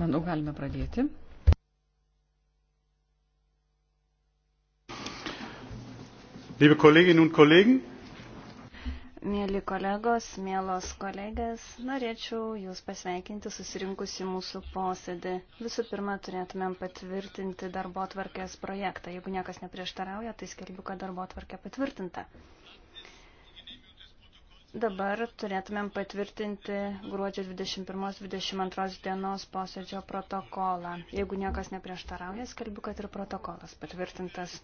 Manau, galime pradėti. Liebe Kolleginnen und Kollegen, Mėly kolegos, mėlos kolegės, norėčiau Jūs pasveikinti susirinkusi mūsų posėdį. Visų pirma, turėtumėm patvirtinti darbo tvarkės projektą. Jeigu niekas neprieštarauja, tai skelbiu, kad darbo tvarkė patvirtinta. Dabar turėtumėm patvirtinti gruodžio 21-22 dienos posėdžio protokolą. Jeigu niekas neprieštarauja, skelbiu, kad ir protokolas patvirtintas.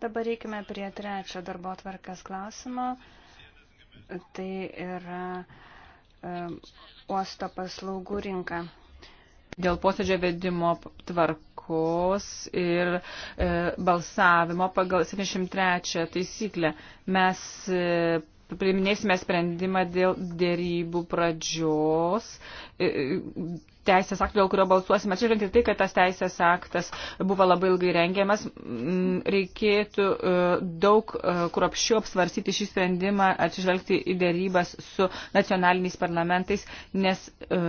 Dabar reikime prie trečio darbo tvarkas klausimo. Tai yra um, uosto paslaugų rinka dėl posėdžio vedimo tvarkos ir e, balsavimo pagal 73 taisyklę. Mes e, priminėsime sprendimą dėl dėrybų pradžios, e, e, teisės aktų, dėl kurio balsuosime, atsižvelgiant į tai, kad tas teisės aktas buvo labai ilgai rengiamas, mm, reikėtų e, daug e, kruopščių apsvarsyti šį sprendimą, atsižvelgti į dėrybas su nacionaliniais parlamentais, nes e,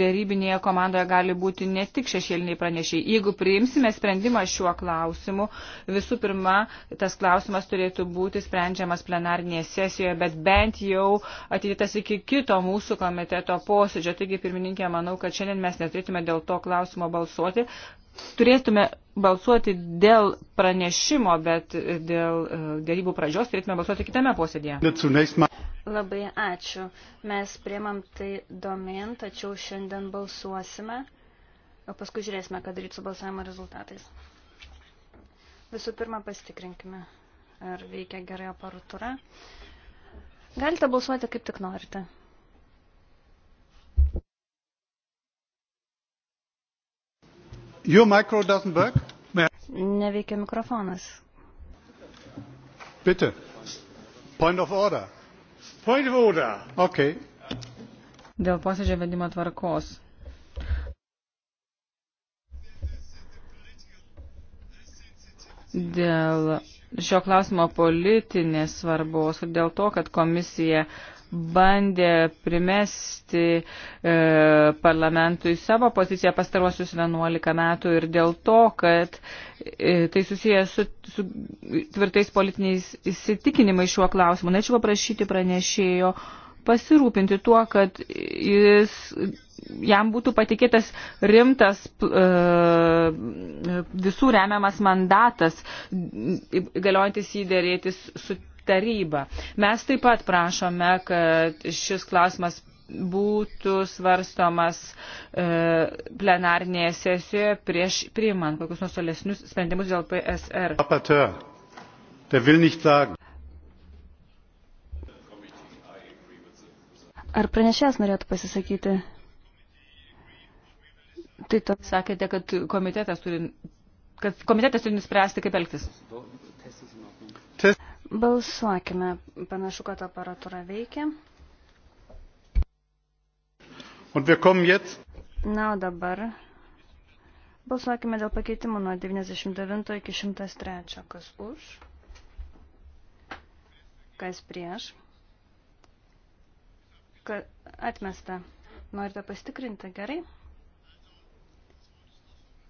dėrybinėje komandoje gali būti ne tik šešėliniai pranešiai. Jeigu priimsime sprendimą šiuo klausimu, visų pirma, tas klausimas turėtų būti sprendžiamas plenarnėje sesijoje, bet bent jau atidėtas iki kito mūsų komiteto posėdžio. Taigi, pirmininkė, manau, kad šiandien mes neturėtume dėl to klausimo balsuoti. Turėtume balsuoti dėl pranešimo, bet dėl e, dėrybų pradžios turėtume balsuoti kitame posėdėje. Labai ačiū. Mes priemam tai domin, tačiau šiandien balsuosime, o paskui žiūrėsime, ką daryti su balsavimo rezultatais. Visų pirma, pasitikrinkime, ar veikia gerai aparatūra. Galite balsuoti kaip tik norite. Your micro doesn't work? Neveikia mikrofonas. Bitte. Point of order. Point of order. Okay. Dėl posėdžio vedimo tvarkos. Dėl šio klausimo politinės svarbos ir dėl to, kad komisija bandė primesti e, parlamentui savo poziciją pastaruosius 11 metų ir dėl to, kad e, tai susijęs su, su tvirtais politiniais įsitikinimais šiuo klausimu. Norėčiau paprašyti pranešėjo pasirūpinti tuo, kad jis, jam būtų patikėtas rimtas e, visų remiamas mandatas, galiojantis įdėrėtis su taryba. Mes taip pat prašome, kad šis klausimas būtų svarstomas e, plenarnėje sesijoje prieš priimant kokius nors tolesnius sprendimus dėl PSR. Ar pranešęs norėtų pasisakyti? Tai to... Sakėte, kad komitetas turi, kad komitetas turi nuspręsti, kaip elgtis. Test. Balsuokime. Panašu, kad aparatūra veikia. Na, o dabar balsuokime dėl pakeitimų nuo 99 iki 103. Kas už? Kas prieš? Ka atmesta. Norite pastikrinti? Gerai.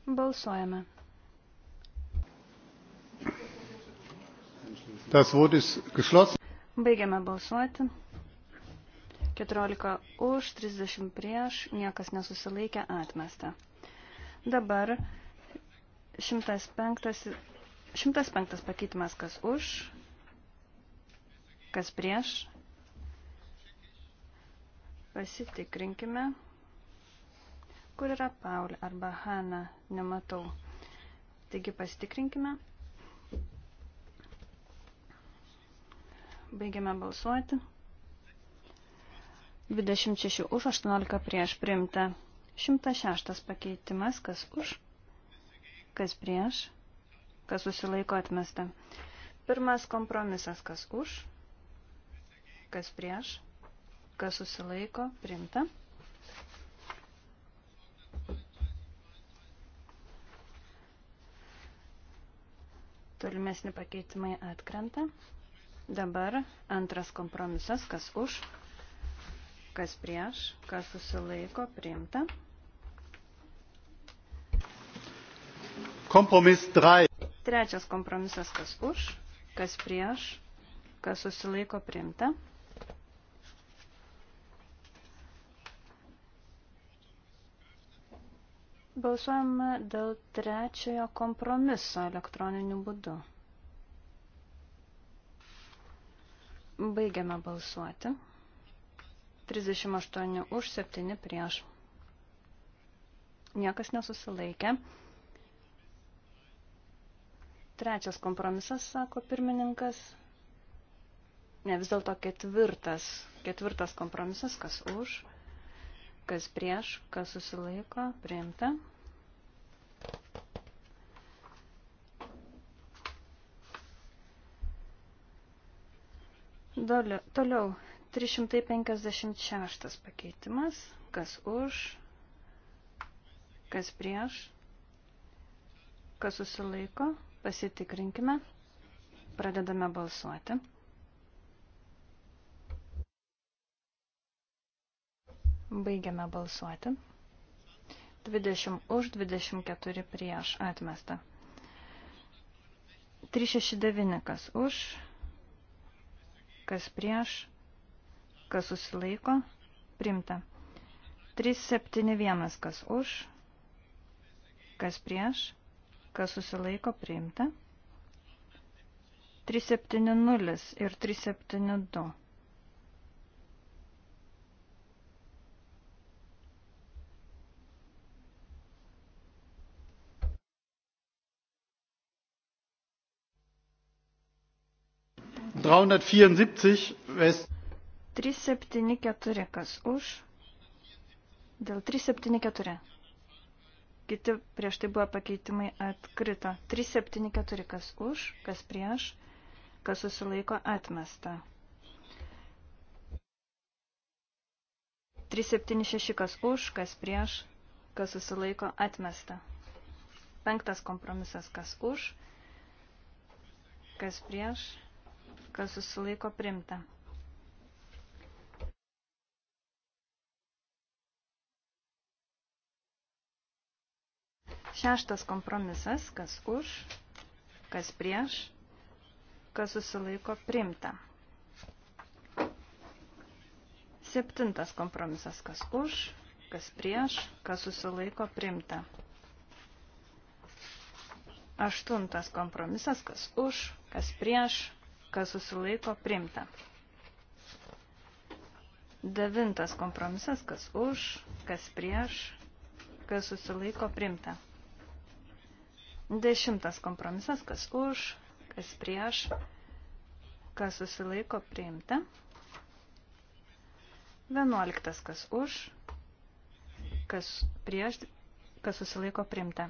Balsuojame. Das Wort ist geschlossen. Baigiame balsuoti. 14 už, 30 prieš, niekas nesusilaikė, atmesta. Dabar 105, 105 pakeitimas, kas už, kas prieš. Pasitikrinkime, kur yra Paulė arba Hana, nematau. Taigi pasitikrinkime. Baigiame balsuoti. 26 už, 18 prieš primta. 106 pakeitimas, kas už, kas prieš, kas susilaiko atmesta. Pirmas kompromisas, kas už, kas prieš, kas susilaiko, primta. Tolimesni pakeitimai atkrenta. Dabar antras kompromisas, kas už, kas prieš, kas susilaiko, priimta. Kompromis 3. Trečias kompromisas, kas už, kas prieš, kas susilaiko, priimta. Balsuojame dėl trečiojo kompromiso elektroniniu būdu. Baigiame balsuoti. 38 už 7 prieš. Niekas nesusilaikė. Trečias kompromisas, sako pirmininkas. Ne, vis dėlto ketvirtas. Ketvirtas kompromisas, kas už, kas prieš, kas susilaiko, priimta. Doliau, toliau, 356 pakeitimas, kas už, kas prieš, kas susilaiko, pasitikrinkime, pradedame balsuoti. Baigiame balsuoti. 20 už, 24 prieš atmesta. 369 kas už, kas prieš, kas susilaiko, primta. 371, kas už, kas prieš, kas susilaiko, priimta. 370 ir 372. 374 West. 374, kas už? Dėl 374. Kiti prieš tai buvo pakeitimai atkrito. 374, kas už, kas prieš, kas susilaiko atmesta. 376, kas už, kas prieš, kas susilaiko atmesta. Penktas kompromisas, kas už, kas prieš, kas susilaiko primta. Šeštas kompromisas, kas už, kas prieš, kas susilaiko primta. Septintas kompromisas, kas už, kas prieš, kas susilaiko primta. Aštuntas kompromisas, kas už, kas prieš, kas susilaiko primta. Devintas kompromisas, kas už, kas prieš, kas susilaiko primta. Dešimtas kompromisas, kas už, kas prieš, kas susilaiko priimta. Vienuoliktas, kas už, kas prieš, kas susilaiko priimta.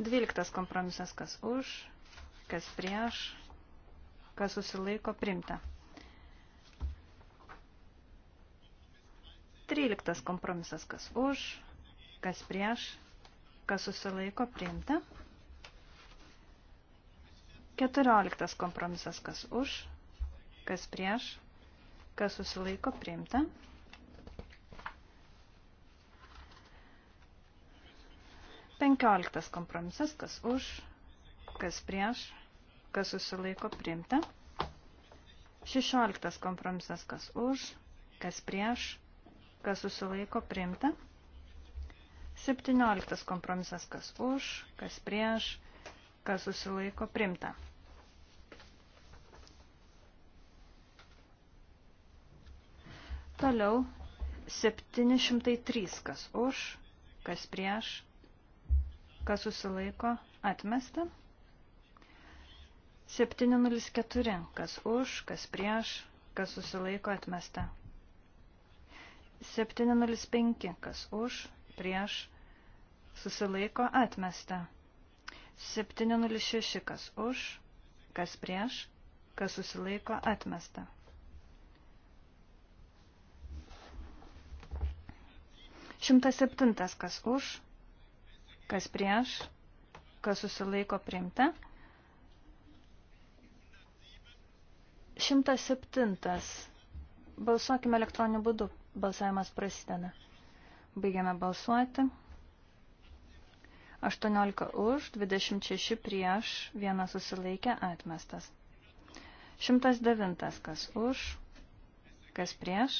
Dvyliktas kompromisas, kas už, kas prieš, kas susilaiko primta. 13 kompromisas, kas už, kas prieš, kas susilaiko primta. 14 kompromisas, kas už, kas prieš, kas susilaiko primta. Penkioliktas kompromisas, kas už, kas prieš, kas susilaiko priimta. 16 kompromisas, kas už, kas prieš, kas susilaiko priimta. 17 kompromisas, kas už, kas prieš, kas susilaiko priimta. Toliau 703, kas už, kas prieš, kas susilaiko, atmesta. 704. Kas už, kas prieš, kas susilaiko atmesta. 705. Kas už, prieš, susilaiko atmesta. 706. Kas už, kas prieš, kas susilaiko atmesta. Šimtas septintas, kas už, kas prieš, kas susilaiko priimta. 107. Balsuokime elektroniniu būdu. Balsavimas prasideda. Baigiame balsuoti. 18 už, 26 prieš, vienas susilaikė, atmestas. 109. Kas už, kas prieš,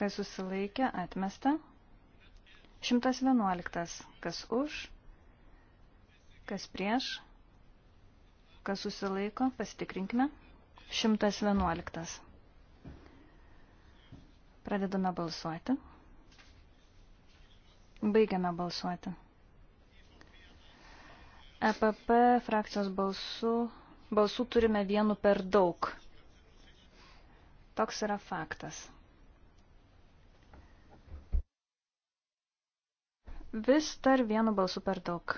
kas susilaikė, atmesta. 111. Kas už, kas prieš, kas susilaiko, pasitikrinkime. 111. Pradedame balsuoti. Baigiame balsuoti. EPP frakcijos balsų, balsų turime vienu per daug. Toks yra faktas. Vis dar vienu balsu per daug.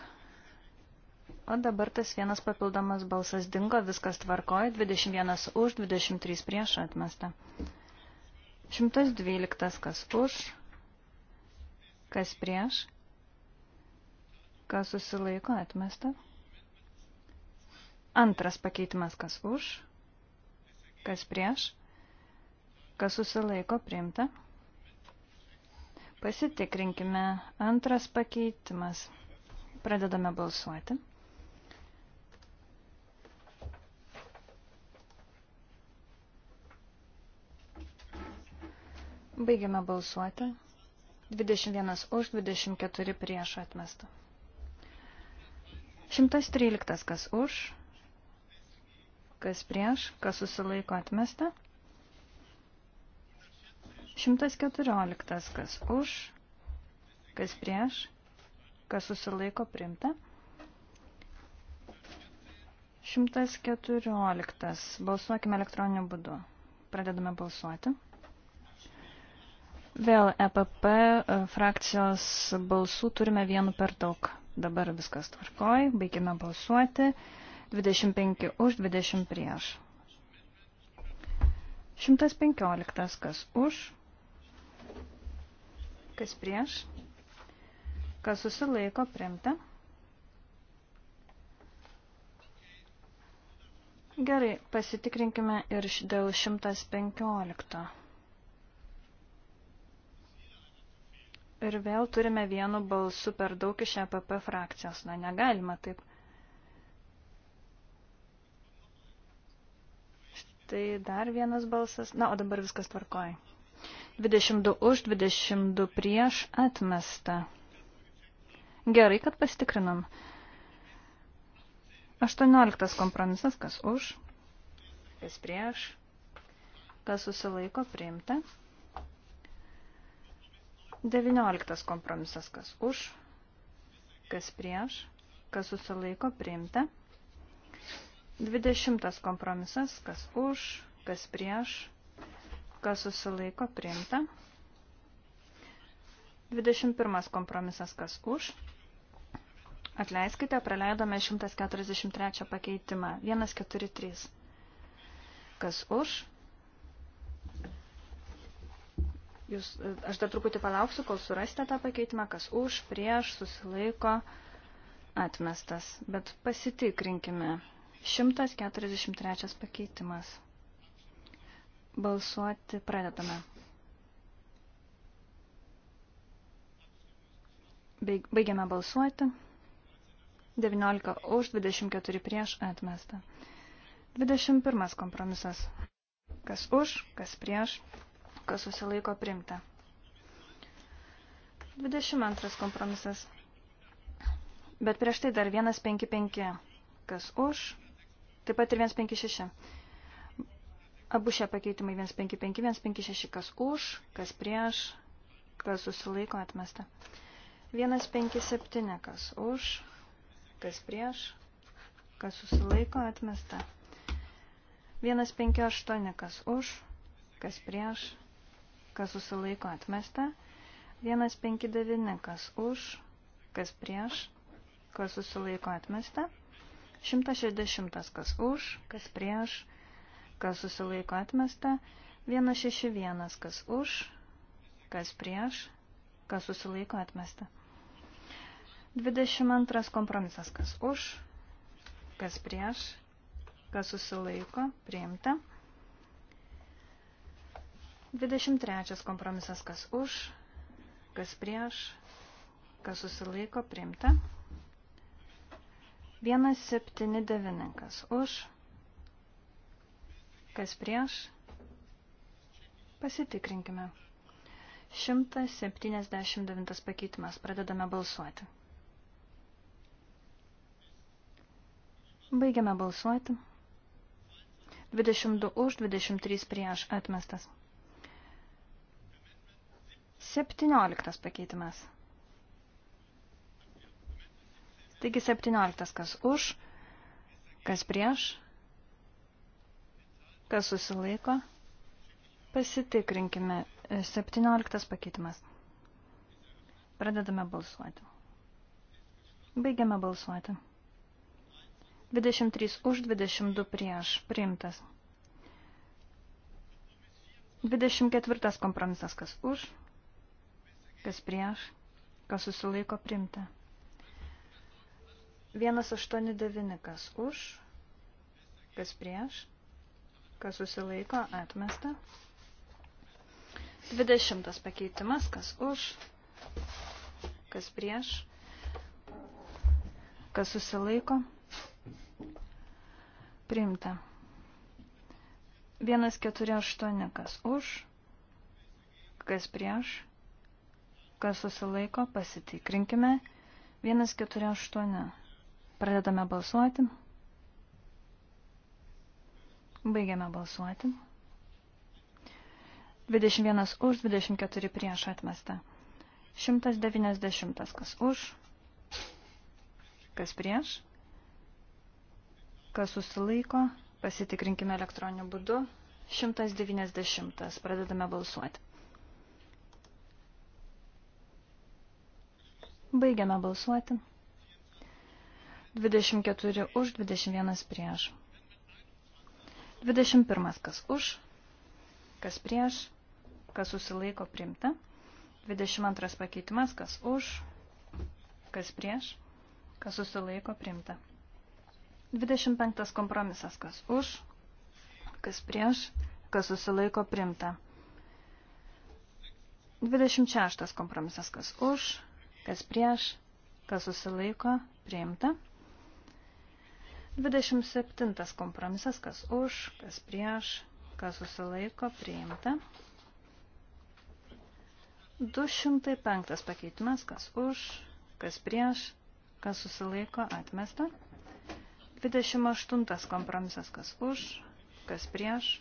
O dabar tas vienas papildomas balsas dingo, viskas tvarkoja, 21 už, 23 prieš atmesta. 112 kas už, kas prieš, kas susilaiko atmesta. Antras pakeitimas kas už, kas prieš, kas susilaiko priimta. Pasitikrinkime antras pakeitimas. Pradedame balsuoti. Baigiame balsuoti. 21 už, 24 prieš atmestą. 113 kas už, kas prieš, kas susilaiko atmestą. 114 kas už, kas prieš, kas susilaiko primta. 114. Balsuokime elektroniniu būdu. Pradedame balsuoti. Vėl EPP e, frakcijos balsų turime vienu per daug. Dabar viskas tvarkoj, baigime balsuoti. 25 už, 20 prieš. 115 kas už, kas prieš, kas susilaiko primta. Gerai, pasitikrinkime ir dėl 115. Ir vėl turime vienu balsu per daug iš EPP frakcijos. Na, negalima taip. Štai dar vienas balsas. Na, o dabar viskas tvarkoja. 22 už, 22 prieš atmesta. Gerai, kad pasitikrinam. 18 kompromisas, kas už, kas prieš, kas susilaiko priimta. 19 kompromisas, kas už, kas prieš, kas susilaiko priimta. 20 kompromisas, kas už, kas prieš, kas susilaiko priimta. 21 kompromisas, kas už. Atleiskite, praleidome 143 pakeitimą. 143. Kas už, Jūs, aš dar truputį palauksiu, kol surasite tą pakeitimą, kas už, prieš, susilaiko, atmestas. Bet pasitikrinkime. 143 pakeitimas. Balsuoti pradedame. Baigiame balsuoti. 19 už, 24 prieš atmesta. 21 kompromisas. Kas už, kas prieš, kas susilaiko primta. 22 kompromisas. Bet prieš tai dar 155, kas už, taip pat ir 156. Abu šie pakeitimai 155, 156, kas už, kas prieš, kas susilaiko atmesta. 157, kas už, kas prieš, kas susilaiko atmesta. 158, kas už, kas prieš, kas susilaiko atmesta, 159, kas už, kas prieš, kas susilaiko atmesta, 160, kas už, kas prieš, kas susilaiko atmesta, 161, kas už, kas prieš, kas susilaiko atmesta. 22 kompromisas, kas už, kas prieš, kas susilaiko, priimta. 23 kompromisas, kas už, kas prieš, kas susilaiko, priimta. 179, kas už, kas prieš, pasitikrinkime. 179 pakeitimas, pradedame balsuoti. Baigiame balsuoti. 22 už, 23 prieš atmestas. 17 pakeitimas. Taigi 17 kas už, kas prieš, kas susilaiko. Pasitikrinkime 17 e, pakeitimas. Pradedame balsuoti. Baigiame balsuoti. 23 už, 22 prieš. Priimtas. 24 kompromisas kas už kas prieš, kas susilaiko primta. 189, kas už, kas prieš, kas susilaiko atmesta. 20 pakeitimas, kas už, kas prieš, kas susilaiko, priimta. 148, kas už, kas prieš, kas susilaiko, pasitikrinkime. 148. Pradedame balsuoti. Baigiame balsuoti. 21 už, 24 prieš atmesta. 190 kas už, kas prieš, kas susilaiko, pasitikrinkime elektroniniu būdu. 190. Pradedame balsuoti. Baigiame balsuoti. 24 už, 21 prieš. 21 kas už, kas prieš, kas susilaiko priimta. 22 pakeitimas kas už, kas prieš, kas susilaiko priimta. 25 kompromisas kas už, kas prieš, kas susilaiko priimta. 26 kompromisas kas už, kas prieš, kas susilaiko, priimta. 27 kompromisas, kas už, kas prieš, kas susilaiko, priimta. 205 pakeitimas, kas už, kas prieš, kas susilaiko, atmesta. 28 kompromisas, kas už, kas prieš,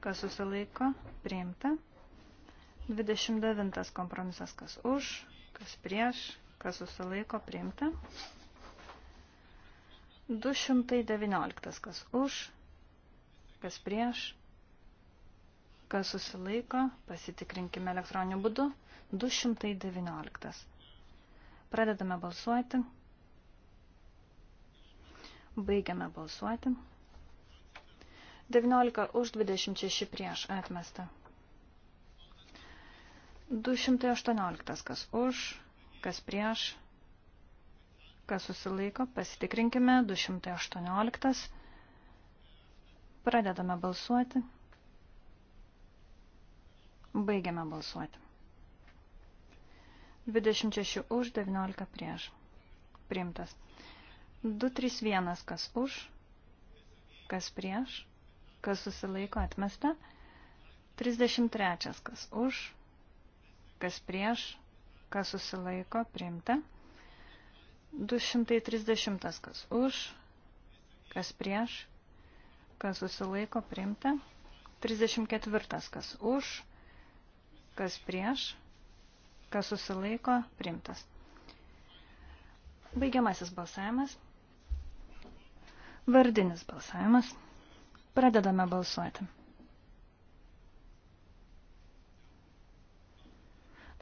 kas susilaiko, priimta. 29 kompromisas, kas už, kas prieš, kas susilaiko priimta. 219, kas už, kas prieš, kas susilaiko, pasitikrinkime elektroniniu būdu. 219. Pradedame balsuoti. Baigiame balsuoti. 19 už 26 prieš atmestą. 218. Kas už, kas prieš, kas susilaiko. Pasitikrinkime. 218. Pradedame balsuoti. Baigiame balsuoti. 26 už, 19 prieš. Priimtas. 231. Kas už, kas prieš, kas susilaiko atmesta. 33. Kas už, kas prieš, kas susilaiko, priimta. 230 kas už, kas prieš, kas susilaiko, priimta. 34 kas už, kas prieš, kas susilaiko, priimtas. Baigiamasis balsavimas. Vardinis balsavimas. Pradedame balsuoti.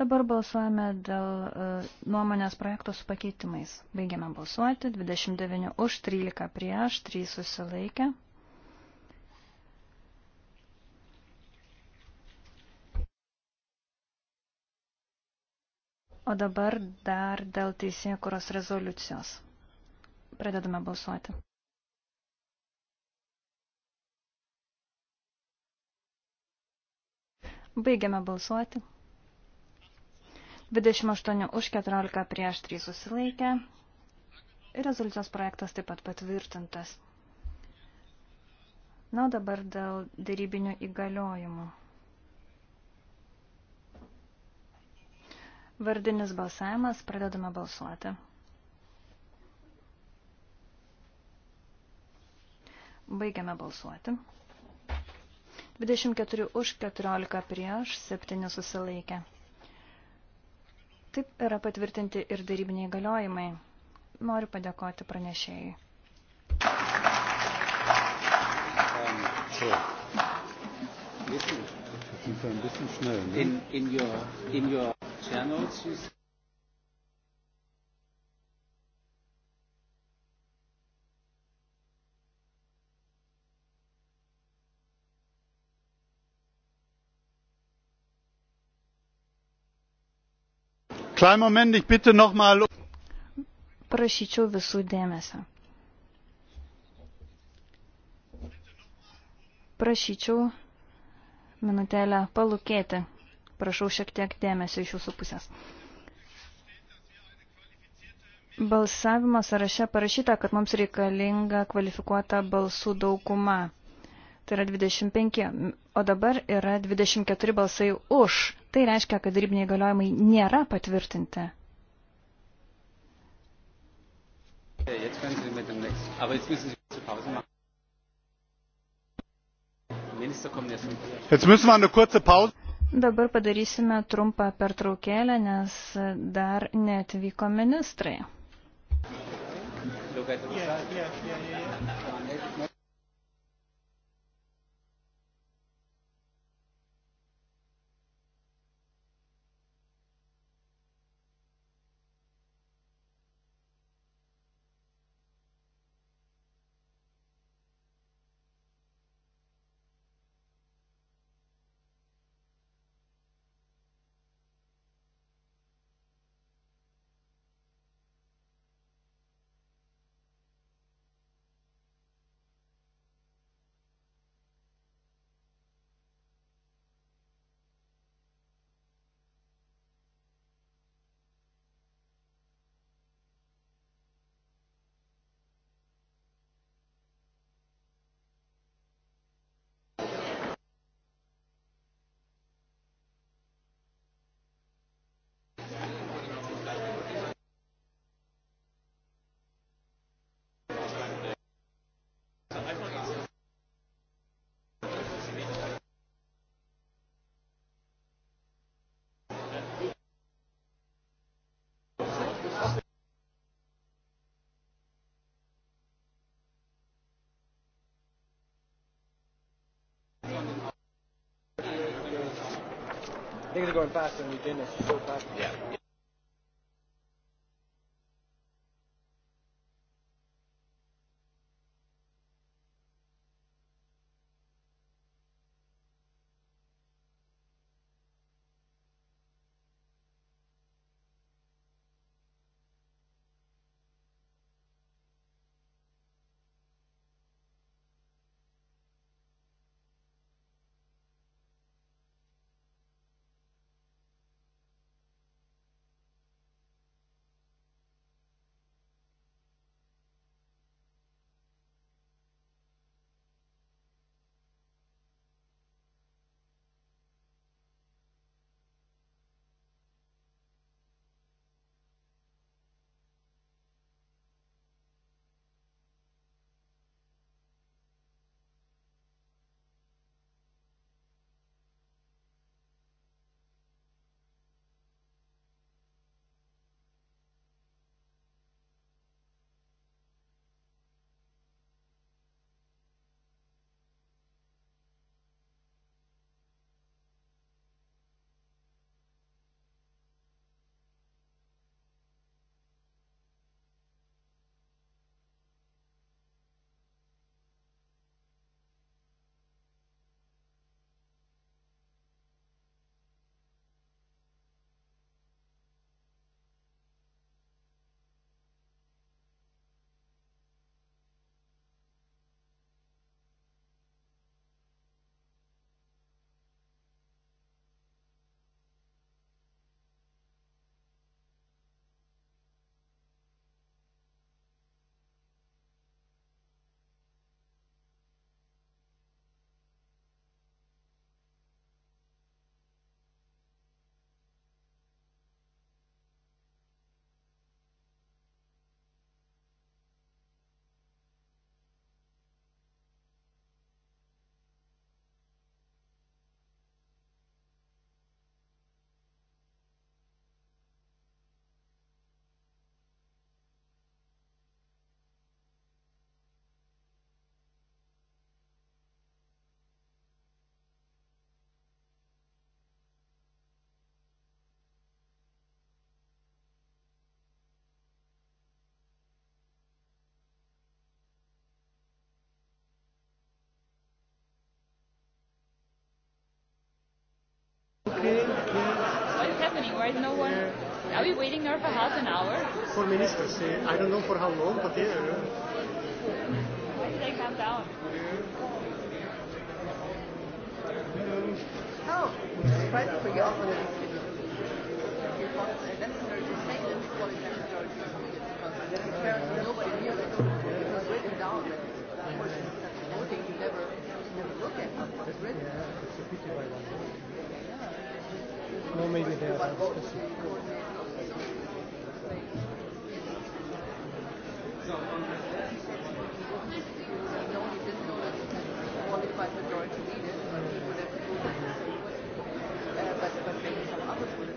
Dabar balsuojame dėl e, nuomonės projekto su pakeitimais. Baigiame balsuoti. 29 už, 13 prieš, 3 susilaikė. O dabar dar dėl teisėkuros rezoliucijos. Pradedame balsuoti. Baigiame balsuoti. 28 už 14 prieš 3 susilaikė. Rezoliucijos projektas taip pat patvirtintas. Na, dabar dėl dėrybinių įgaliojimų. Vardinis balsavimas, pradedame balsuoti. Baigiame balsuoti. 24 už, 14 prieš, 7 susilaikė. Taip yra patvirtinti ir darybiniai galiojimai. Noriu padėkoti pranešėjai. Um, in, in your, in your channels, you Moment, ich bitte noch mal... Um- Prašyčiau visų dėmesio. Prašyčiau minutėlę palūkėti. Prašau šiek tiek dėmesio iš jūsų pusės. Balsavimo sąraše parašyta, kad mums reikalinga kvalifikuota balsų dauguma. Tai yra 25, o dabar yra 24 balsai už tai reiškia, kad darybiniai galiojimai nėra patvirtinti. Jetzt können Sie mit dem nächsten. Aber jetzt müssen Sie kurze Pause machen. Minister kommt erst. Jetzt müssen wir eine kurze Pause. Dabar padarysime trumpą pertraukėlę, nes dar neatvyko ministrai. Yeah, yeah, yeah, yeah. I think they're going faster than we did. It's so fast. Yeah. where no one. Yeah. Are we waiting there for half an hour? For ministers, yeah. I don't know for how long, but yeah. Why did they come down? Yeah. Oh, right for you. That's an urgent statement. Nobody knew that it was written down. That person voting, you never, you never look at what was written. Yeah, it's a pity by one. Well, maybe they are specific. qualified majority needed, but he would have to do that. Uh, but, but maybe some others would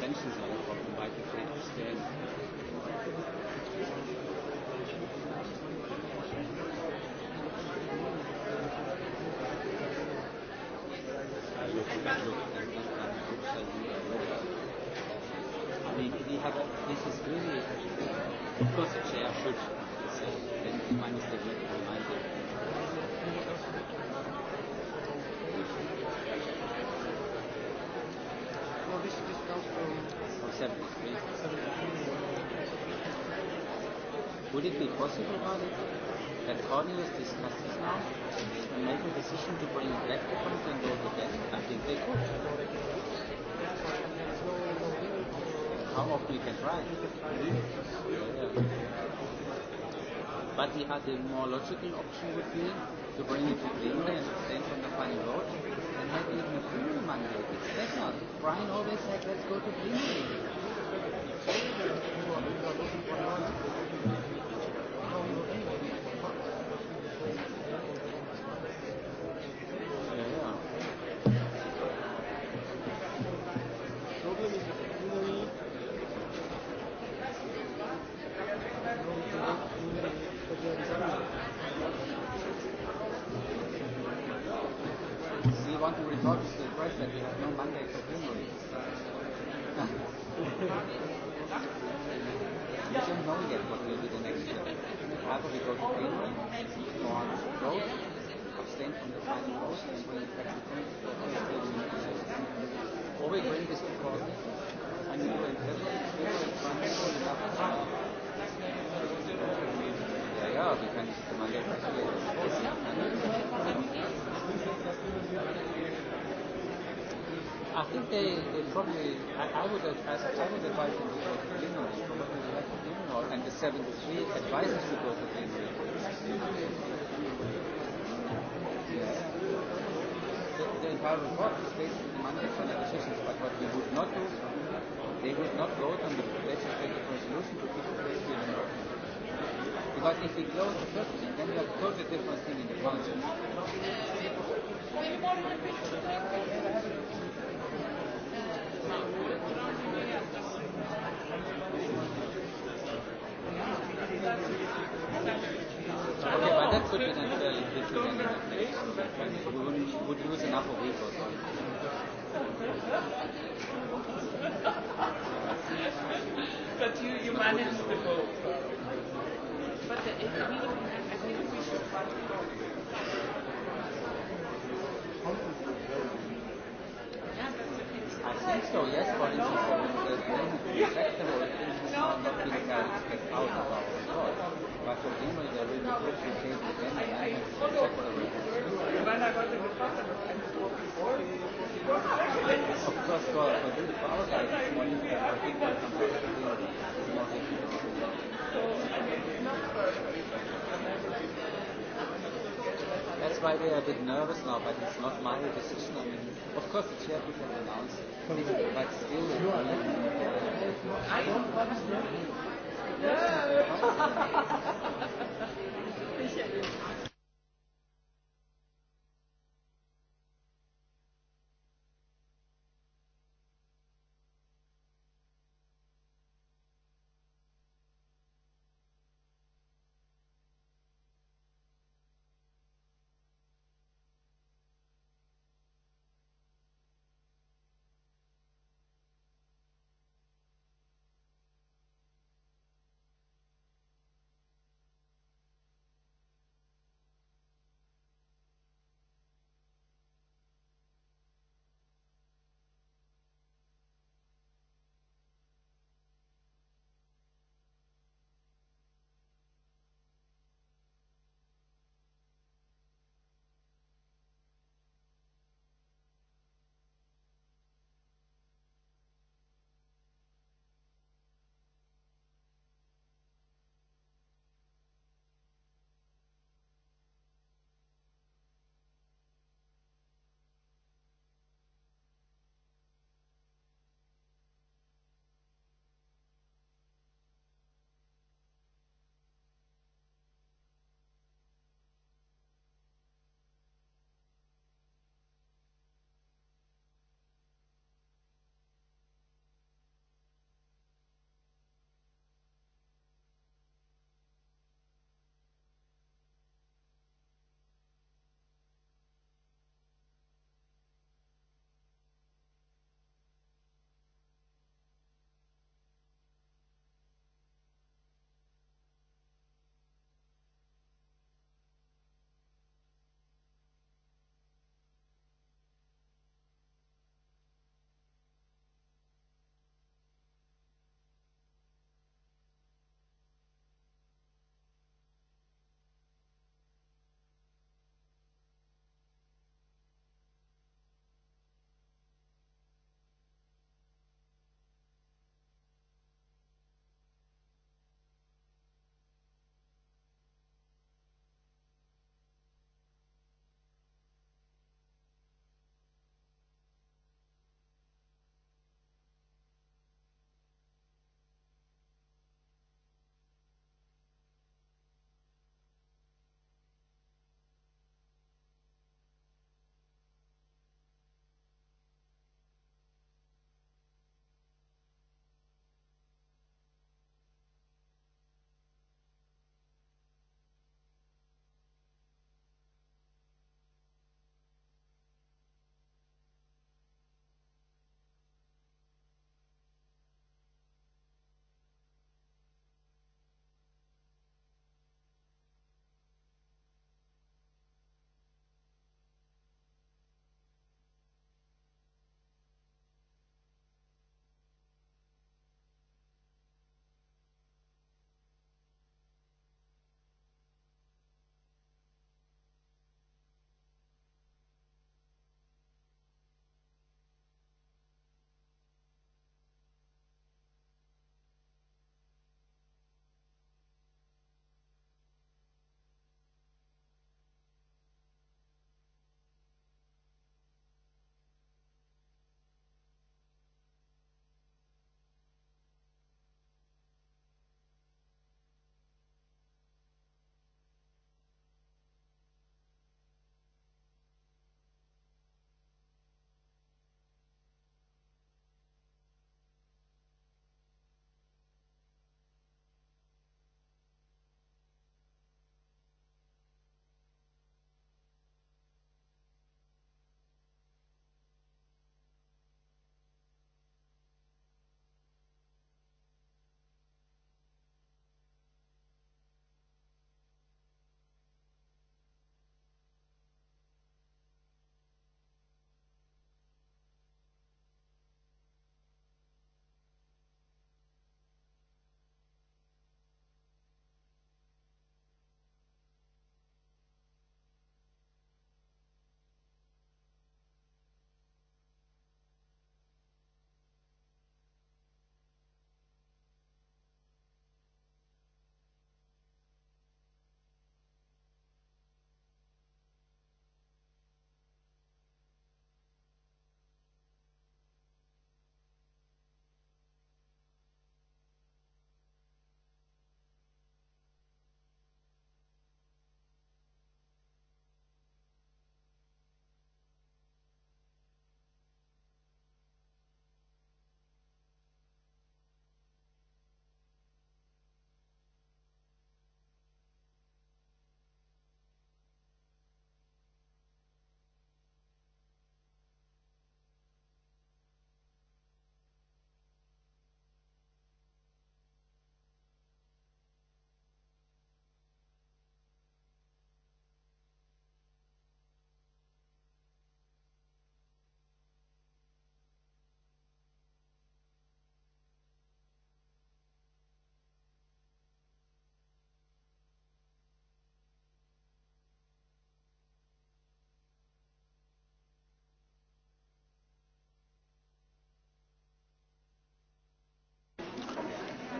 Menschen sind. Would it be possible, Basil, that coordinators discuss this now and make a decision to bring back the committee and vote again? I think they could. How often you can try? Mm-hmm. Yeah. But the, uh, the more logical option would be to bring it to Greenway and abstain from the final vote and make it even a full mandate. It's better. Brian always said, let's go to Greenway. You don't know yet what will be the next step. Either we go to England or both abstain from the final process when in fact the Or we bring this to court and we will Ja, du kannst, man kann das nicht. I think they, they probably, I, I would advise, I would advise them to go to Illinois, probably they have to Illinois, and the 73 advises to go to Illinois. Yeah. The, the entire report is based on money and final decisions, but what we would not do, they would not vote on the legislative resolution to keep the place to Illinois. Because if we close the first thing, then we have a totally different thing in the council. Okay, but that could potentially be We would, would lose another week or so. but you, you managed the vote. But the, if we, I think we should fight for. Yeah, that's it. I think so, yes, but it's also uh, the acceptable things are not being carried out of our thought. But for him, there will be social changes in the language and secular Of course, God, but this power guy is one of the people who not So, I mean, it's not perfect. That's why we are a bit nervous now, but it's not my decision. I mean, of course, the chair could have announced But still. Sicherlich.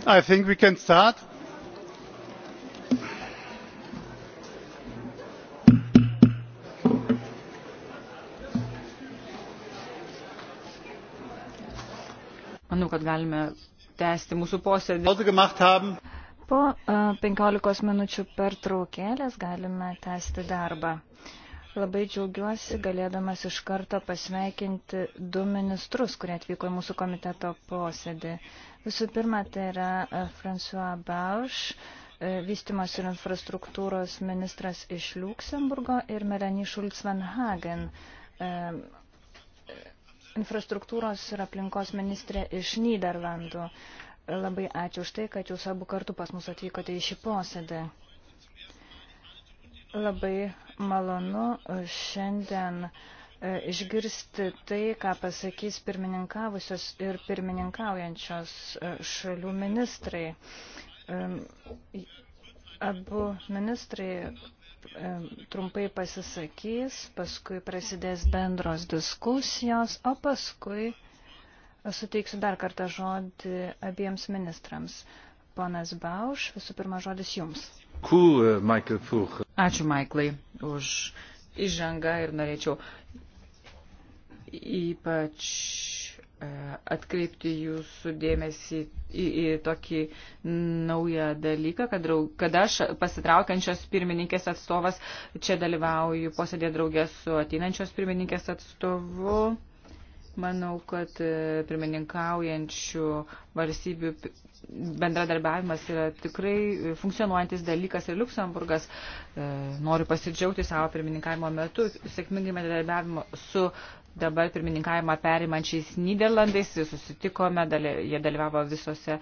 I think we can start. Manau, kad galime tęsti mūsų posėdį. Po 15 minučių per traukėlės galime tęsti darbą. Labai džiaugiuosi galėdamas iš karto pasveikinti du ministrus, kurie atvyko į mūsų komiteto posėdį. Visų pirma, tai yra e, François Bausch, e, vystimas ir infrastruktūros ministras iš Luxemburgo ir Melanie Schulz-Vanhagen, e, infrastruktūros ir aplinkos ministrė iš Niderlandų. Labai ačiū už tai, kad jūs abu kartu pas mus atvykote į šį posėdį. Labai malonu e, šiandien e, išgirsti tai, ką pasakys pirmininkavusios ir pirmininkaujančios e, šalių ministrai. Abu ministrai trumpai pasisakys, paskui prasidės bendros diskusijos, o paskui suteiksiu dar kartą žodį abiems ministrams. Ponas Bauš, visų pirma žodis jums. Uh, uh, Ačiū, Maiklai, už įžangą ir norėčiau ypač e, atkreipti jūsų dėmesį į, į tokį naują dalyką, kad, draug, kad aš pasitraukiančios pirmininkės atstovas čia dalyvauju posėdė draugės su ateinančios pirmininkės atstovu. Manau, kad e, pirmininkaujančių valstybių bendradarbiavimas yra tikrai e, funkcionuojantis dalykas ir Luksemburgas. E, noriu pasidžiaugti savo pirmininkavimo metu, sėkmingai bendradarbiavimo su dabar pirmininkavimą perimančiais Niderlandais. Susitikome, jie dalyvavo visose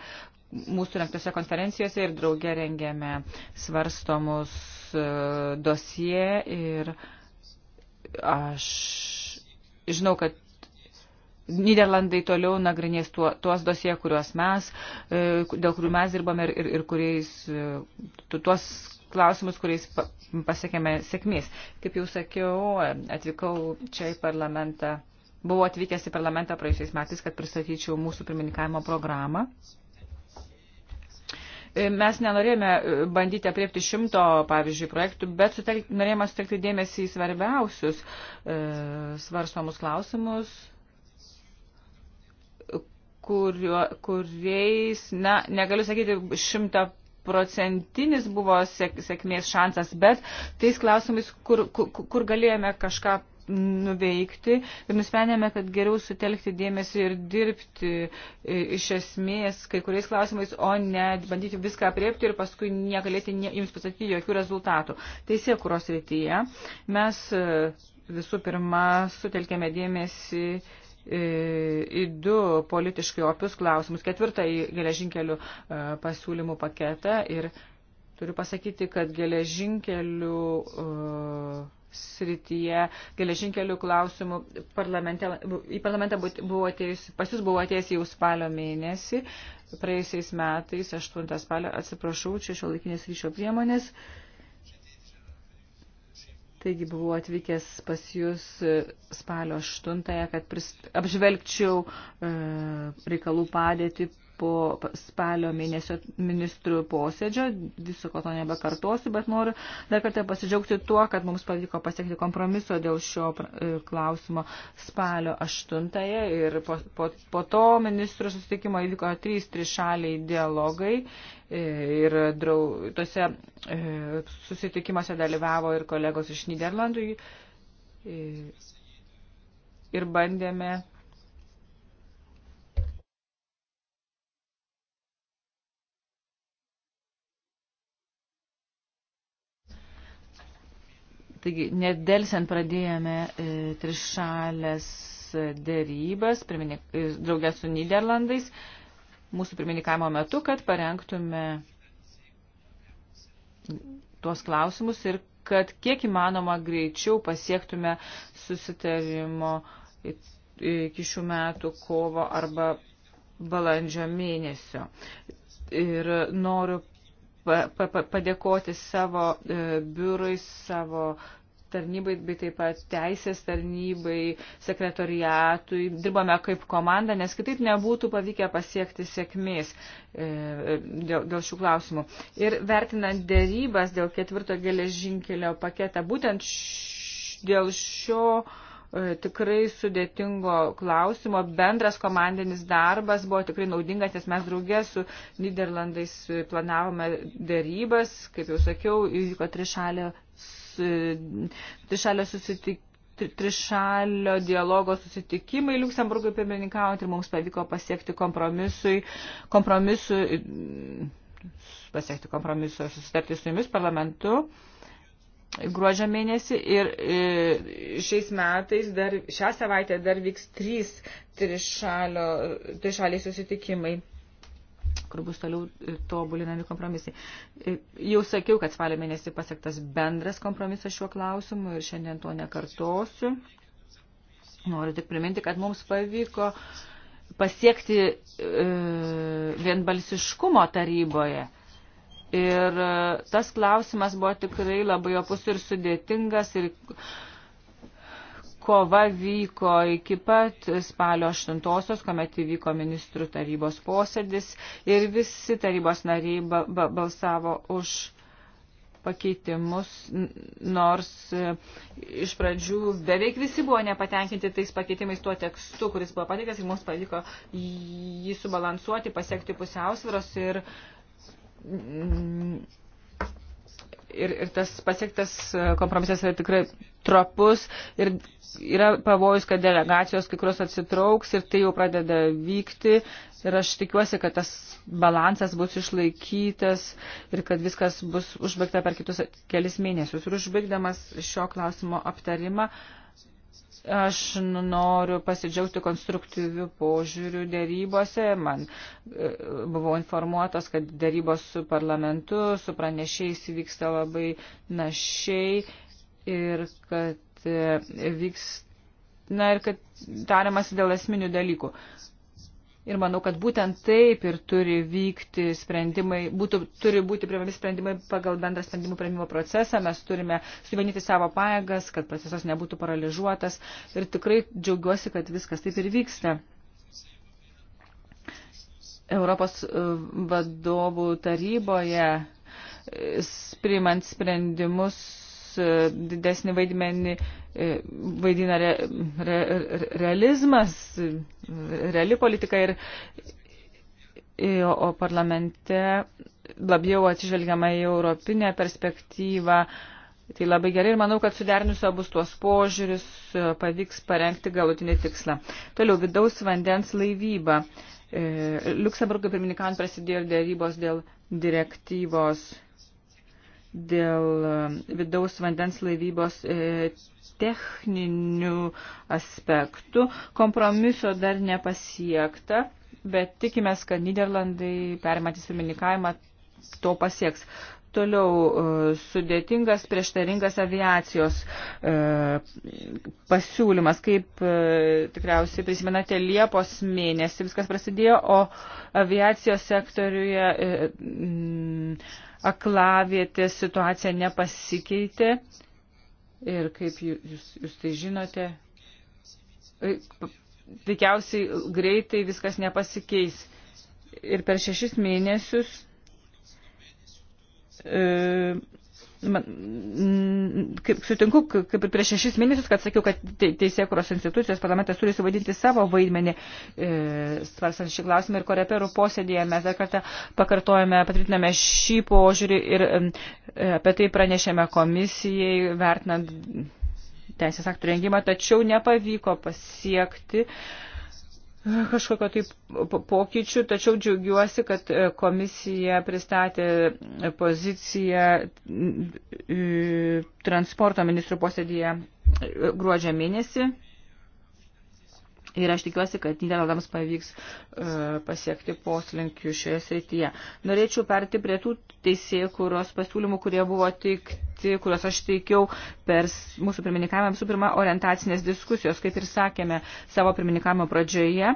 mūsų renktose konferencijose ir drauge rengėme svarstomus dosie ir aš žinau, kad Niderlandai toliau nagrinės tuo, tuos dosie, kuriuos mes, e, dėl kurių mes dirbame ir, ir, ir kuriais, e, tuos klausimus, kuriais pasiekėme sėkmės. Kaip jau sakiau, atvykau čia į parlamentą, buvau atvykęs į parlamentą praėjusiais metais, kad pristatyčiau mūsų pirmininkavimo programą. E, mes nenorėjome bandyti apriepti šimto, pavyzdžiui, projektų, bet sutelk, norėjome sutelkti dėmesį į svarbiausius e, svarstomus klausimus, kurio, kuriais, na, negaliu sakyti, šimta procentinis buvo sėk, sėkmės šansas, bet tais klausimais, kur, kur, kur galėjome kažką nuveikti ir nusprendėme, kad geriau sutelkti dėmesį ir dirbti iš esmės kai kuriais klausimais, o ne bandyti viską apriepti ir paskui negalėti ne, jums pasakyti jokių rezultatų. Teisė kuros rytyje mes visų pirma sutelkėme dėmesį į du politiškai opius klausimus, ketvirtą į geležinkelių e, pasiūlymų paketą ir turiu pasakyti, kad geležinkelių e, srityje, geležinkelių klausimų parlamente, į parlamentą buvo atėjus, pas jūs buvo atėjęs jau spalio mėnesį, praėjusiais metais, 8 spalio, atsiprašau, čia šio laikinės ryšio priemonės. Uh, Taigi buvau atvykęs pas jūs e, spalio 8, kad apžvelgčiau e, reikalų padėtį po spalio mėnesio ministrų posėdžio. Viso ko to nebekartosiu, bet noriu dar kartą pasidžiaugti tuo, kad mums pavyko pasiekti kompromiso dėl šio e, klausimo spalio 8-ąją. Ir po, po, po to ministrų susitikimo įvyko trys trišaliai dialogai. E, ir drau, tose e, susitikimuose dalyvavo ir kolegos iš Niderlandų. Ir bandėme Taigi, nedelsiant pradėjome e, trišalės e, dėrybas pirminik, e, draugės su Niderlandais mūsų pirmininkavimo metu, kad parengtume tuos klausimus ir kad kiek įmanoma greičiau pasiektume susitarimo iki šių metų kovo arba balandžio mėnesio. Ir noriu padėkoti savo e, biurui, savo tarnybai, bet taip pat teisės tarnybai, sekretoriatui. Dirbame kaip komanda, nes kitaip nebūtų pavykę pasiekti sėkmės e, dėl, dėl šių klausimų. Ir vertinant dėrybas dėl ketvirto geležinkelio paketą, būtent š, dėl šio E, tikrai sudėtingo klausimo. Bendras komandinis darbas buvo tikrai naudingas, nes mes draugė su Niderlandais planavome dėrybas, kaip jau sakiau, įvyko trišalio, trišalio susitikimo trišalio dialogo susitikimai Luksemburgui pirmininkaujant ir mums pavyko pasiekti kompromisui, kompromisu, pasiekti kompromisu susitarti su jumis parlamentu. Uh, gruodžio mėnesį ir e, šiais metais dar, šią savaitę dar vyks trys trišaliai susitikimai kur bus toliau e, tobulinami kompromisai. E, jau sakiau, kad spalio mėnesį pasiektas bendras kompromisas šiuo klausimu ir šiandien to nekartosiu. Noriu tik priminti, kad mums pavyko pasiekti e, vienbalsiškumo taryboje. E, Ir e, tas klausimas buvo tikrai labai opus ir sudėtingas ir kova vyko iki pat spalio 8-osios, kuomet įvyko ministrų tarybos posėdis ir visi tarybos nariai ba ba balsavo už pakeitimus, nors e, iš pradžių beveik visi buvo nepatenkinti tais pakeitimais tuo tekstu, kuris buvo pateiktas ir mums pavyko jį subalansuoti, pasiekti pusiausvėros ir uh, ir, ir tas pasiektas kompromisas yra tikrai trapus ir yra pavojus, kad delegacijos kai kurios atsitrauks ir tai jau pradeda vykti ir aš tikiuosi, kad tas balansas bus išlaikytas ir kad viskas bus užbaigta per kitus kelis mėnesius. Ir užbaigdamas šio klausimo aptarimą, uh, Aš noriu pasidžiaugti konstruktyviu požiūriu dėrybose. Man e, buvo informuotas, kad dėrybos su parlamentu, su pranešiais vyksta labai našiai ir kad e, vyks, na ir kad tariamas dėl esminių dalykų. Uh, Ir manau, kad būtent taip ir turi vykti sprendimai, būtų, turi būti priimami sprendimai pagal bendrą sprendimų priimimo procesą. Mes turime suvienyti savo pajėgas, kad procesas nebūtų paralyžiuotas. Ir tikrai džiaugiuosi, kad viskas taip ir vyksta. Europos e, vadovų taryboje e, priimant sprendimus E, didesnį vaidmenį e, vaidina re, re, realizmas, e, reali politika ir, o parlamente labiau atsižvelgiama į europinę perspektyvą. Tai labai gerai ir manau, kad suderinus abus tuos požiūrius pavyks parengti galutinį tikslą. Toliau vidaus vandens laivyba. Liuksemburgui pirmininkant prasidėjo dėrybos dėl direktyvos dėl e, vidaus vandens laivybos e, techninių aspektų. Kompromiso dar nepasiekta, bet tikimės, kad Niderlandai permatys pirmininkavimą to pasieks. Toliau e, sudėtingas, prieštaringas aviacijos e, pasiūlymas, kaip e, tikriausiai prisimenate, Liepos mėnesį viskas prasidėjo, o aviacijos sektoriuje e, aklavietė situacija nepasikeitė. Ir kaip jūs, jūs tai žinote, tikriausiai e, greitai viskas nepasikeis. Ir per šešis mėnesius E, mm, kaip, sutinku, kaip ir prieš šešis mėnesius, kad sakiau, kad teisėkuros institucijos parlamentas turi suvadinti savo vaidmenį, e, svarstant šį klausimą ir koreperų posėdėje mes dar kartą pakartojame, patvirtiname šį požiūrį ir e, apie tai pranešėme komisijai, vertinant teisės aktų rengimą, tačiau nepavyko pasiekti. E, kažkokio taip pokyčių, tačiau džiaugiuosi, kad komisija pristatė poziciją transporto ministrų posėdėje gruodžio mėnesį. Ir aš tikiuosi, kad Niderlandams pavyks uh, pasiekti poslinkių šioje srityje. Norėčiau perti prie tų teisėjų, kurios pasiūlymų, kurie buvo teikti, kuriuos aš teikiau per mūsų pirmininkavimą. Visų pirma, orientacinės diskusijos, kaip ir sakėme savo pirmininkavimo pradžioje,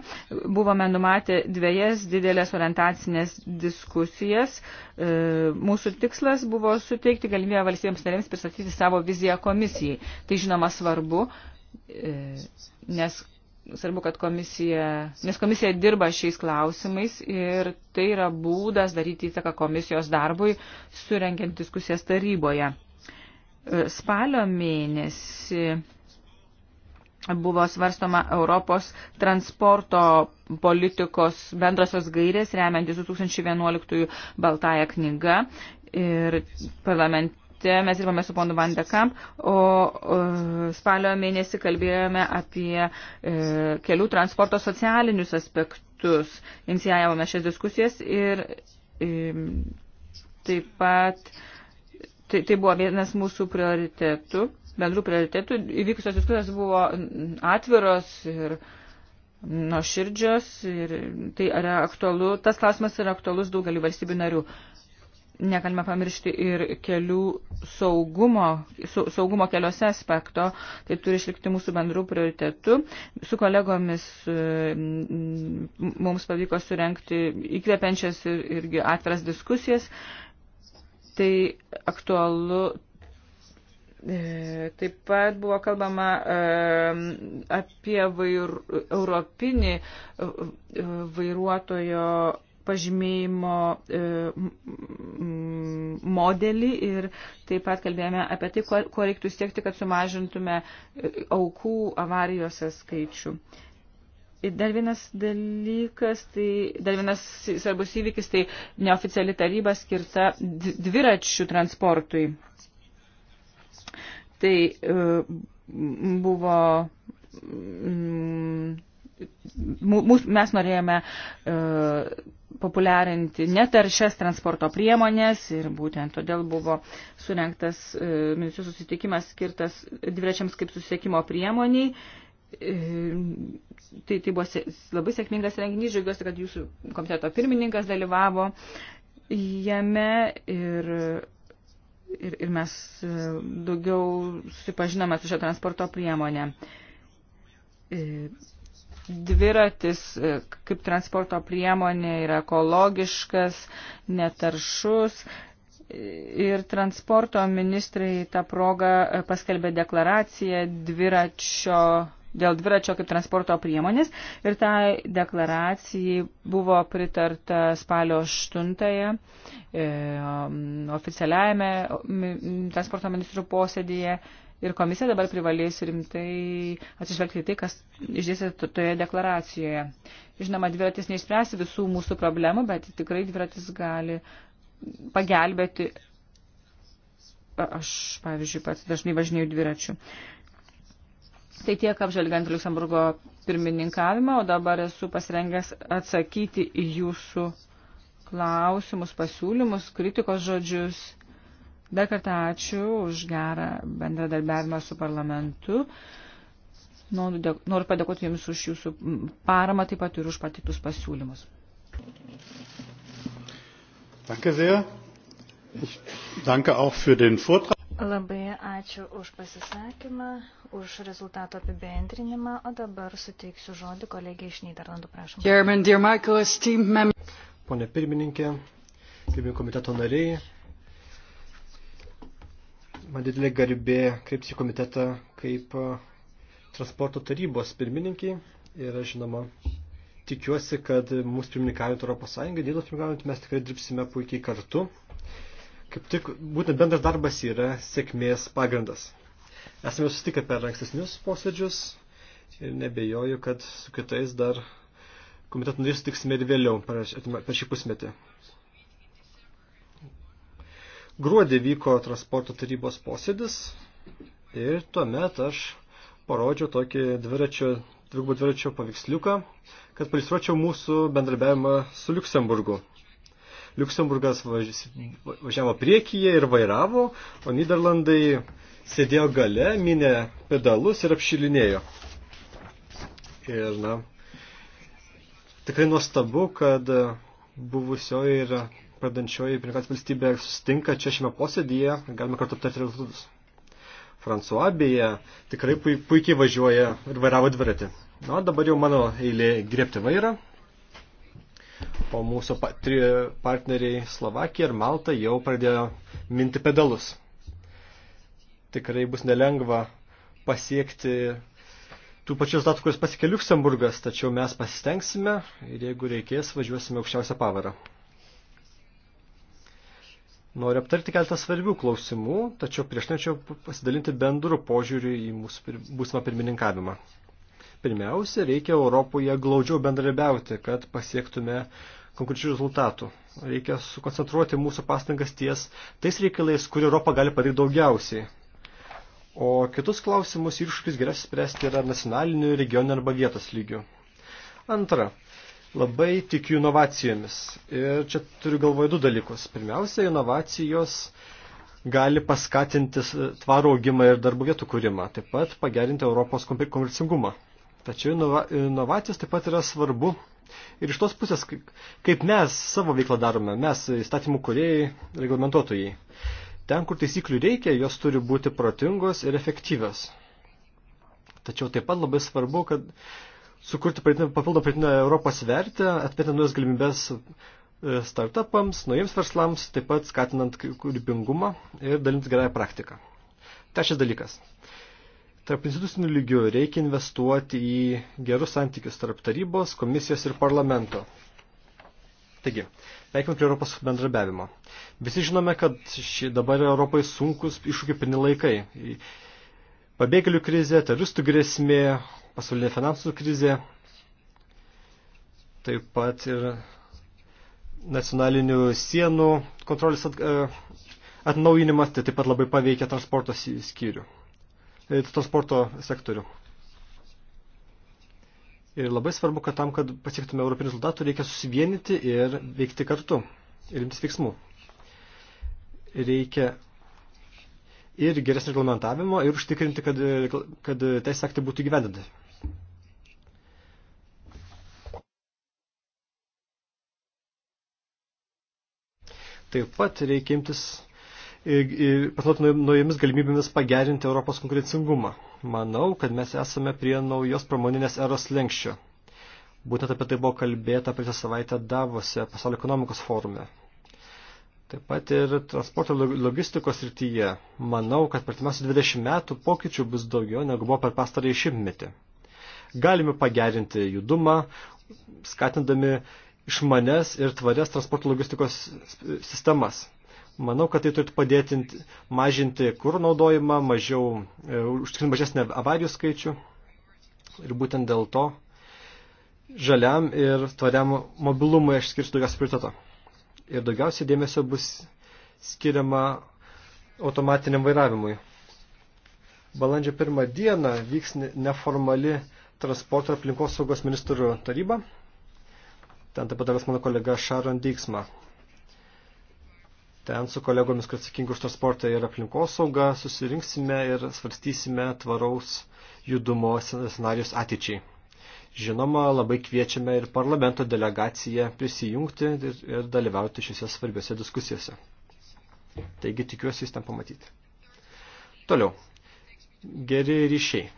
buvome numatę dviejas didelės orientacinės diskusijas. Uh, mūsų tikslas buvo suteikti galimybę valstybėms narėms pristatyti savo viziją komisijai. Tai žinoma svarbu. Uh, nes svarbu, kad komisija, nes komisija dirba šiais klausimais ir tai yra būdas daryti įtaką komisijos darbui, surenkiant diskusijas taryboje. E, spalio mėnesį buvo svarstoma Europos transporto politikos bendrosios gairės, remiantis 2011 baltąją knygą. Ir parlament, komitete mes dirbame su ponu Van de Kamp, o spalio mėnesį kalbėjome apie e, kelių transporto socialinius aspektus. Inicijavome šias diskusijas ir e, taip pat tai, tai buvo vienas mūsų prioritetų, bendrų prioritetų. Įvykusios diskusijos buvo atviros ir nuoširdžios ir tai yra aktualu, tas klausimas yra aktualus daugeliu valstybių narių. Uh, negalime pamiršti ir kelių saugumo, su, saugumo keliuose aspekto, tai turi išlikti mūsų bendrų prioritetų. Su kolegomis e, mums pavyko surenkti įkvepiančias ir, irgi atviras diskusijas. Tai aktualu. E, taip pat buvo kalbama e, apie vair, europinį vairuotojo pažymėjimo e, modelį ir taip pat kalbėjome apie tai, ko reiktų siekti, kad sumažintume e, aukų avarijose skaičių. Ir dar vienas dalykas, tai dar vienas svarbus įvykis, tai neoficiali taryba skirta dviračių transportui. Tai e, buvo mūs, mes norėjome uh, populiarinti netaršias transporto priemonės ir būtent todėl buvo surinktas e, ministrų susitikimas skirtas dviračiams kaip susisiekimo priemoniai. E, tai, tai buvo se, labai sėkmingas renginys, džiaugiuosi, kad jūsų komiteto pirmininkas dalyvavo jame ir, ir, ir mes e, daugiau susipažinome su šio transporto priemonė. E, dviratis e, kaip transporto priemonė yra ekologiškas, netaršus. Ir transporto ministrai tą progą e, paskelbė deklaraciją dviračio, dėl dviračio kaip transporto priemonės ir tai deklaracijai buvo pritarta spalio 8-ąją e, oficialiajame transporto ministrų posėdėje. E, Ir komisija dabar privalės rimtai atsižvelgti tai, kas išdėstė toje deklaracijoje. Žinoma, dviratis neišspręs visų mūsų problemų, bet tikrai dviratis gali pagelbėti. Aš, pavyzdžiui, pats dažnai važinėjau dviračiu. Tai tiek apžvelgiant Luxemburgo pirmininkavimą, o dabar esu pasirengęs atsakyti į jūsų klausimus, pasiūlymus, kritikos žodžius Dar kartą ačiū už gerą bendradarbiavimą su parlamentu. Noriu padėkoti Jums už Jūsų paramą, taip pat ir už patiktus pasiūlymus. Danke sehr. Ich danke auch für den Vortrag. Labai ačiū už pasisakymą, už rezultato apibendrinimą, o dabar suteiksiu žodį kolegiai iš Niderlandų, prašom. German, dear Michael, esteemed member. Pone pirmininkė, kaip komiteto nariai, man didelė garbė kreiptis į komitetą kaip transporto tarybos pirmininkiai ir aš žinoma tikiuosi, kad mūsų pirmininkaujant Europos Sąjungai, dėl pirmininkaujant mes tikrai dirbsime puikiai kartu. Kaip tik būtent bendras darbas yra sėkmės pagrindas. Esame susitikę per ankstesnius posėdžius ir nebejoju, kad su kitais dar komitetų nariais sutiksime ir vėliau per šį pusmetį. Gruodį vyko transporto tarybos posėdis ir tuomet aš parodžiau tokį dviračio, dvigubų dviračio paveiksliuką, kad palistruočiau mūsų bendrabiavimą su Luksemburgu. Luksemburgas važiavo priekyje ir vairavo, o Niderlandai sėdėjo gale, minė pedalus ir apšilinėjo. Ir, na, tikrai nuostabu, kad buvusioji ir pradančioji pirmininkas valstybė sustinka čia šiame posėdyje, galime kartu aptarti rezultatus. Fransuo beje tikrai puikiai važiuoja ir vairavo dviratį. Na, dabar jau mano eilė griebti vairą. O mūsų partneriai Slovakija ir Malta jau pradėjo minti pedalus. Tikrai bus nelengva pasiekti tų pačių rezultatų, kuris pasikė Luxemburgas, tačiau mes pasistengsime ir jeigu reikės, važiuosime aukščiausią pavarą. Noriu aptarti keletą svarbių klausimų, tačiau prieš tai norėčiau pasidalinti bendru požiūriu į mūsų būsimą pirmininkavimą. Pirmiausia, reikia Europoje glaudžiau bendradarbiauti, kad pasiektume konkrečių rezultatų. Reikia sukoncentruoti mūsų pastangas ties tais reikalais, kur Europa gali padaryti daugiausiai. O kitus klausimus ir iššūkis geriausiai spręsti yra nacionaliniu, regioniniu arba vietos lygiu. Antra, Labai tikiu inovacijomis. Ir čia turiu galvoje du dalykus. Pirmiausia, inovacijos gali paskatinti tvarų augimą ir darbo vietų kūrimą, taip pat pagerinti Europos komercingumą. Tačiau inovacijos taip pat yra svarbu ir iš tos pusės, kaip mes savo veiklą darome, mes įstatymų kuriejai, reglamentuotojai. Ten, kur taisyklių reikia, jos turi būti protingos ir efektyvios. Tačiau taip pat labai svarbu, kad sukurti papildomą pridėtinę Europos vertę, atmetant naujas galimybės e, startupams, naujiems verslams, taip pat skatinant kūrybingumą ir dalinti gerąją praktiką. Trečias dalykas. Tarp institucinių lygių reikia investuoti į gerus santykius tarp tarybos, komisijos ir parlamento. Taigi, veikime prie Europos bendrabiavimo. Visi žinome, kad ši dabar Europai sunkus iššūkiai pilni laikai. Pabėgėlių krizė, teroristų grėsmė, pasaulyje finansų krizė, taip pat ir nacionalinių sienų kontrolės at, e, atnaujinimas, tai taip pat labai paveikia transporto skyrių, e, transporto sektorių. Ir labai svarbu, kad tam, kad pasiektume europinių rezultatų, reikia susivienyti ir veikti kartu ir imtis veiksmų. Reikia ir geresnio reglamentavimo ir užtikrinti, kad, kad teisės aktai būtų gyvendinti. Taip pat reikia imtis pasinaudoti naujomis galimybėmis pagerinti Europos konkurencingumą. Manau, kad mes esame prie naujos pramoninės eros lenkščio. Būtent apie tai buvo kalbėta praeitą savaitę Davose pasaulio ekonomikos forume. Taip pat ir transporto logistikos srityje. Manau, kad per pirmiausius 20 metų pokyčių bus daugiau negu buvo per pastarąjį šimtmetį. Galime pagerinti judumą, skatindami išmanes ir tvarias transporto logistikos sistemas. Manau, kad tai turėtų padėti mažinti kūro naudojimą, mažiau, e, užtikrinti mažesnį avarijų skaičių. Ir būtent dėl to žaliam ir tvariam mobilumui aš skirsiu daugiausiai prioriteto. Ir daugiausiai dėmesio bus skiriama automatiniam vairavimui. Balandžio pirmą dieną vyks neformali transporto aplinkos saugos ministrų taryba Ten taip pat dalis mano kolega Sharon Dyksma. Ten su kolegomis, kurie atsakingi už transportą ir aplinkosaugą, susirinksime ir svarstysime tvaraus judumo scenarius ateičiai. Žinoma, labai kviečiame ir parlamento delegaciją prisijungti ir, ir dalyvauti šiuose svarbiose diskusijose. Taigi tikiuosi jūs ten pamatyti. Toliau. Geri ryšiai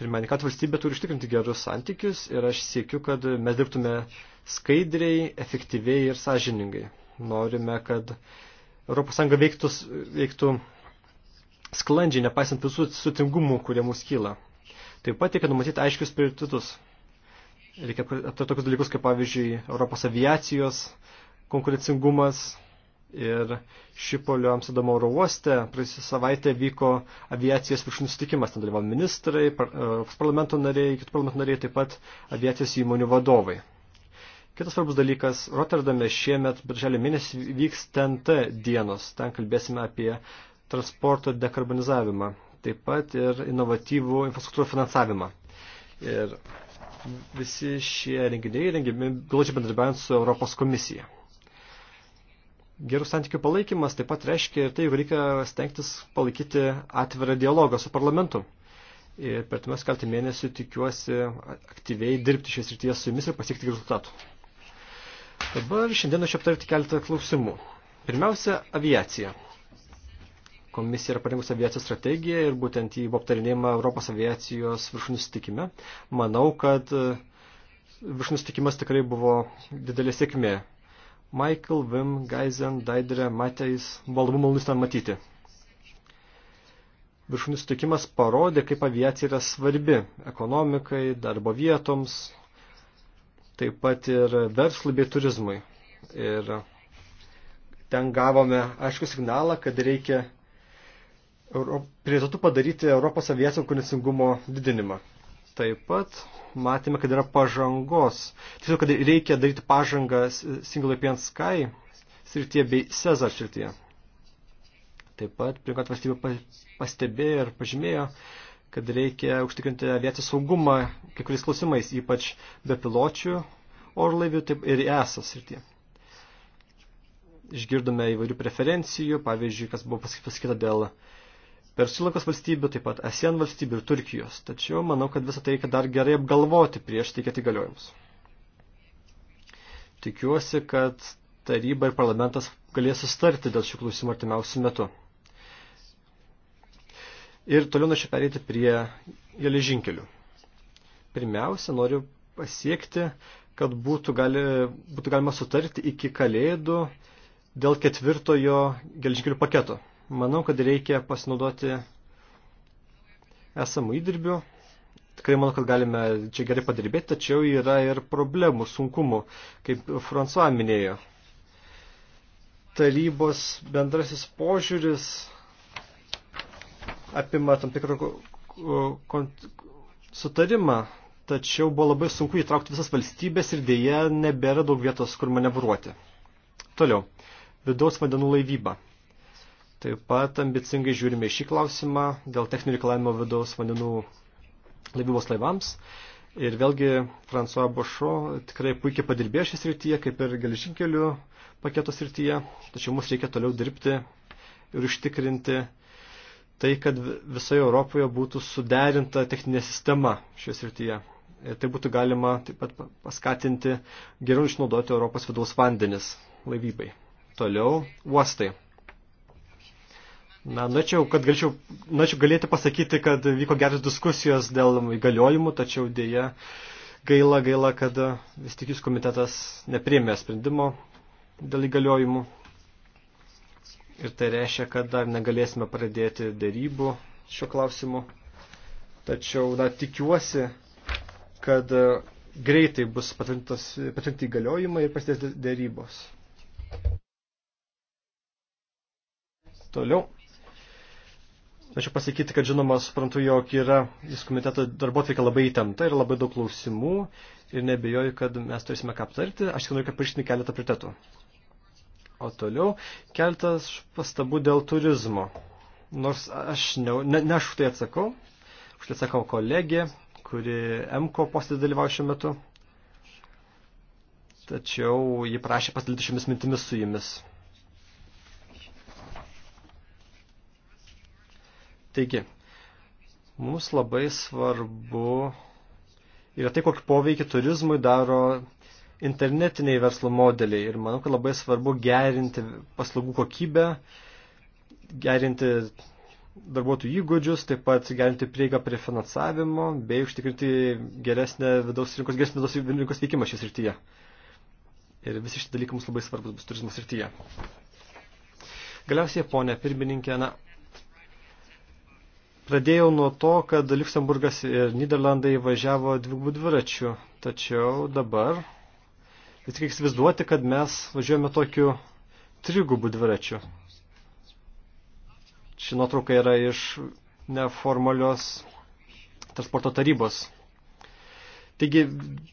pirmiausia, kad valstybė turi užtikrinti gerus santykius ir aš siekiu, kad mes dirbtume skaidriai, efektyviai ir sąžiningai. Norime, kad ES veiktų, veiktų sklandžiai, nepaisant visų sutingumų, kurie mūsų kyla. Taip pat reikia numatyti aiškius prioritetus. Reikia aptarti tokius dalykus, kaip pavyzdžiui, Europos aviacijos konkurencingumas, Ir Šipolio Amsterdamo oro uoste praėjusią savaitę vyko aviacijos viršūnų sutikimas. Ten dalyvavo ministrai, par, e, parlamento nariai, kitų parlamento nariai, taip pat aviacijos įmonių vadovai. Kitas svarbus dalykas, Rotterdame šiemet, birželio mėnesį, vyks TNT dienos. Ten kalbėsime apie transporto dekarbonizavimą, taip pat ir inovatyvų infrastruktūrų finansavimą. Ir visi šie renginiai rengiami glaudžiai bendradarbiaujant su Europos komisija gerų santykių palaikymas taip pat reiškia ir tai, jog reikia stengtis palaikyti atvirą dialogą su parlamentu. Ir per tuos kaltį mėnesių tikiuosi aktyviai dirbti šios rytyje su jumis ir pasiekti rezultatų. Dabar šiandien aš aptarti keletą klausimų. Pirmiausia, aviacija. Komisija yra parengusi aviacijos strategiją ir būtent jį buvo aptarinėjama Europos aviacijos viršūnių sutikime. Manau, kad viršūnių sutikimas tikrai buvo didelė sėkmė Michael Vim, Geisen, Daidre, Mateis, buvo labai malonus ten matyti. Viršūnių sutikimas parodė, kaip aviacija yra svarbi ekonomikai, darbo vietoms, taip pat ir verslui bei turizmui. Ir ten gavome aišku signalą, kad reikia prioritetų padaryti Europos aviacijos konkurencingumo didinimą. Taip pat matėme, kad yra pažangos. Tiesiog, kad reikia daryti pažangą Single European Sky srityje bei Cesar srityje. Taip pat privat valstybė pastebėjo ir pažymėjo, kad reikia užtikrinti aviacijos saugumą kai kuriais klausimais, ypač bepiločių orlaivių taip, ir ESAS srityje. Išgirdome įvairių preferencijų, pavyzdžiui, kas buvo pasakyta dėl uh, ir Sulankos valstybių, taip pat ASEAN valstybių ir Turkijos. Tačiau manau, kad visą tai reikia dar gerai apgalvoti prieš teikiant įgaliojimus. Tikiuosi, kad taryba ir parlamentas galės sustarti dėl šių klausimų artimiausių metų. Ir toliau norėčiau pereiti prie geležinkelių. Pirmiausia, noriu pasiekti, kad būtų, gali, būtų galima sutarti iki kalėdų dėl ketvirtojo geležinkelių paketo. Manau, kad reikia pasinaudoti esamų įdirbių. Tikrai manau, kad galime čia gerai padirbėti, tačiau yra ir problemų, sunkumų, kaip François minėjo. Tarybos bendrasis požiūris apima tam tikrą sutarimą, tačiau buvo labai sunku įtraukti visas valstybės ir dėje nebėra daug vietos, kur manevruoti. Toliau. Vidaus vandenų laivyba. Taip pat ambicingai žiūrime šį klausimą dėl techninio reikalavimo vidaus vandenų laivybos laivams. Ir vėlgi François Bošo tikrai puikiai padirbėjo šį srityje, kaip ir geležinkelių paketo srityje, tačiau mums reikia toliau dirbti ir užtikrinti tai, kad visoje Europoje būtų suderinta techninė sistema šioje srityje. Ir tai būtų galima taip pat paskatinti geriau išnaudoti Europos vidaus vandenis laivybai. Toliau uostai. Na, norėčiau, kad galėčiau, norėčiau galėti pasakyti, kad vyko geras diskusijos dėl įgaliojimų, tačiau dėja gaila, gaila, kad vis tik jūs komitetas nepriėmė sprendimo dėl įgaliojimų. Ir tai reiškia, kad dar negalėsime pradėti dėrybų šiuo klausimu. Tačiau, na, tikiuosi, kad greitai bus patvirtinti įgaliojimai ir pasidės dėrybos. Toliau. Tačiau pasakyti, kad žinoma, suprantu, jog yra vis komiteto darbo atveika labai įtempta ir labai daug klausimų ir nebejoju, kad mes turėsime ką aptarti. Aš tik noriu, kad paaiškinti keletą pritetų. O toliau keletas pastabų dėl turizmo. Nors aš ne, ne, ne aš už tai atsakau, už tai atsakau kolegė, kuri MKO posėdį dalyvauja šiuo metu. Tačiau ji prašė pasidalyti šiomis mintimis su jumis. Taigi, mums labai svarbu yra tai, kokį poveikį turizmui daro internetiniai verslo modeliai. Ir manau, kad labai svarbu gerinti paslaugų kokybę, gerinti darbuotojų įgūdžius, taip pat gerinti prieigą prie finansavimo, bei užtikrinti geresnę vidaus rinkos, geresnį vidaus rinkos veikimą šis rytyje. Ir visi šitie dalykai mums labai svarbus bus turizmo srityje. Galiausiai, ponė pirmininkė, na, Pradėjau nuo to, kad Luxemburgas ir Niderlandai važiavo dvigubų dviračių, tačiau dabar vis tik įsivaizduoti, kad mes važiuojame tokiu trigubų dviračių. Ši nuotrauka yra iš neformalios transporto tarybos. Taigi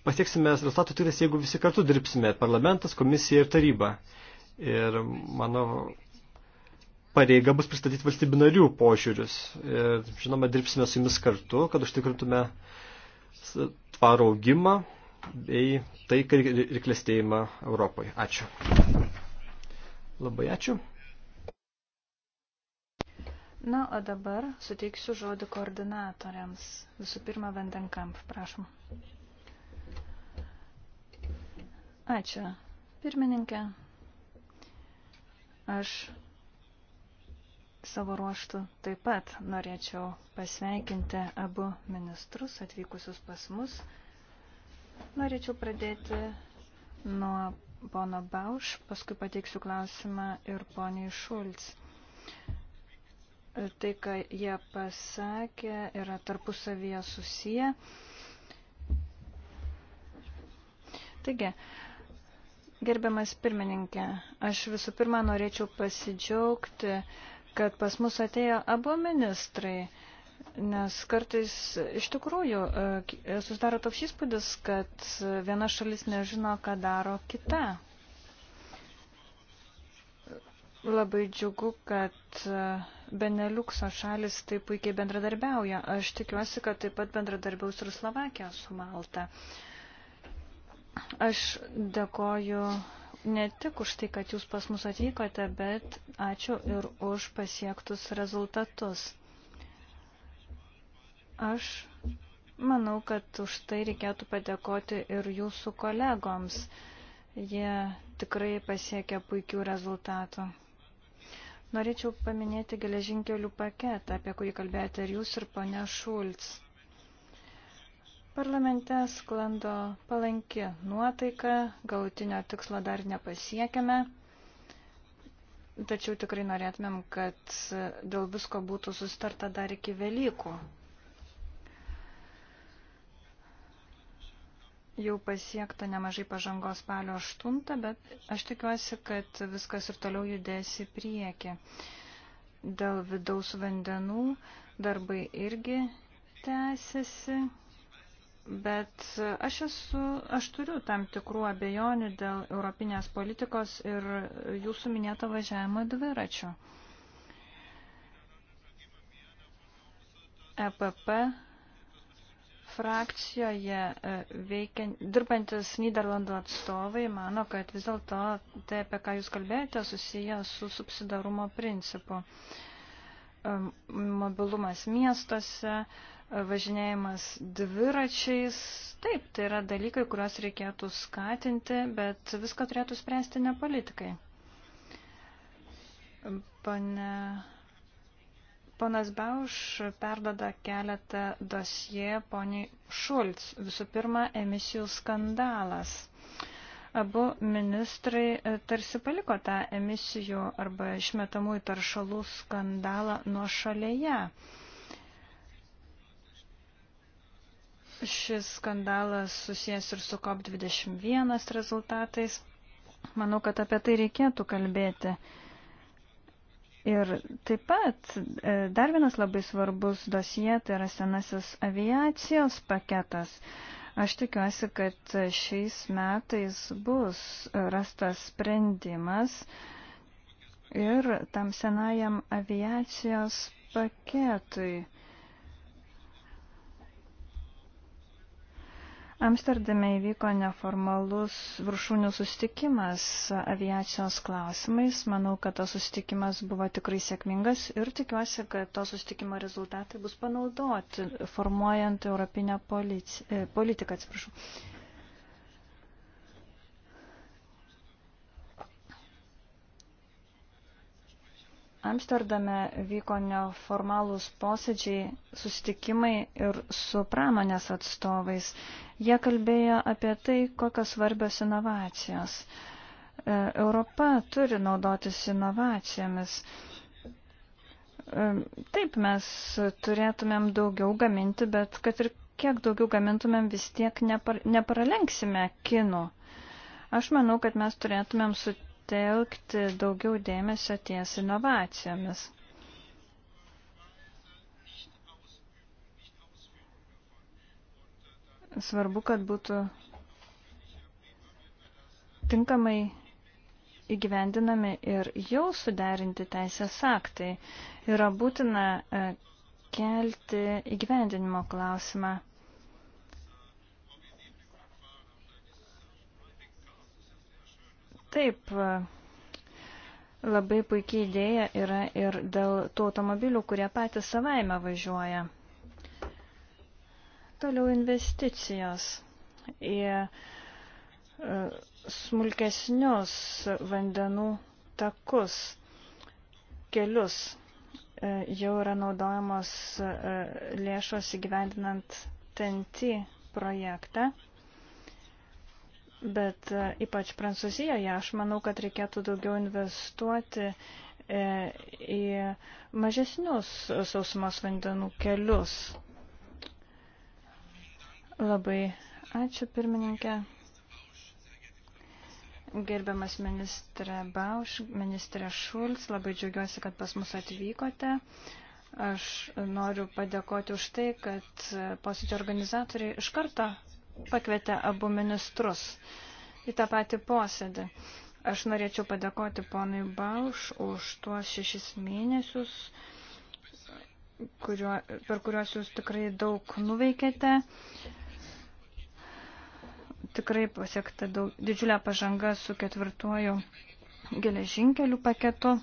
pasieksime rezultatų tik, jeigu visi kartu dirbsime, parlamentas, komisija ir taryba. Ir mano pareiga bus pristatyti valstybių narių požiūrius. Ir, žinoma, dirbsime su jumis kartu, kad užtikrintume tvarų augimą bei taiką ir klėstėjimą Europoje. Ačiū. Labai ačiū. Na, o dabar suteiksiu žodį koordinatoriams. Visų pirma, Vandenkamp, prašom. Ačiū. Pirmininkė, aš Savo ruoštų taip pat norėčiau pasveikinti abu ministrus atvykusius pas mus. Norėčiau pradėti nuo pono Bauš, paskui pateiksiu klausimą ir poniai Šulc. Tai, ką jie pasakė, yra tarpusavyje susiję. Taigi, gerbiamas pirmininkė, aš visų pirma norėčiau pasidžiaugti, kad pas mus atėjo abu ministrai, nes kartais iš tikrųjų e, e, susidaro toks įspūdis, kad viena šalis nežino, ką daro kita. Labai džiugu, kad e, Beneliukso šalis taip puikiai bendradarbiauja. Aš tikiuosi, kad taip pat bendradarbiaus ir Slovakija su Malta. Aš dėkoju ne tik už tai, kad jūs pas mus atvykote, bet ačiū ir už pasiektus rezultatus. Aš manau, kad už tai reikėtų padėkoti ir jūsų kolegoms. Jie tikrai pasiekė puikių rezultatų. Norėčiau paminėti geležinkelių paketą, apie kurį kalbėjote ir jūs, ir ponia Šulc. Parlamente sklando palanki nuotaika, galutinio tikslo dar nepasiekėme, tačiau tikrai norėtumėm, kad dėl visko būtų sustarta dar iki Velykų. Jau pasiekta nemažai pažangos spalio 8, bet aš tikiuosi, kad viskas ir toliau judės į priekį. Dėl vidaus vandenų darbai irgi tęsiasi Bet aš, esu, aš turiu tam tikrų abejonių dėl europinės politikos ir jūsų minėto važiavimo dviračių. EPP frakcijoje e, veikia, dirbantis Niderlandų atstovai mano, kad vis dėlto tai, apie ką jūs kalbėjote, susiję su subsidarumo principu. E, mobilumas miestuose, važinėjimas dviračiais. Taip, tai yra dalykai, kuriuos reikėtų skatinti, bet viską turėtų spręsti ne politikai. Pane, ponas Bauš perdada keletą dosie poniai Šulc. Visų pirma, emisijų skandalas. Abu ministrai e, tarsi paliko tą emisijų arba išmetamųjų taršalų skandalą nuo šalyje. Šis skandalas susijęs ir su COP21 rezultatais. Manau, kad apie tai reikėtų kalbėti. Ir taip pat e, dar vienas labai svarbus dosie, tai yra senasis aviacijos paketas. Aš tikiuosi, kad šiais metais bus rastas sprendimas ir tam senajam aviacijos paketui. Amsterdame įvyko neformalus viršūnių sustikimas aviacijos klausimais. Manau, kad tas sustikimas buvo tikrai sėkmingas ir tikiuosi, kad to sustikimo rezultatai bus panaudoti formuojant europinę policiją, e, politiką. Atsiprašau. Amsterdame vyko neformalūs posėdžiai, susitikimai ir su pramonės atstovais. Jie kalbėjo apie tai, kokios svarbios inovacijos. E, Europa turi naudotis inovacijomis. E, Taip, mes turėtumėm daugiau gaminti, bet kad ir kiek daugiau gamintumėm, vis tiek nepar, nepralenksime kinų. Aš manau, kad mes turėtumėm sutikti sutelkti daugiau dėmesio ties inovacijomis. Svarbu, kad būtų tinkamai įgyvendinami ir jau suderinti teisės aktai. Yra būtina e, kelti įgyvendinimo klausimą. Taip, labai puikiai idėja yra ir dėl tų automobilių, kurie patys savaime važiuoja. Toliau investicijos į e, smulkesnius vandenų takus, kelius e, jau yra naudojamos e, lėšos įgyvendinant TNT projektą. Bet e, ypač Prancūzijoje aš manau, kad reikėtų daugiau investuoti e, į mažesnius sausumos vandenų kelius. Labai ačiū pirmininkė. Gerbiamas ministrė Bauš, ministrė Šulc, labai džiaugiuosi, kad pas mus atvykote. Aš noriu padėkoti už tai, kad e, posėdžio organizatoriai iš karto pakvietė abu ministrus į tą patį posėdį. Aš norėčiau padėkoti ponui Bauš už tuos šešis mėnesius, kuriuo, per kuriuos jūs tikrai daug nuveikėte. Tikrai pasiekta daug, didžiulė pažanga su ketvirtuoju geležinkelių paketu.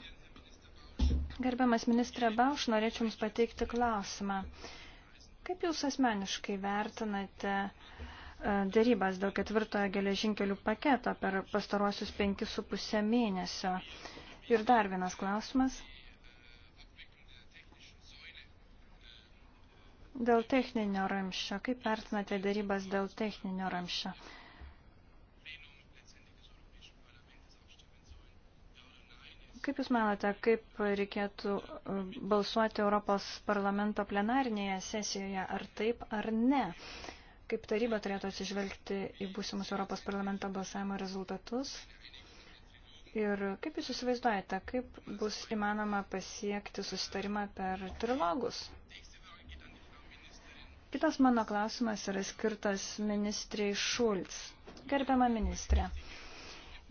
Gerbiamas ministrė Bauš, norėčiau Jums pateikti klausimą. Kaip Jūs asmeniškai vertinate uh, E, dėrybas dėl ketvirtojo geležinkelių paketo per pastaruosius penkis su pusę mėnesio. Ir dar vienas klausimas. Dėl techninio ramščio. Kaip vertinate dėrybas dėl techninio ramščio? Kaip Jūs manote, kaip reikėtų e, balsuoti Europos parlamento plenarinėje sesijoje, ar taip, ar ne? Uh, kaip taryba turėtų atsižvelgti į būsimus Europos parlamento balsavimo rezultatus. Ir kaip jūs įsivaizduojate, kaip bus įmanoma pasiekti susitarimą per trilogus? Kitas mano klausimas yra skirtas ministriai Šulc. Gerbiama ministrė,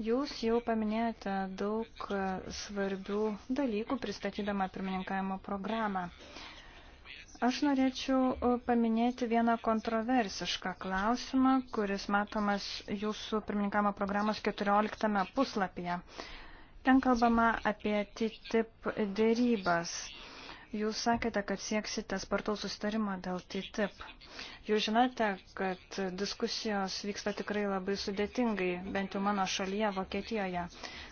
jūs jau paminėjote daug svarbių dalykų pristatydama pirmininkavimo programą. Aš norėčiau e, paminėti vieną kontroversišką klausimą, kuris matomas jūsų pirmininkamo programos 14 puslapyje. Ten kalbama apie TTIP dėrybas. Jūs sakėte, kad sieksite spartaus sustarimo dėl TTIP. Jūs žinote, kad diskusijos vyksta tikrai labai sudėtingai, bent jau mano šalyje, Vokietijoje.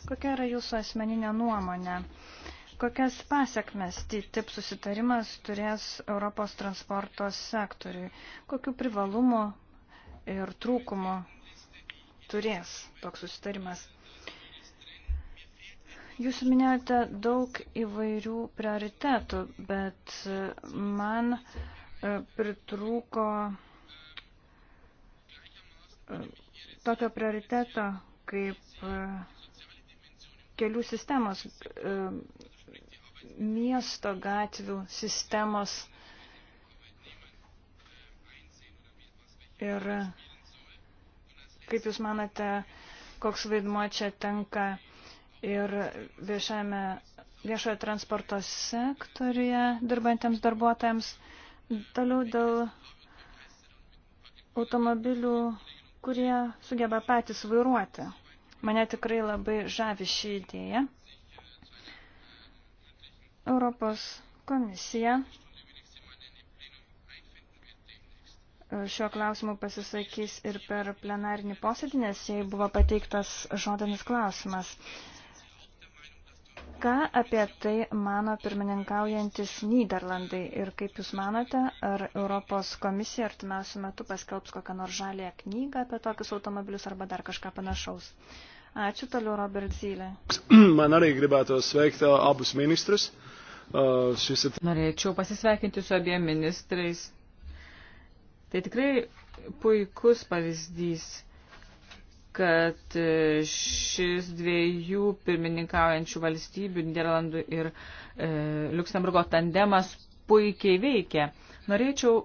Kokia yra jūsų asmeninė nuomonė? Uh, Kokias pasiekmes TTIP susitarimas turės Europos transporto sektoriui? Kokių privalumų ir trūkumų turės toks susitarimas? Jūs minėjote daug įvairių prioritetų, bet man e, pritrūko e, tokio prioriteto kaip e, kelių sistemos miesto gatvių sistemos. Ir kaip Jūs manote, koks vaidmuo čia tenka ir viešame, viešojo transporto sektorija dirbantiems darbuotojams. Toliau dėl automobilių, kurie sugeba patys vairuoti. Mane tikrai labai žavi šį idėją. Europos komisija šiuo klausimu pasisakys ir per plenarinį posėdį, nes jai buvo pateiktas žodinis klausimas. Ką apie tai mano pirmininkaujantis Niderlandai ir kaip Jūs manote, ar Europos komisija artimiausiu metu paskelbs kokią nors žalę knygą apie tokius automobilius arba dar kažką panašaus? Uh, Ačiū toliau, Robert Zylė. Man arī gribētu sveikti uh, abus ministrus. Uh, šis... Norėčiau pasisveikinti su abiem ministrais. Tai tikrai puikus pavyzdys, kad uh, šis dviejų pirmininkaujančių valstybių, Niderlandų ir e, Luksemburgo tandemas puikiai veikia. Norėčiau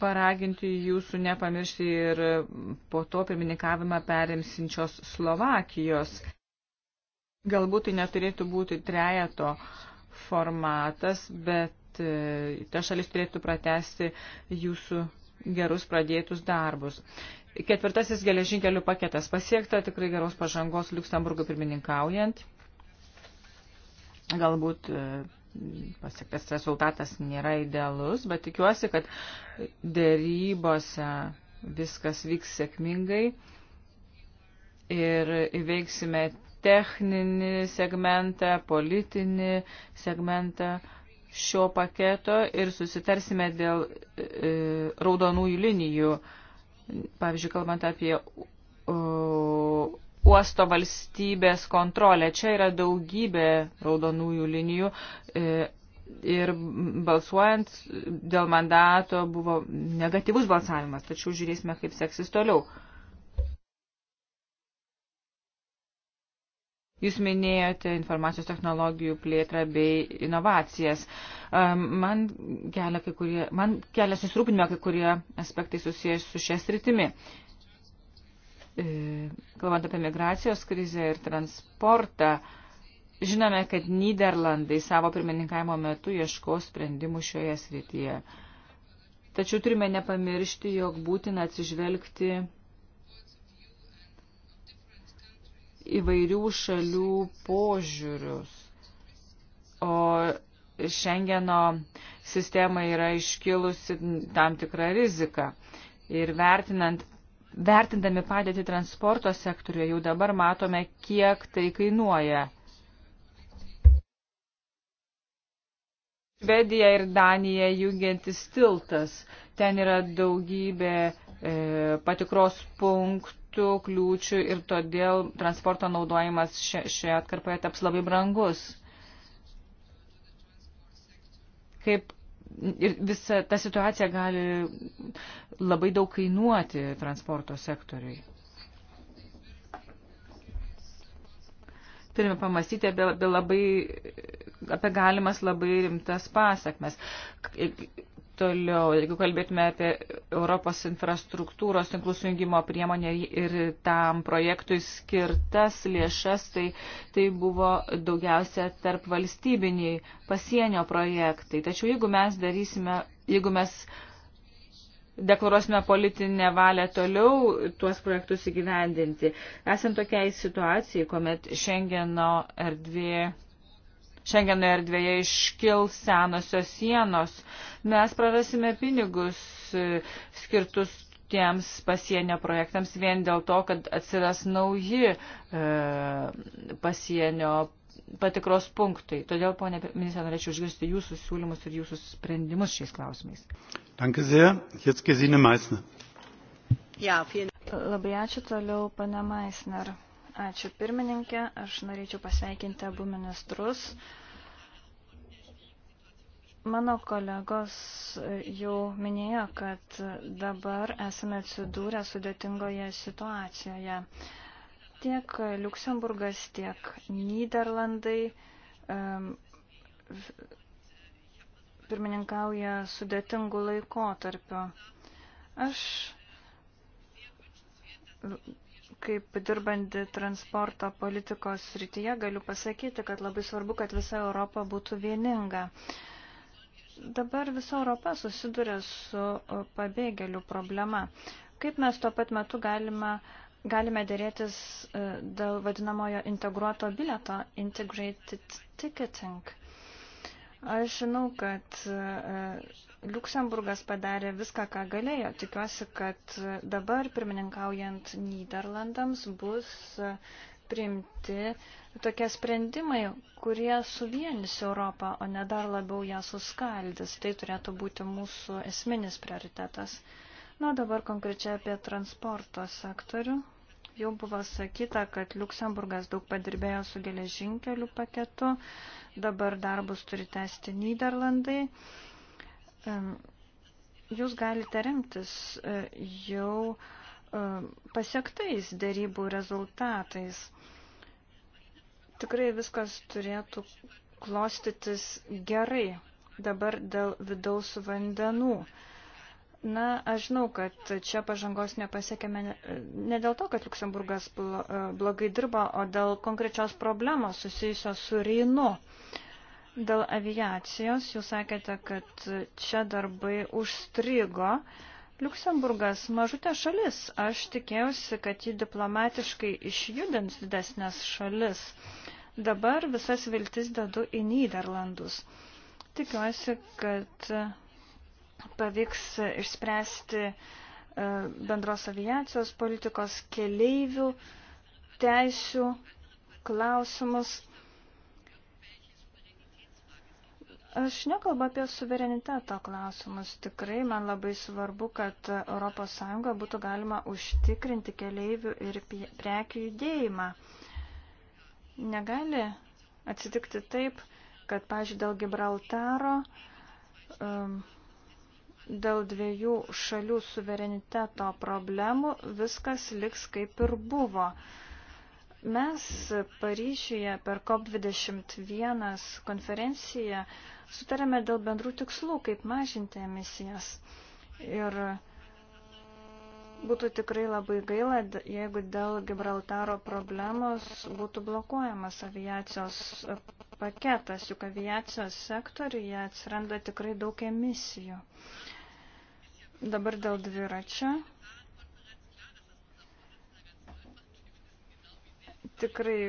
paraginti jūsų nepamiršti ir po to pirmininkavimą perimsinčios Slovakijos. Galbūt tai neturėtų būti trejato formatas, bet e, ta šalis turėtų pratesti jūsų gerus pradėtus darbus. Ketvirtasis geležinkelių paketas pasiekta, tikrai geros pažangos Luksemburgų pirmininkaujant. Galbūt e, pasiektas rezultatas nėra idealus, bet tikiuosi, kad dėrybose viskas vyks sėkmingai ir įveiksime techninį segmentą, politinį segmentą šio paketo ir susitarsime dėl e, raudonųjų linijų. Pavyzdžiui, kalbant apie o, uosto valstybės kontrolę. Čia yra daugybė raudonųjų linijų e, ir balsuojant dėl mandato buvo negatyvus balsavimas, tačiau žiūrėsime, kaip seksis toliau. Jūs minėjote informacijos technologijų plėtrą bei inovacijas. E, man kelia, kai kurie, man kelia susirūpinimą kai kurie aspektai susijęs su šia sritimi. E, kalbant apie migracijos krizę ir transportą, žinome, kad Niderlandai savo pirmininkavimo metu ieškos sprendimų šioje srityje. Tačiau turime nepamiršti, jog būtina atsižvelgti įvairių šalių požiūrius. O Šengeno sistema yra iškilusi tam tikrą riziką. Ir vertinant Vertindami padėtį transporto sektoriuje jau dabar matome, kiek tai kainuoja. Švedija ir Danija jungiantis tiltas. Ten yra daugybė e, patikros punktų, kliūčių ir todėl transporto naudojimas šioje atkarpoje taps labai brangus. Kaip ir visa ta situacija gali labai daug kainuoti transporto sektoriui. Turime pamastyti apie, apie, labai, apie galimas labai rimtas pasakmes. Toliau, jeigu kalbėtume apie Europos infrastruktūros tinklų sujungimo priemonę ir tam projektui skirtas lėšas, tai, tai buvo daugiausia tarp valstybiniai pasienio projektai. Tačiau jeigu mes darysime, jeigu mes deklaruosime politinę valią toliau tuos projektus įgyvendinti, esant tokiai situacijai, kuomet Šengeno erdvė Šengeno erdvėje iškils senosios sienos. Mes prarasime pinigus e, skirtus tiems pasienio projektams vien dėl to, kad atsiras nauji e, pasienio patikros punktai. Todėl, ponė ministrė, norėčiau išgirsti jūsų siūlymus ir jūsų sprendimus šiais klausimais. Danke sehr. Jetzt Gesine Meissner. Ja, vielen Dank. Labai ačiū toliau, pane Meissner. Ačiū pirmininkė, aš norėčiau pasveikinti abu ministrus. Mano kolegos jau minėjo, kad dabar esame atsidūrę sudėtingoje situacijoje. Tiek Luksemburgas, tiek Niderlandai um, pirmininkauja sudėtingų laikotarpių. Aš kaip dirbanti transporto politikos srityje, galiu pasakyti, kad labai svarbu, kad visa Europa būtų vieninga. Dabar visa Europa susiduria su e, pabėgėlių problema. Kaip mes tuo pat metu galime, galime dėrėtis e, dėl vadinamojo integruoto bileto, integrated ticketing? Aš žinau, kad e, Luksemburgas padarė viską, ką galėjo. Tikiuosi, kad dabar, pirmininkaujant Niderlandams, bus priimti tokie sprendimai, kurie suvienys Europą, o ne dar labiau ją suskaldys. Tai turėtų būti mūsų esminis prioritetas. Na, nu, dabar konkrečiai apie transporto sektorių. Jau buvo sakyta, kad Luksemburgas daug padirbėjo su geležinkeliu paketu, dabar darbus turi tęsti Niderlandai jūs galite remtis e, jau e, pasiektais dėrybų rezultatais. Tikrai viskas turėtų klostytis gerai dabar dėl vidaus vandenų. Na, aš žinau, kad čia pažangos nepasiekėme e, ne dėl to, kad Luksemburgas blogai dirba, o dėl konkrečios problemos susijusios su Reinu. Uh, Dėl aviacijos jūs sakėte, kad čia darbai užstrigo. Liuksemburgas mažutė šalis. Aš tikėjausi, kad ji diplomatiškai išjudins didesnės šalis. Dabar visas viltis dedu į Niderlandus. Tikiuosi, kad pavyks išspręsti e, bendros aviacijos politikos keleivių teisių klausimus. Aš nekalbu apie suvereniteto klausimus. Tikrai man labai svarbu, kad ES būtų galima užtikrinti keleivių ir prekių judėjimą. Negali atsitikti taip, kad, pažiūrėjau, dėl Gibraltaro, um, dėl dviejų šalių suvereniteto problemų viskas liks kaip ir buvo. Uh, Mes Paryžiuje per COP21 konferenciją sutarėme dėl bendrų tikslų, kaip mažinti emisijas. Ir būtų tikrai labai gaila, jeigu dėl Gibraltaro problemos būtų blokuojamas aviacijos paketas, juk aviacijos sektoriuje atsiranda tikrai daug emisijų. Dabar dėl dviračio Tikrai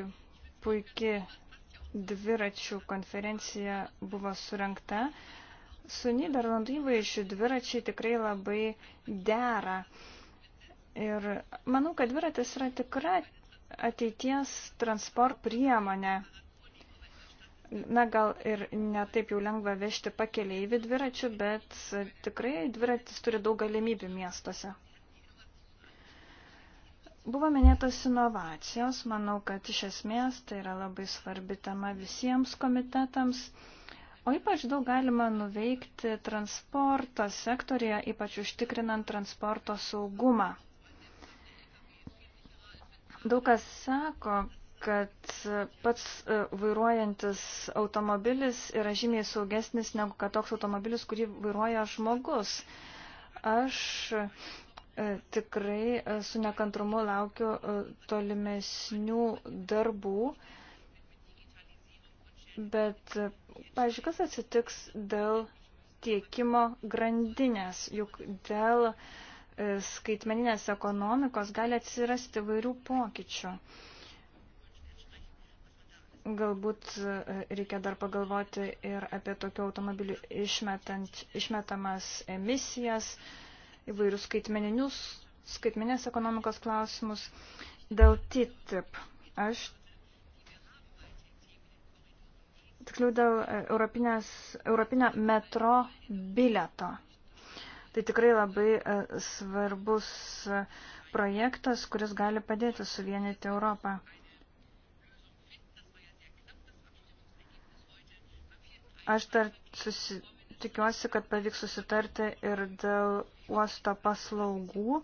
puikiai dviračių konferencija buvo surinkta. Su Niderlandų įvaizdžiu dviračiai tikrai labai dera. Ir manau, kad dviratis yra tikra ateities transport priemonė. Na, gal ir netaip jau lengva vežti pakeleivį dviračių, bet tikrai dviratis turi daug galimybių miestuose. Buvo minėtos inovacijos, manau, kad iš esmės tai yra labai svarbi tema visiems komitetams, o ypač daug galima nuveikti transporto sektorija, ypač užtikrinant transporto saugumą. Daug kas sako, kad pats e, vairuojantis automobilis yra žymiai saugesnis negu kad toks automobilis, kurį vairuoja žmogus. Aš E, tikrai e, su nekantrumu laukiu e, tolimesnių darbų. Bet, pažiūrėk, kas atsitiks dėl tiekimo grandinės, juk dėl skaitmeninės ekonomikos gali atsirasti vairių pokyčių. Galbūt reikia dar pagalvoti ir apie tokių automobilių išmetant, išmetamas emisijas, uh, įvairius skaitmeninius, skaitmeninės ekonomikos klausimus. Dėl TTIP aš tiksliau dėl e, europinės, europinio metro bileto. Tai tikrai labai e, svarbus e, projektas, kuris gali padėti suvienyti Europą. Aš dar susi, tikiuosi, kad pavyks susitarti ir dėl uosto paslaugų.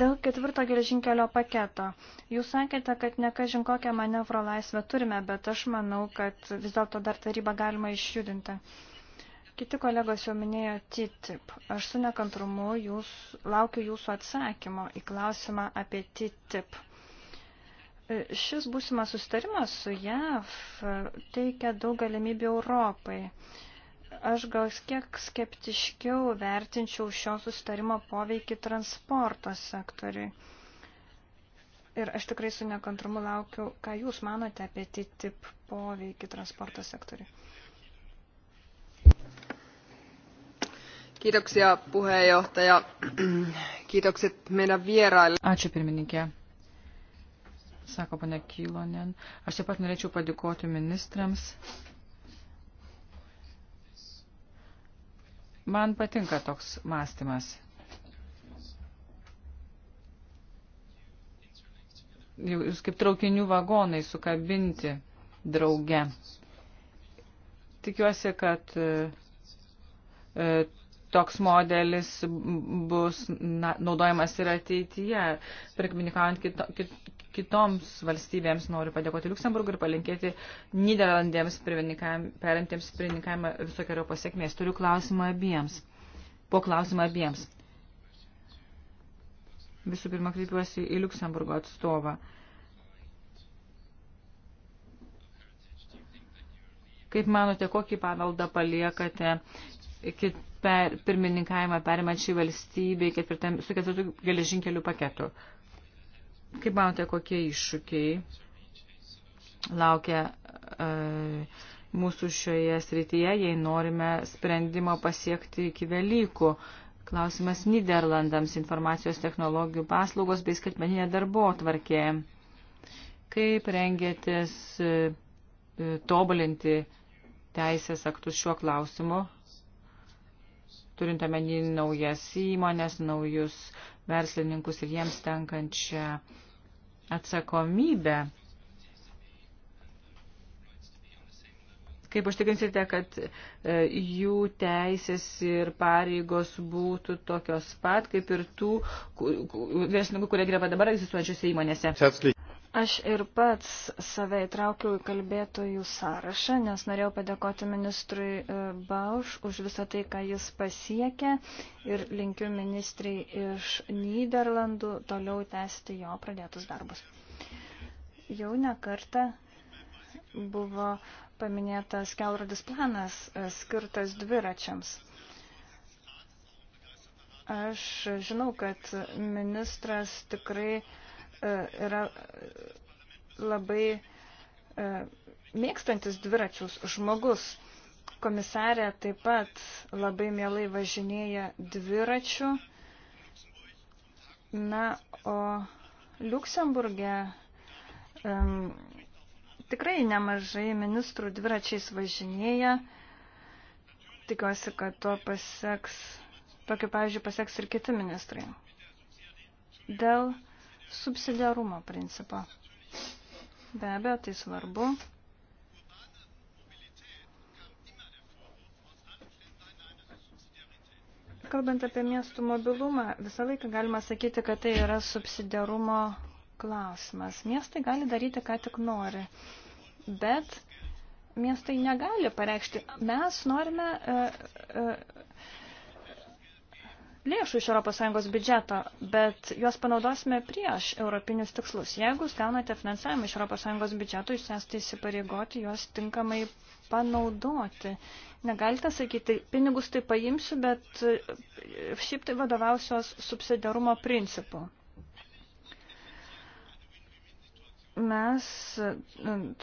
Dėl ketvirto geležinkelio paketo. Jūs sakėte, kad nekažin kokią manevro laisvę turime, bet aš manau, kad vis dėlto dar tarybą galima išjudinti. Kiti kolegos jau minėjo TTIP. Aš su nekantrumu jūs, laukiu jūsų atsakymo į klausimą apie TTIP. Šis būsimas sustarimas su JAV teikia daug galimybių Europai aš gal kiek skeptiškiau vertinčiau šio sustarimo poveikį transporto sektoriui. Ir aš tikrai su nekantrumu laukiu, ką Jūs manote apie TTIP poveikį transporto sektoriui. Kiitoksia puheenjohtaja. Kiitokset meidän vieraille. Ačiū pirmininkė. Sako pane Kylonen. Aš taip pat norėčiau padėkoti ministrams Man patinka toks mąstymas. Jūs kaip traukinių vagonai sukabinti drauge. Tikiuosi, kad e, toks modelis bus na, naudojamas ir ateityje, pirmininkaujant kito, kit, kitoms valstybėms. Noriu padėkoti Luksemburgui ir palinkėti Niderlandėms perimtiems pirmininkavimą visokiojo pasiekmės. Turiu klausimą abiems. Po klausimą abiems. Visų pirma, kreipiuosi į Luksemburgo atstovą. Kaip manote, kokį paveldą paliekate per pirmininkavimą perimančiai valstybei ketvirtam, su ketvirtu geležinkeliu paketu. Kaip manote, kokie iššūkiai laukia e, mūsų šioje srityje, jei norime sprendimo pasiekti iki Velykų? Klausimas Niderlandams informacijos technologijų paslaugos bei skaitmeninė darbo tvarkė. Kaip rengėtės e, e, tobulinti teisės aktus šiuo klausimu, turint omeny naujas įmonės, naujus verslininkus ir jiems tenkančią atsakomybę. Kaip užtikrinsite, kad e, jų teisės ir pareigos būtų tokios pat, kaip ir tų verslininkų, kurie greba dabar egzistuojančiose įmonėse? Aš ir pats save įtraukiau į kalbėtojų sąrašą, nes norėjau padėkoti ministrui e, Bauš už visą tai, ką jis pasiekė ir linkiu ministrai iš Niderlandų toliau tęsti jo pradėtus darbus. Jau nekarta buvo paminėtas kelrodis planas e, skirtas dviračiams. Aš žinau, kad ministras tikrai uh, E, yra labai e, mėgstantis dviračius žmogus. Komisarė taip pat labai mielai važinėja dviračiu. Na, o Liuksemburgė um, tikrai nemažai ministrų dviračiais važinėja. Tikiuosi, kad to pasieks, tokiu pavyzdžiu pasieks ir kiti ministrai. Dėl subsidiarumo principą. Be abejo, tai svarbu. Kalbant apie miestų mobilumą, visą laiką galima sakyti, kad tai yra subsidiarumo klausimas. Miestai gali daryti, ką tik nori, bet miestai negali pareikšti, mes norime e, e, lėšų iš ES biudžeto, bet juos panaudosime prieš europinius tikslus. Jeigu jūs gaunate finansavimą iš ES biudžeto, jūs esate įsipareigoti juos tinkamai panaudoti. Negalite sakyti, pinigus tai paimsiu, bet e, šiaip tai vadovausios subsidiarumo principu. Mes e,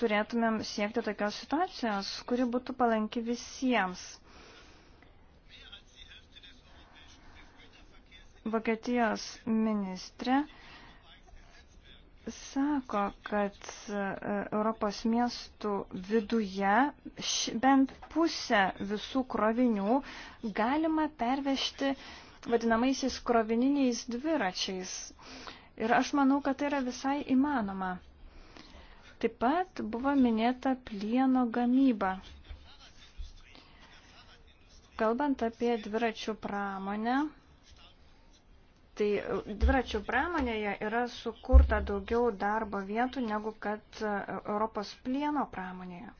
turėtumėm siekti tokios situacijos, kuri būtų palanki visiems Vokietijos ministrė sako, kad e, Europos miestų viduje bent pusę visų krovinių galima pervežti vadinamaisiais krovininiais dviračiais. Ir aš manau, kad tai yra visai įmanoma. Taip pat buvo minėta plieno gamyba. Kalbant apie dviračių pramonę, Tai dviračių pramonėje yra sukurta daugiau darbo vietų negu kad e, Europos plieno pramonėje.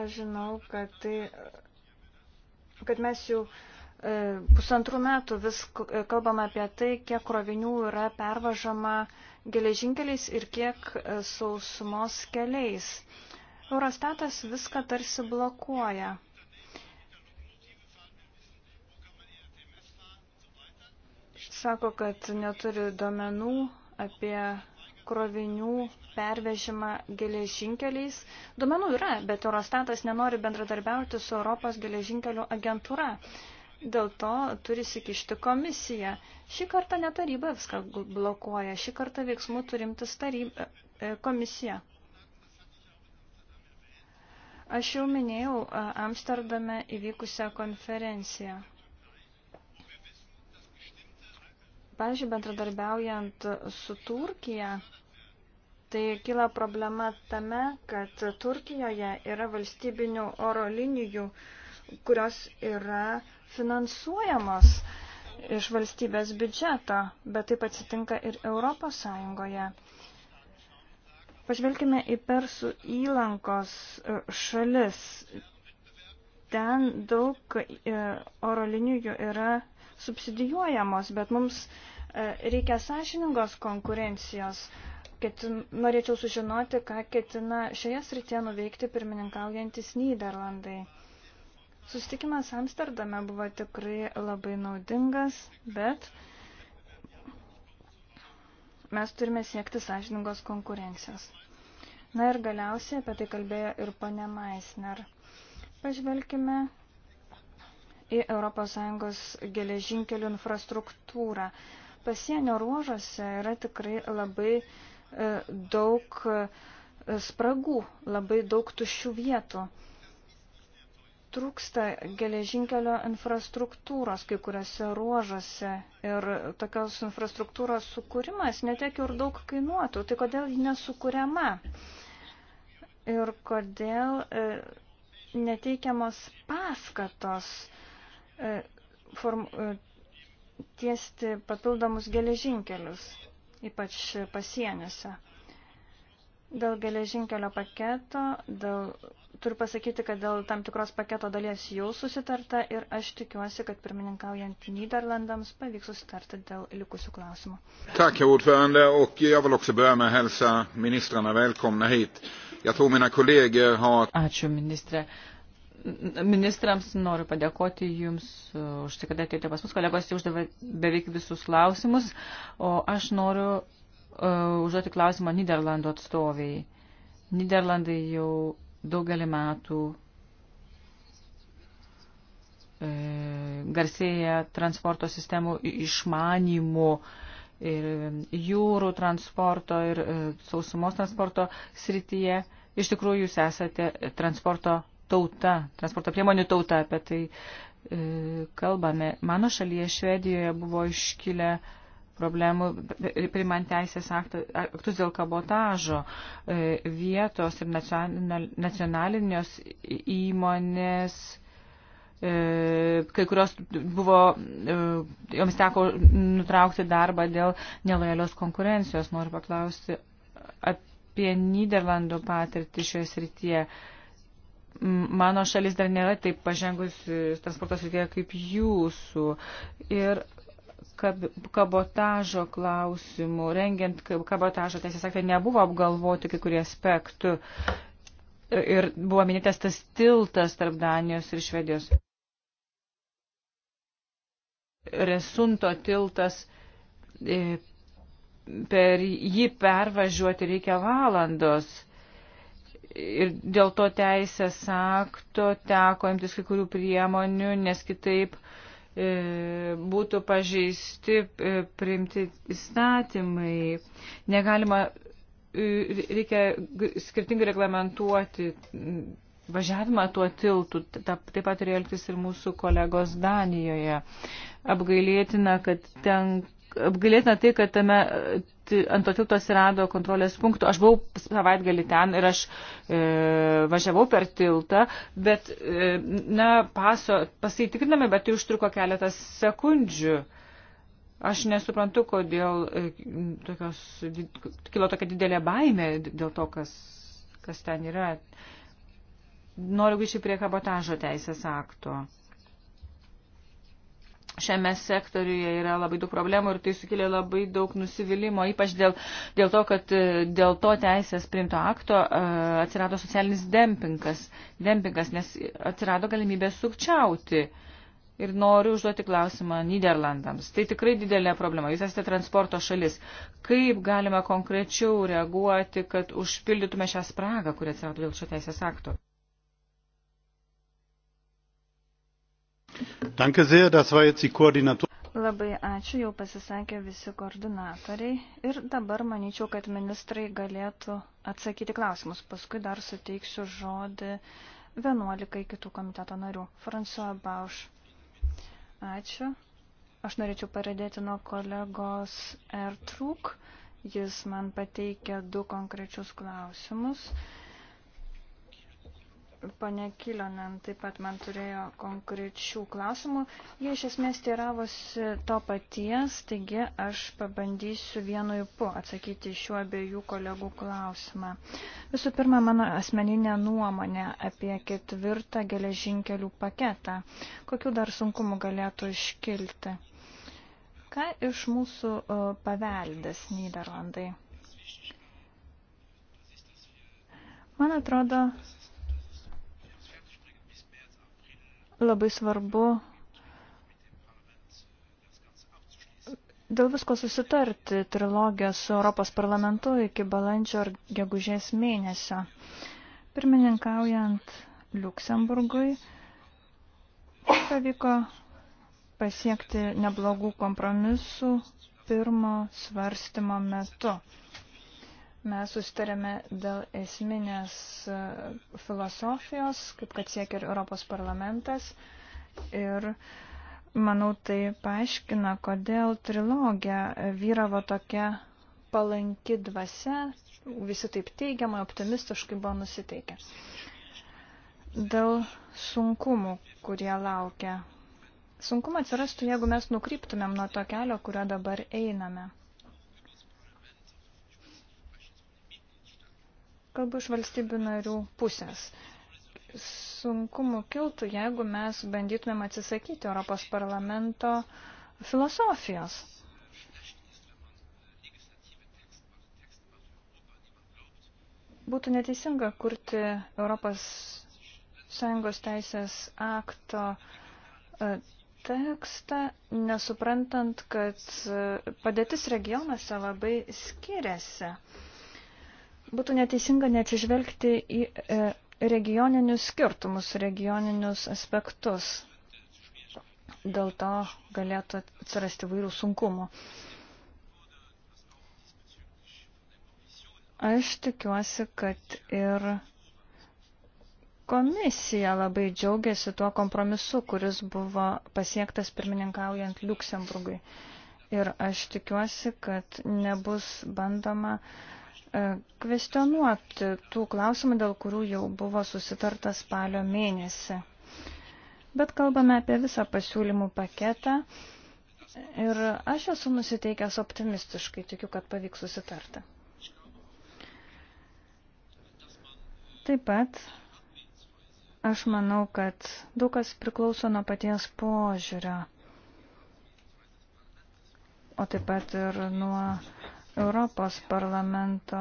Aš žinau, kad, tai, kad mes jau e, pusantrų metų vis kalbame apie tai, kiek krovinių yra pervažama geležinkeliais ir kiek e, sausumos keliais. Eurostatas viską tarsi blokuoja. Sako, kad neturi duomenų apie krovinių pervežimą geležinkeliais. Duomenų yra, bet Eurostatas nenori bendradarbiauti su Europos geležinkelių agentūra. Dėl to turi sikišti komisija. Šį kartą netaryba viską blokuoja, šį kartą veiksmų turimtis taryba, e, komisija. Aš jau minėjau Amsterdame įvykusią konferenciją. Pavyzdžiui, bendradarbiaujant su Turkija, tai kyla problema tame, kad Turkijoje yra valstybinių oro linijų, kurios yra finansuojamos iš valstybės biudžeto, bet taip atsitinka ir Europos Sąjungoje. Pažvelkime į Persų įlankos e, šalis. Ten daug e, oro linijų yra subsidijuojamos, bet mums e, reikia sąžiningos konkurencijos. Ketin, norėčiau sužinoti, ką ketina šioje srityje nuveikti pirmininkaujantis Niderlandai. Sustikimas Amsterdame buvo tikrai labai naudingas, bet uh, Mes turime siekti sąžiningos konkurencijos. Na ir galiausiai apie tai kalbėjo ir ponė Maisner. Pažvelkime į ES geležinkelių infrastruktūrą. Pasienio ruožuose yra tikrai labai e, daug e, spragų, labai daug tuščių vietų. E, trūksta geležinkelio infrastruktūros kai kuriuose ruožuose ir tokios infrastruktūros sukūrimas netiek ir daug kainuotų. Tai kodėl ji nesukūriama? Ir kodėl e, neteikiamos paskatos e, form, e, tiesti papildomus geležinkelius, ypač pasieniuose. Dėl geležinkelio paketo, dėl turiu pasakyti, kad dėl tam tikros paketo dalies jau susitarta ir aš tikiuosi, kad pirmininkaujant Niderlandams pavyks susitarti dėl likusių klausimų. Tack, ordförande, och jag vill också börja med att hälsa ministrarna välkomna hit. Jag tror mina kollegor har... Ačiū, ministrė. Ministrams noriu padėkoti Jums už tai, kad atėjote pas mus. Kolegos jau uždavė beveik visus klausimus, o aš noriu uh, užduoti klausimą Niderlandų atstoviai. Niderlandai jau daugelį metų e, garsėja transporto sistemų išmanymu ir jūrų transporto ir e, sausumos transporto srityje. Iš tikrųjų, jūs esate transporto tauta, transporto priemonių tauta, apie tai e, kalbame. Mano šalyje Švedijoje buvo iškilę e, problemų, primant teisės aktus dėl kabotažo. E, vietos ir nacionalinės įmonės e, kai kurios buvo, e, joms teko nutraukti darbą dėl nelojalios konkurencijos. Noriu paklausti apie Niderlandų patirtį šioje srityje. Mano šalis dar nėra taip pažengusi transporto srityje kaip jūsų. Ir kabotažo klausimų, rengiant kabotažo teisės aktai, nebuvo apgalvoti kai kurie aspektų ir buvo minėtas tas tiltas tarp Danijos ir Švedijos. Resunto tiltas, e, per jį pervažiuoti reikia valandos. Ir dėl to teisės akto teko imtis kai kurių priemonių, nes kitaip uh, E, būtų pažeisti e, priimti įstatymai. Negalima, e, reikia skirtingai reglamentuoti važiavimą tuo tiltu. Taip pat turėjo elgtis ir mūsų kolegos Danijoje. Apgailėtina, kad tenka apgalėtina tai, kad tame ant to tilto atsirado kontrolės punktų. Aš buvau savaitgalį ten ir aš e, važiavau per tiltą, bet, e, na, paso, pasitikriname, bet tai užtruko keletas sekundžių. Aš nesuprantu, kodėl e, tokios, kilo tokia didelė baimė dėl to, kas, kas ten yra. Noriu grįžti prie kabotažo teisės akto. E, šiame sektoriuje yra labai daug problemų ir tai sukėlė labai daug nusivylimų, ypač dėl, dėl to, kad e, dėl to teisės primto akto e, atsirado socialinis dempingas, dempingas nes atsirado galimybė sukčiauti. Ir noriu užduoti klausimą Niderlandams. Tai tikrai didelė problema. Jūs esate transporto šalis. Kaip galime konkrečiau reaguoti, kad užpildytume šią spragą, kuri atsirado dėl šio teisės akto? Danke sehr, das war jetzt die Koordinator. Labai ačiū, jau pasisakė visi koordinatoriai ir dabar manyčiau, kad ministrai galėtų atsakyti klausimus. Paskui dar suteiksiu žodį 11 kitų komiteto narių. François Bauš. Ačiū. Aš norėčiau paradėti nuo kolegos Ertrūk. Jis man pateikė du konkrečius klausimus. Uh, Pane Kilonen taip pat man turėjo konkrečių klausimų. Jie iš esmės tėravosi to paties, taigi aš pabandysiu vienu įpu atsakyti šiuo abiejų kolegų klausimą. Visų pirma, mano asmeninė nuomonė apie ketvirtą geležinkelių paketą. Kokiu dar sunkumu galėtų iškilti? Ką iš mūsų paveldės Niderlandai? Man atrodo, labai svarbu dėl visko susitarti trilogiją su Europos parlamentu iki balandžio ar gegužės mėnesio. Pirmininkaujant Luksemburgui pavyko pasiekti neblogų kompromisų pirmo svarstymo metu mes sustarėme dėl esminės e, filosofijos, kaip kad siekia ir Europos parlamentas. Ir manau, tai paaiškina, kodėl trilogija vyravo tokia palanki dvasia, visi taip teigiamai, optimistiškai buvo nusiteikę. Dėl sunkumų, kurie laukia. Sunkumą atsirastų, jeigu mes nukryptumėm nuo to kelio, kurio dabar einame. Kalbu iš valstybių narių pusės. Sunkumų kiltų, jeigu mes bandytumėm atsisakyti Europos parlamento filosofijos. Būtų neteisinga kurti Europos Sąjungos teisės akto e, tekstą, nesuprantant, kad e, padėtis regionuose labai skiriasi. Būtų neteisinga neatsižvelgti į e, regioninius skirtumus, regioninius aspektus. Dėl to galėtų atsirasti vairių sunkumų. Aš tikiuosi, kad ir komisija labai džiaugiasi tuo kompromisu, kuris buvo pasiektas pirmininkaujant Luksemburgui. Ir aš tikiuosi, kad nebus bandoma uh, E, kvestionuoti tų klausimų, dėl kurių jau buvo susitarta spalio mėnesį. Bet kalbame apie visą pasiūlymų paketą ir aš esu nusiteikęs optimistiškai, tikiu, kad pavyks susitarti. Taip pat aš manau, kad daug kas priklauso nuo paties požiūrio, o taip pat ir nuo Europos parlamento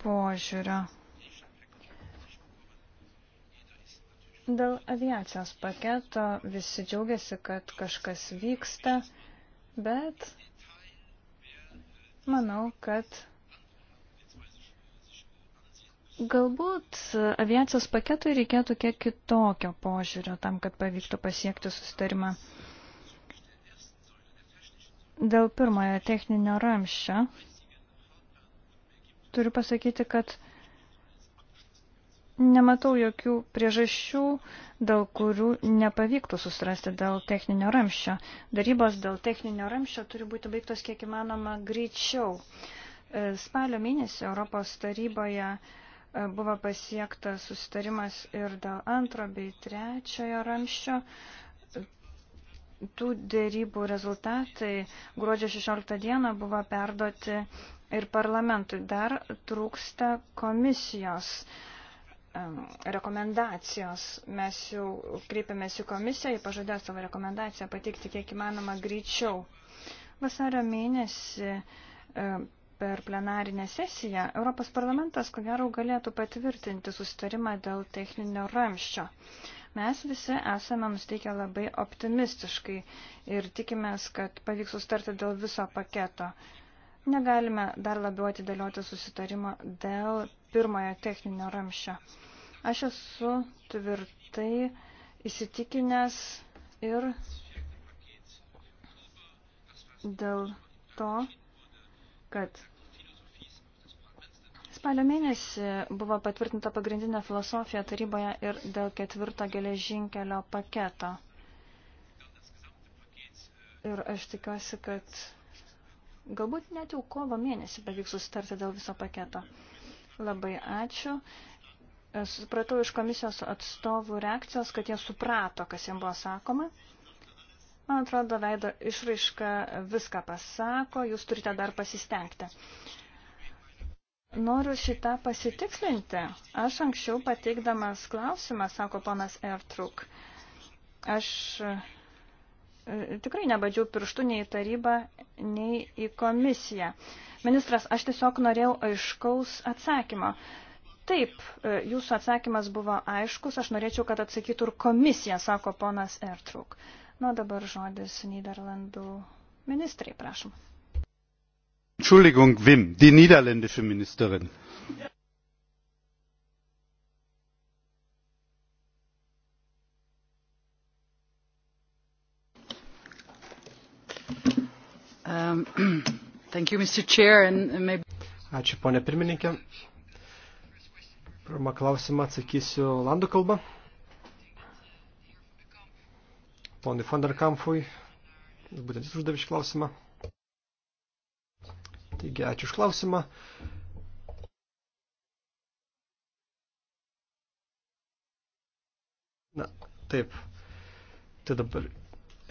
požiūrio. Dėl aviacijos paketo visi džiaugiasi, kad kažkas vyksta, bet manau, kad Galbūt aviacijos paketui reikėtų kiek kitokio požiūrio tam, kad pavyktų pasiekti sustarimą. Dėl pirmojo techninio ramščio turiu pasakyti, kad nematau jokių priežasčių, dėl kurių nepavyktų susirasti dėl techninio ramščio. Darybos dėl techninio ramščio turi būti baigtos kiek įmanoma greičiau. E, spalio mėnesį Europos taryboje e, buvo pasiektas susitarimas ir dėl antro bei trečiojo ramščio tų dėrybų rezultatai gruodžio 16 dieną buvo perduoti ir parlamentui. Dar trūksta komisijos rekomendacijos. Mes jau kreipėmės į komisiją, jį pažadėjo savo rekomendaciją pateikti kiek įmanoma greičiau. Vasario mėnesį per plenarinę sesiją Europos parlamentas, ko gero, galėtų patvirtinti sustarimą dėl techninio ramščio. Mes visi esame nusteikę labai optimistiškai ir tikimės, kad pavyks sustarti dėl viso paketo. Negalime dar labiau atidėlioti susitarimo dėl pirmojo techninio ramščio. Aš esu tvirtai įsitikinęs ir dėl to, kad Spalio mėnesį buvo patvirtinta pagrindinė filosofija taryboje ir dėl ketvirto geležinkelio paketo. Ir aš tikiuosi, kad galbūt net jau kovo mėnesį pavyks susitarti dėl viso paketo. Labai ačiū. Supratau iš komisijos atstovų reakcijos, kad jie suprato, kas jiems buvo sakoma. Man atrodo, veido išraiška viską pasako, jūs turite dar pasistengti. Noriu šitą pasitikslinti. Aš anksčiau pateikdamas klausimą, sako ponas Ertruk, aš e, tikrai nebadžiau pirštų nei į tarybą, nei į komisiją. Ministras, aš tiesiog norėjau aiškaus atsakymo. Taip, e, jūsų atsakymas buvo aiškus, aš norėčiau, kad atsakytų ir komisija, sako ponas Ertruk. Nu, dabar žodis Niderlandų ministrai, prašom. Entschuldigung, Wim, die niederländische Ministerin. Um, Ačiū, ponė pirmininkė. Pirmą klausimą atsakysiu landų kalbą. Ponui Fonderkampfui, būtent jis uždavė šį klausimą. Taigi, ačiū už klausimą. Na, taip. Tai dabar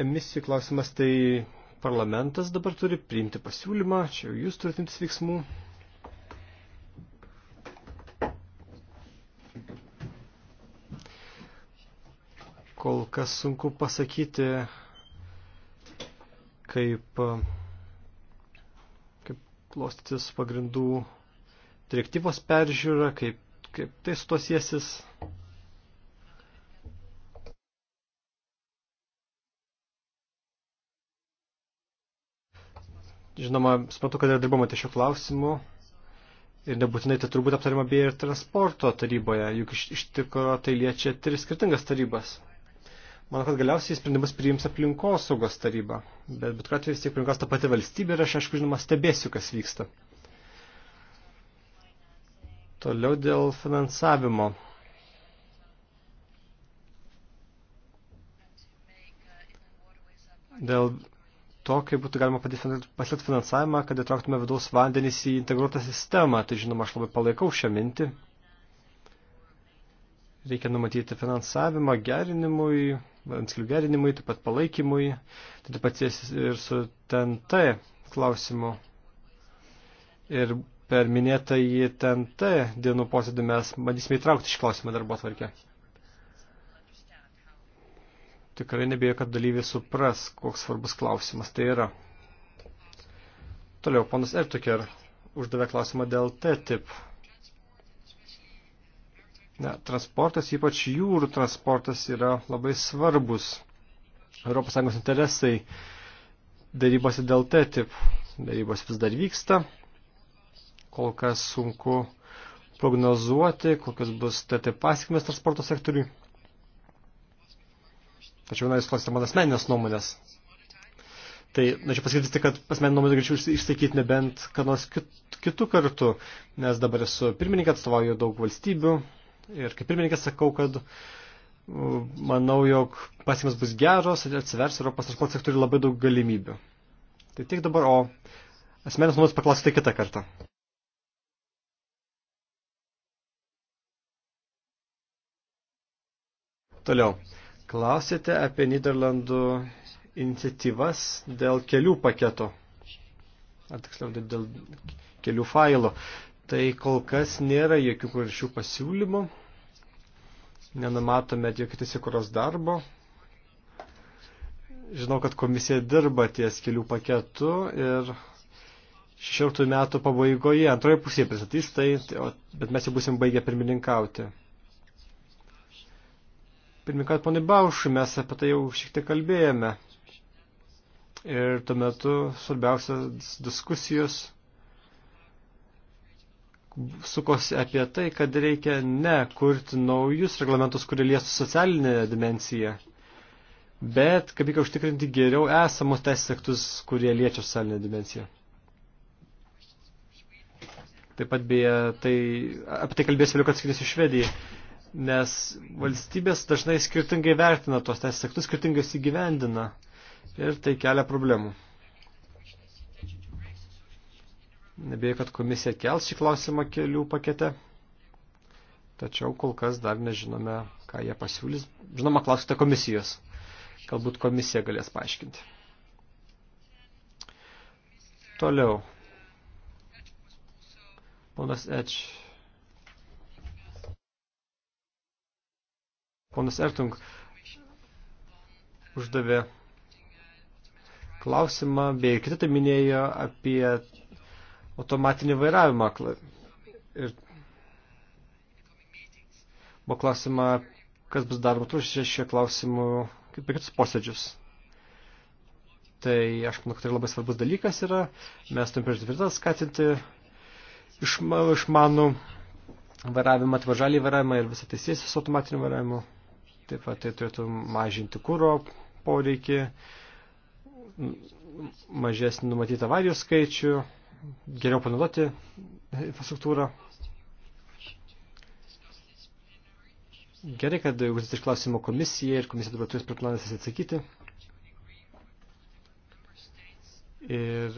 emisijų klausimas, tai parlamentas dabar turi priimti pasiūlymą, čia jau jūs turite imtis veiksmų. Kol kas sunku pasakyti, kaip klostytis pagrindų direktyvos peržiūra, kaip, kaip tai su to siesis. Žinoma, suprantu, kad yra dirbama ties šiuo klausimu ir nebūtinai tai turbūt aptariama beje ir transporto taryboje, juk iš, iš tikro tai liečia tris skirtingas tarybas. Manau, kad galiausiai sprendimus priims aplinkosaugos taryba, bet bet kuriuo atveju vis tiek aplinkos ta pati valstybė ir aš, aišku, žinoma, stebėsiu, kas vyksta. Toliau dėl finansavimo. Dėl to, kaip būtų galima pasilėti finansavimą, kad įtrauktume vidaus vandenys į integruotą sistemą. Tai žinoma, aš labai palaikau šią mintį. Reikia numatyti finansavimą gerinimui, antskilių gerinimui, taip pat palaikymui, tai taip pat ir su TNT klausimu. Ir per minėtą į TNT dienų posėdį mes bandysime įtraukti šį klausimą darbo atvarkę. Tikrai nebėjau, kad dalyviai supras, koks svarbus klausimas tai yra. Toliau, ponas Ertuker uždavė klausimą dėl T-tip Na, transportas, ypač jūrų transportas, yra labai svarbus. ES interesai darybose dėl TTIP. Darybos vis dar vyksta. Kol kas sunku prognozuoti, kokios bus TTIP pasiekmes transporto sektoriui. Tačiau, na, jūs klausite man asmeninės nuomonės. Tai, na, čia pasakyti, kad asmeninę nuomonę greičiau išsakyti nebent, kad nors kit, kitų kartų, nes dabar esu pirmininkas, atstovauju daug valstybių, Ir kaip pirmininkas sakau, kad manau, jog pasimas bus geros ir atsivers Europos transporto sektoriui labai daug galimybių. Tai tiek dabar, o asmenės nuomonės paklausite tai kitą kartą. Toliau. Klausėte apie Niderlandų iniciatyvas dėl kelių paketo. Ar tiksliau dėl kelių failų tai kol kas nėra jokių konkrečių pasiūlymų, nenumatome jokio teisėkuros darbo. Žinau, kad komisija dirba ties kelių paketų ir 16 metų pabaigoje, antroje pusėje pristatys tai, tai bet mes jau busim baigę pirmininkauti. Pirmininkaut ponai Baušui, mes apie tai jau šiek tiek kalbėjome. Ir tuo metu svarbiausias diskusijos sukosi apie tai, kad reikia ne kurti naujus reglamentus, kurie liestų socialinę dimenciją, bet kaip reikia užtikrinti geriau esamus teisės aktus, kurie liečia socialinę dimenciją. Taip pat beje, tai, apie tai kalbės vėliau, kad skiriasi Švedija, nes valstybės dažnai skirtingai vertina tos teisės aktus, skirtingai įsigyvendina ir tai kelia problemų. Nebėjau, kad komisija kels šį klausimą kelių pakete, tačiau kol kas dar nežinome, ką jie pasiūlys. Žinoma, klausite komisijos. Galbūt komisija galės paaiškinti. Toliau. Ponas Eč. Ponas Ertung uždavė klausimą, bei kitą tai minėjo apie automatinį vairavimą. Ir buvo klausima, kas bus darbo turiu šie klausimų, kaip ir kitus posėdžius. Tai aš manau, kad tai labai svarbus dalykas yra. Mes turim prioritetą skatinti išmanų iš vairavimą, atvažalį vairavimą ir visą teisės su automatiniu vairavimu. Taip pat tai turėtų mažinti kūro poreikį, mažesnį numatytą avarijų skaičių geriau panaudoti infrastruktūrą. Gerai, kad užduotis išklausimo komisija ir komisija dabar turės priplanęs atsakyti. Ir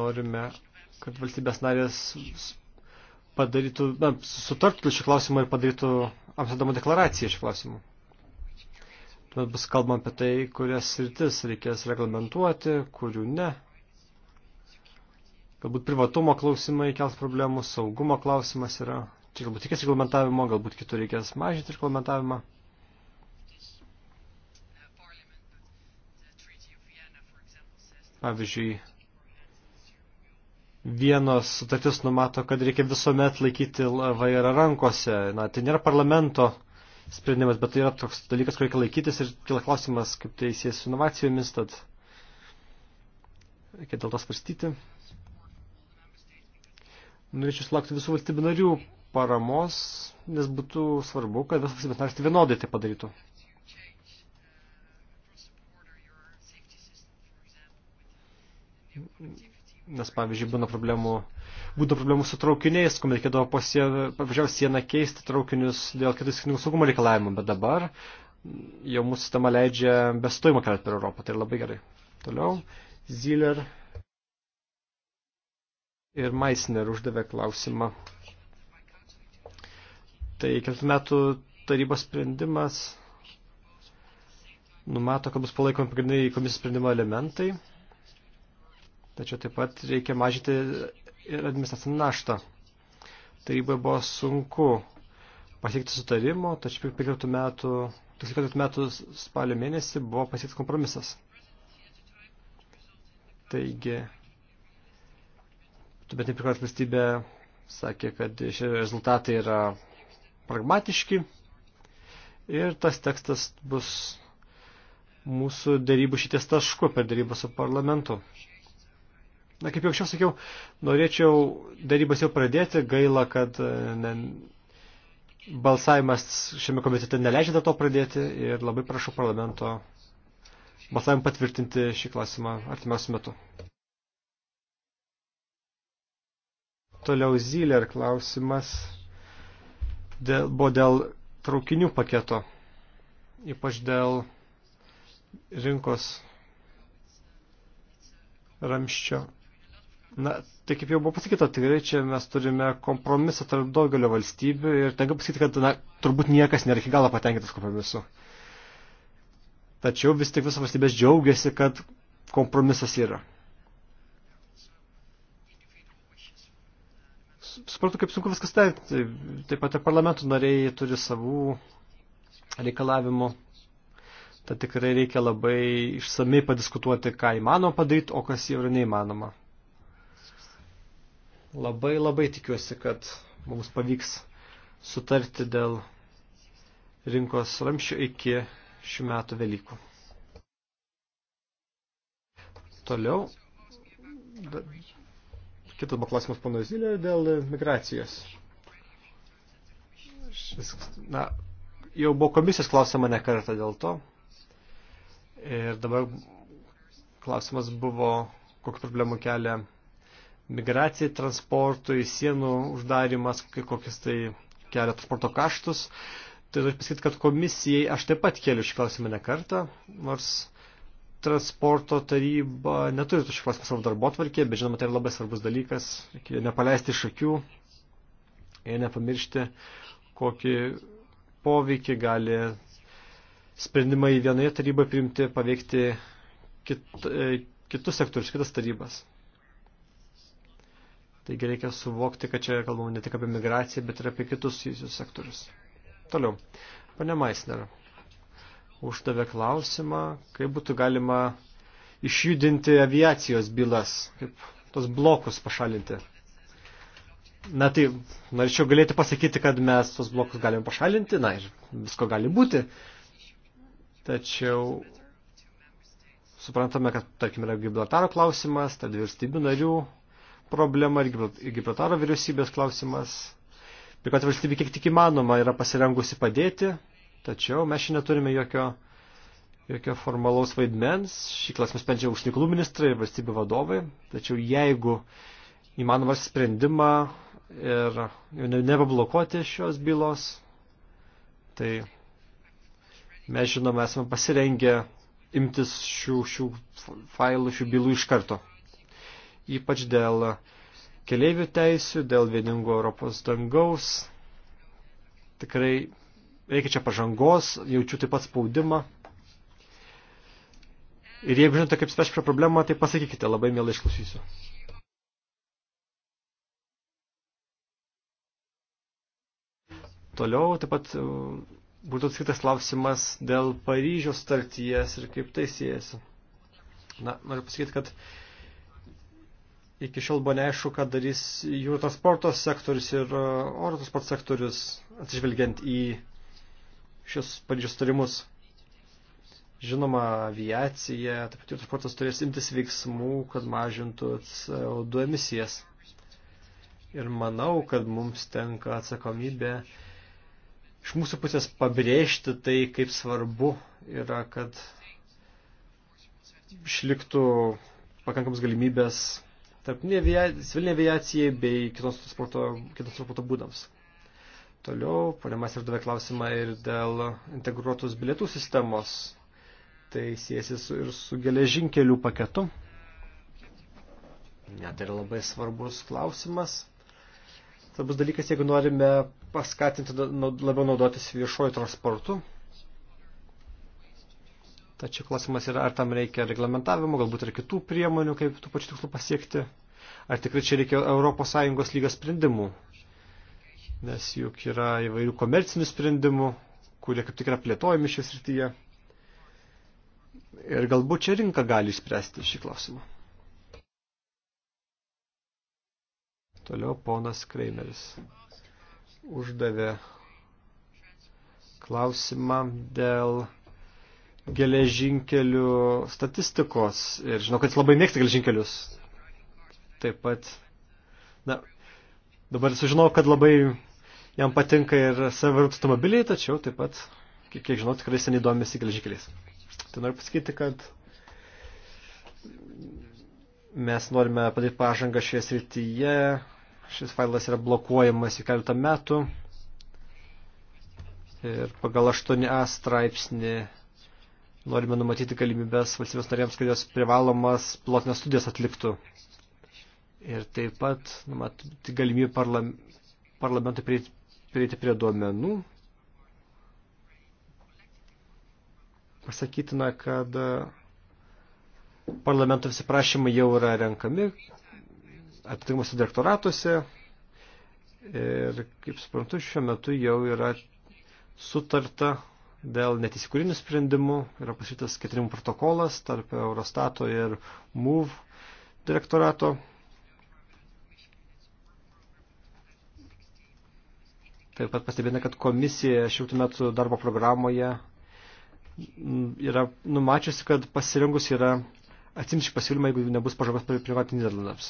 norime, kad valstybės narės padarytų, na, sutartų šį klausimą ir padarytų Amsterdamo deklaraciją šį klausimą. Tuomet bus kalbama apie tai, kurias sritis reikės reglamentuoti, kurių ne. Galbūt privatumo klausimai kels problemų, saugumo klausimas yra. Čia galbūt reikės reglamentavimo, galbūt kitur reikės mažinti reglamentavimą. Pavyzdžiui, vienos sutartis numato, kad reikia visuomet laikyti vairą rankose. Na, tai nėra parlamento sprendimas, bet tai yra toks dalykas, kur reikia laikytis ir kila klausimas, kaip tai sies su inovacijomis, tad reikia dėl to svarstyti norėčiau sulaukti visų valstybių narių paramos, nes būtų svarbu, kad visos valstybės narės vienodai tai padarytų. Nes, pavyzdžiui, būna problemų, būna problemų su traukiniais, kuomet reikėdavo pasivažiavus sieną keisti traukinius dėl kitų skirtingų saugumo reikalavimų, bet dabar jau mūsų sistema leidžia be stojimo keliauti per Europą, tai labai gerai. Toliau, Ziller ir Maisner uždavė klausimą. Tai ketvirtų metų tarybos sprendimas numato, kad bus palaikomi pagrindiniai komisijos sprendimo elementai, tačiau taip pat reikia mažyti ir administracinį naštą. Tarybai buvo sunku pasiekti sutarimo, tačiau 15 metų, 15 metų spalio mėnesį buvo pasiektas kompromisas. Taigi, bet taip pat valstybė sakė, kad šie rezultatai yra pragmatiški ir tas tekstas bus mūsų darybų šities tašku per darybą su parlamentu. Na, kaip jau anksčiau sakiau, norėčiau darybas jau pradėti, gaila, kad e, ne, balsavimas šiame komitete neleidžia dar to pradėti ir labai prašau parlamento balsavimą patvirtinti šį klausimą artimiausiu metu. Toliau Zyler klausimas dėl, buvo dėl traukinių paketo, ypač dėl rinkos ramščio. Na, tai kaip jau buvo pasakyta, tikrai čia mes turime kompromisą tarp daugelio valstybių ir tenka pasakyti, kad na, turbūt niekas nėra iki galo patenkintas kompromisu. Tačiau vis tik visos valstybės džiaugiasi, kad kompromisas yra. suprantu, kaip sunku viskas tarti. Taip pat ir parlamentų nariai turi savų reikalavimų. Tad tikrai reikia labai išsamei padiskutuoti, ką įmanoma padaryti, o kas jau yra neįmanoma. Labai labai tikiuosi, kad mums pavyks sutarti dėl rinkos ramščių iki šių metų Velykų. Toliau Kitas buvo klausimas pono Zilio dėl migracijos. Šis, na, jau buvo komisijos klausima ne kartą dėl to. Ir dabar klausimas buvo, kokiu problemu kelia migracijai, transportui, sienų uždarimas, kokius tai kelia transporto kaštus. Tai noriu pasakyti, kad komisijai aš taip pat keliu šį klausimą ne kartą, nors transporto taryba neturi tų šiklausimų savo darbo atvarkė, bet žinoma, tai yra labai svarbus dalykas, reikia nepaleisti iš akių ir nepamiršti, kokį poveikį gali sprendimai vienoje taryboje priimti, paveikti kit, e, kitus sektorius, kitas tarybas. Taigi reikia suvokti, kad čia kalbama ne tik apie migraciją, bet ir apie kitus sektorius. Toliau, pane Maisner uždavė klausimą, kaip būtų galima išjudinti aviacijos bylas, kaip tos blokus pašalinti. Na tai, norėčiau galėti pasakyti, kad mes tos blokus galim pašalinti, na ir visko gali būti. Tačiau suprantame, kad, tarkim, yra Gibraltaro klausimas, tarp valstybių narių problema ir Gibraltaro vyriausybės klausimas. Ir kad valstybė kiek tik įmanoma yra pasirengusi padėti Tačiau mes šiandien turime jokio, jokio formalaus vaidmens. Šį klausimą sprendžia užsienio reikalų ministrai ir valstybių vadovai. Tačiau jeigu įmanoma sprendimą ir nebablokuoti šios bylos, tai mes žinoma esame pasirengę imtis šių, šių failų, šių bylų iš karto. Ypač dėl keleivių teisių, dėl vieningo Europos dangaus. Tikrai reikia čia pažangos, jaučiu taip pat spaudimą. Ir jeigu žinote, kaip spręsti šią problemą, tai pasakykite, labai mielai išklausysiu. Toliau taip pat e, būtų atskirtas klausimas dėl Paryžiaus starties ir kaip tai siejasi. Na, noriu pasakyti, kad iki šiol buvo neaišku, ką darys jūrų transporto sektorius ir e, oro transporto sektorius, atsižvelgiant į šios Paryžiaus tarimus. Žinoma, aviacija, taip pat ir transportas turės imtis veiksmų, kad mažintų CO2 emisijas. Ir manau, kad mums tenka atsakomybė iš mūsų pusės pabrėžti tai, kaip svarbu yra, kad išliktų pakankams galimybės tarp civilinė aviacijai bei kitos transporto, kitos transporto būdams. Toliau, ponemas ir davė klausimą ir dėl integruotos bilietų sistemos. Tai siejasi su, ir su geležinkelių paketu. Net tai yra labai svarbus klausimas. Svarbus dalykas, jeigu norime paskatinti labiau naudotis viešuoju transportu. Tačiau klausimas yra, ar tam reikia reglamentavimo, galbūt ir kitų priemonių, kaip tų pačių tikslų pasiekti. Ar tikrai čia reikia ES lygos sprendimų nes juk yra įvairių komercinių sprendimų, kurie kaip tik yra plėtojami šios rytyje. Ir galbūt čia rinka gali išspręsti šį klausimą. Toliau ponas Kreimeris uždavė klausimą dėl geležinkelių statistikos. Ir žinau, kad jis labai mėgsta geležinkelius. Taip pat, na, dabar sužinau, kad labai jam patinka ir savi automobiliai, tačiau taip pat, kiek, kiek žinau, tikrai seniai domisi geležikeliais. Tai noriu pasakyti, kad mes norime padaryti pažangą šioje srityje. Šis failas yra blokuojamas į keletą metų. Ir pagal 8a straipsnį norime numatyti galimybės valstybės narėms, kad jos privalomas pilotinės studijas atliktų. Ir taip pat numatyti galimybę parlam, parlamentui prieiti prieiti prie duomenų, pasakytina, kad e, parlamento visi prašymai jau yra renkami atitinkamuose direktoratuose ir, kaip suprantu, šiuo metu jau yra sutarta dėl neteisikūrinių sprendimų, yra pasirytas ketinimų protokolas tarp Eurostato ir MUV direktorato. Taip pat pastebėtina, kad komisija šimtų metų darbo programoje yra numačiusi, kad pasirengus yra atsimti šį pasiūlymą, jeigu nebus pažangos privatų Niderlandams.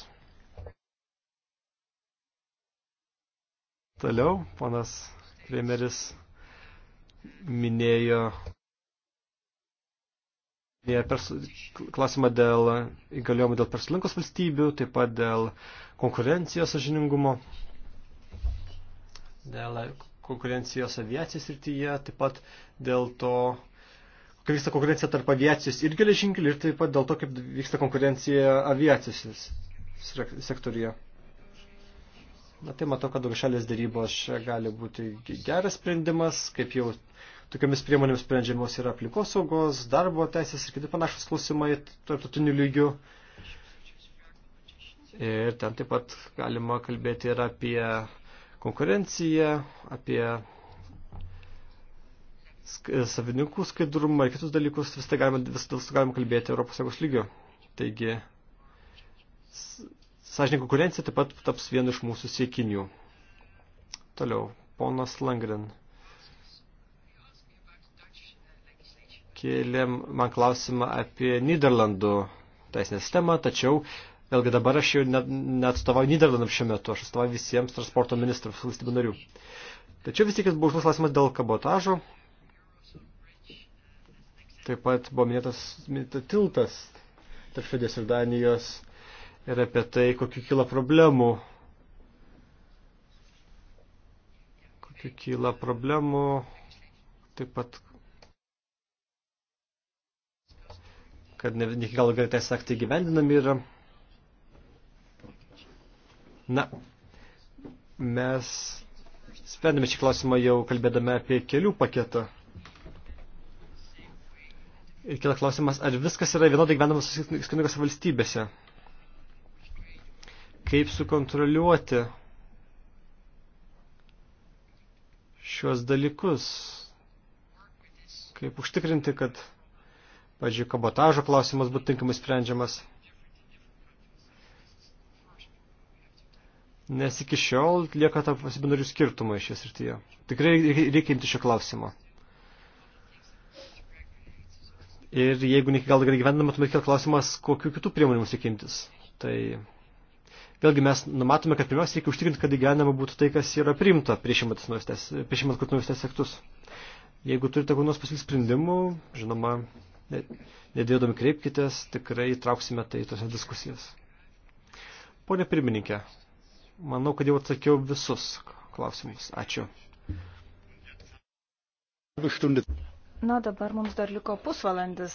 Toliau, ponas Kremeris minėjo klausimą dėl įgaliojimų dėl persilinkos valstybių, taip pat dėl konkurencijos sažiningumo dėl konkurencijos aviacijos srityje, taip pat dėl to, kokia vyksta konkurencija tarp aviacijos ir geležinkelių ir taip pat dėl to, kaip vyksta konkurencija aviacijos sektorija. Na tai matau, kad daugišalės darybos čia gali būti geras sprendimas, kaip jau tokiamis priemonėmis sprendžiamos yra aplinkosaugos, darbo teisės ir kiti panašus klausimai tarptautiniu lygiu. Ir ten taip pat galima kalbėti ir apie konkurenciją, apie e, savininkų skaidrumą ir kitus dalykus, vis tai galima, vis dėl to galima kalbėti ES lygiu. Taigi, sąžininkų konkurencija taip pat taps vienu iš mūsų siekinių. Toliau, ponas Langren. Kėlė man klausimą apie Niderlandų teisinę sistemą, tačiau Vėlgi dabar aš jau net, neatstovauju Niderlandams šiuo metu, aš atstovauju visiems transporto ministrams valstybių narių. Tačiau vis tik buvo užduotas klausimas dėl kabotažo. Taip pat buvo minėtas tiltas tarp Švedijos ir Danijos ir apie tai, kokiu kyla problemų. Kokiu kyla problemų. Taip pat kad ne iki galo gerai teisės aktai gyvendinami yra. Ir Na, mes sprendėme šį klausimą jau kalbėdame apie kelių paketą. Ir kila klausimas, ar viskas yra vienodai gyvenama skirtingose valstybėse? Kaip sukontroliuoti šiuos dalykus? Kaip užtikrinti, kad, pažiūrėjau, kabotažo klausimas būtų tinkamai sprendžiamas? nes iki šiol lieka tarp valstybinarių skirtumai šis rytyje. Tikrai reikia imti šio klausimo. Ir jeigu ne iki galo gerai gyvendama, tuomet kiek klausimas, kokiu kitų priemonių mums reikia imtis. Tai vėlgi mes numatome, kad pirmiausia reikia užtikrinti, kad įgyvenama būtų tai, kas yra priimta priešimant kurti naujus teisės aktus. Jeigu turite kokių nors pasiūlymų sprendimų, žinoma, nedėdami kreipkitės, tikrai trauksime tai tose diskusijas. Pone pirmininkė, Manau, kad jau atsakiau visus klausimus. Ačiū. Na, dabar mums dar liko pusvalandis.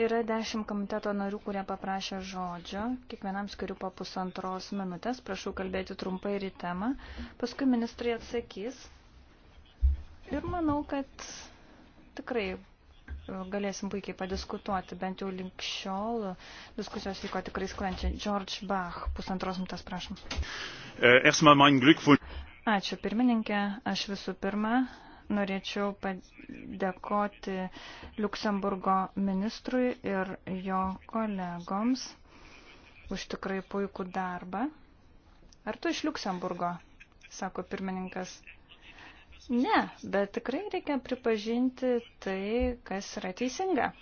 Yra dešimt komiteto narių, kurie paprašė žodžio. Kiekvienam skiriu po pusantros minutės. Prašau kalbėti trumpai ir į temą. Paskui ministrai atsakys. Ir manau, kad tikrai e, galėsim puikiai padiskutuoti, bent jau link šiol diskusijos vyko tikrai sklandžiai. George Bach, pusantros minutės, prašom. Eh, Erstmal meinen Glückwunsch. Ačiū pirmininkė. Aš visų pirma norėčiau padėkoti Luksemburgo ministrui ir jo kolegoms už tikrai puikų darbą. Ar tu iš Luksemburgo? sako pirmininkas. Ne, bet tikrai reikia pripažinti tai, kas yra teisinga.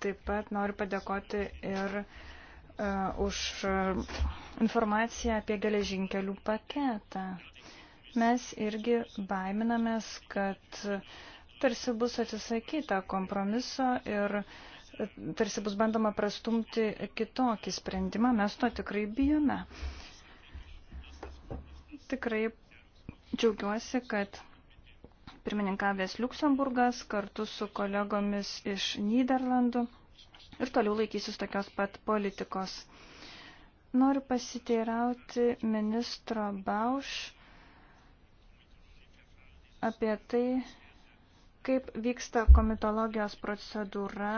Taip pat noriu padėkoti ir uh, E, už e, informaciją apie geležinkelių paketą. Mes irgi baiminamės, kad tarsi bus atsisakyta kompromiso ir tarsi bus bandoma prastumti kitokį sprendimą. Mes to tikrai bijome. Tikrai džiaugiuosi, kad pirmininkavęs Luksemburgas kartu su kolegomis iš Niderlandų ir toliau laikysis tokios pat politikos. Noriu pasiteirauti ministro Bauš apie tai, kaip vyksta komitologijos procedūra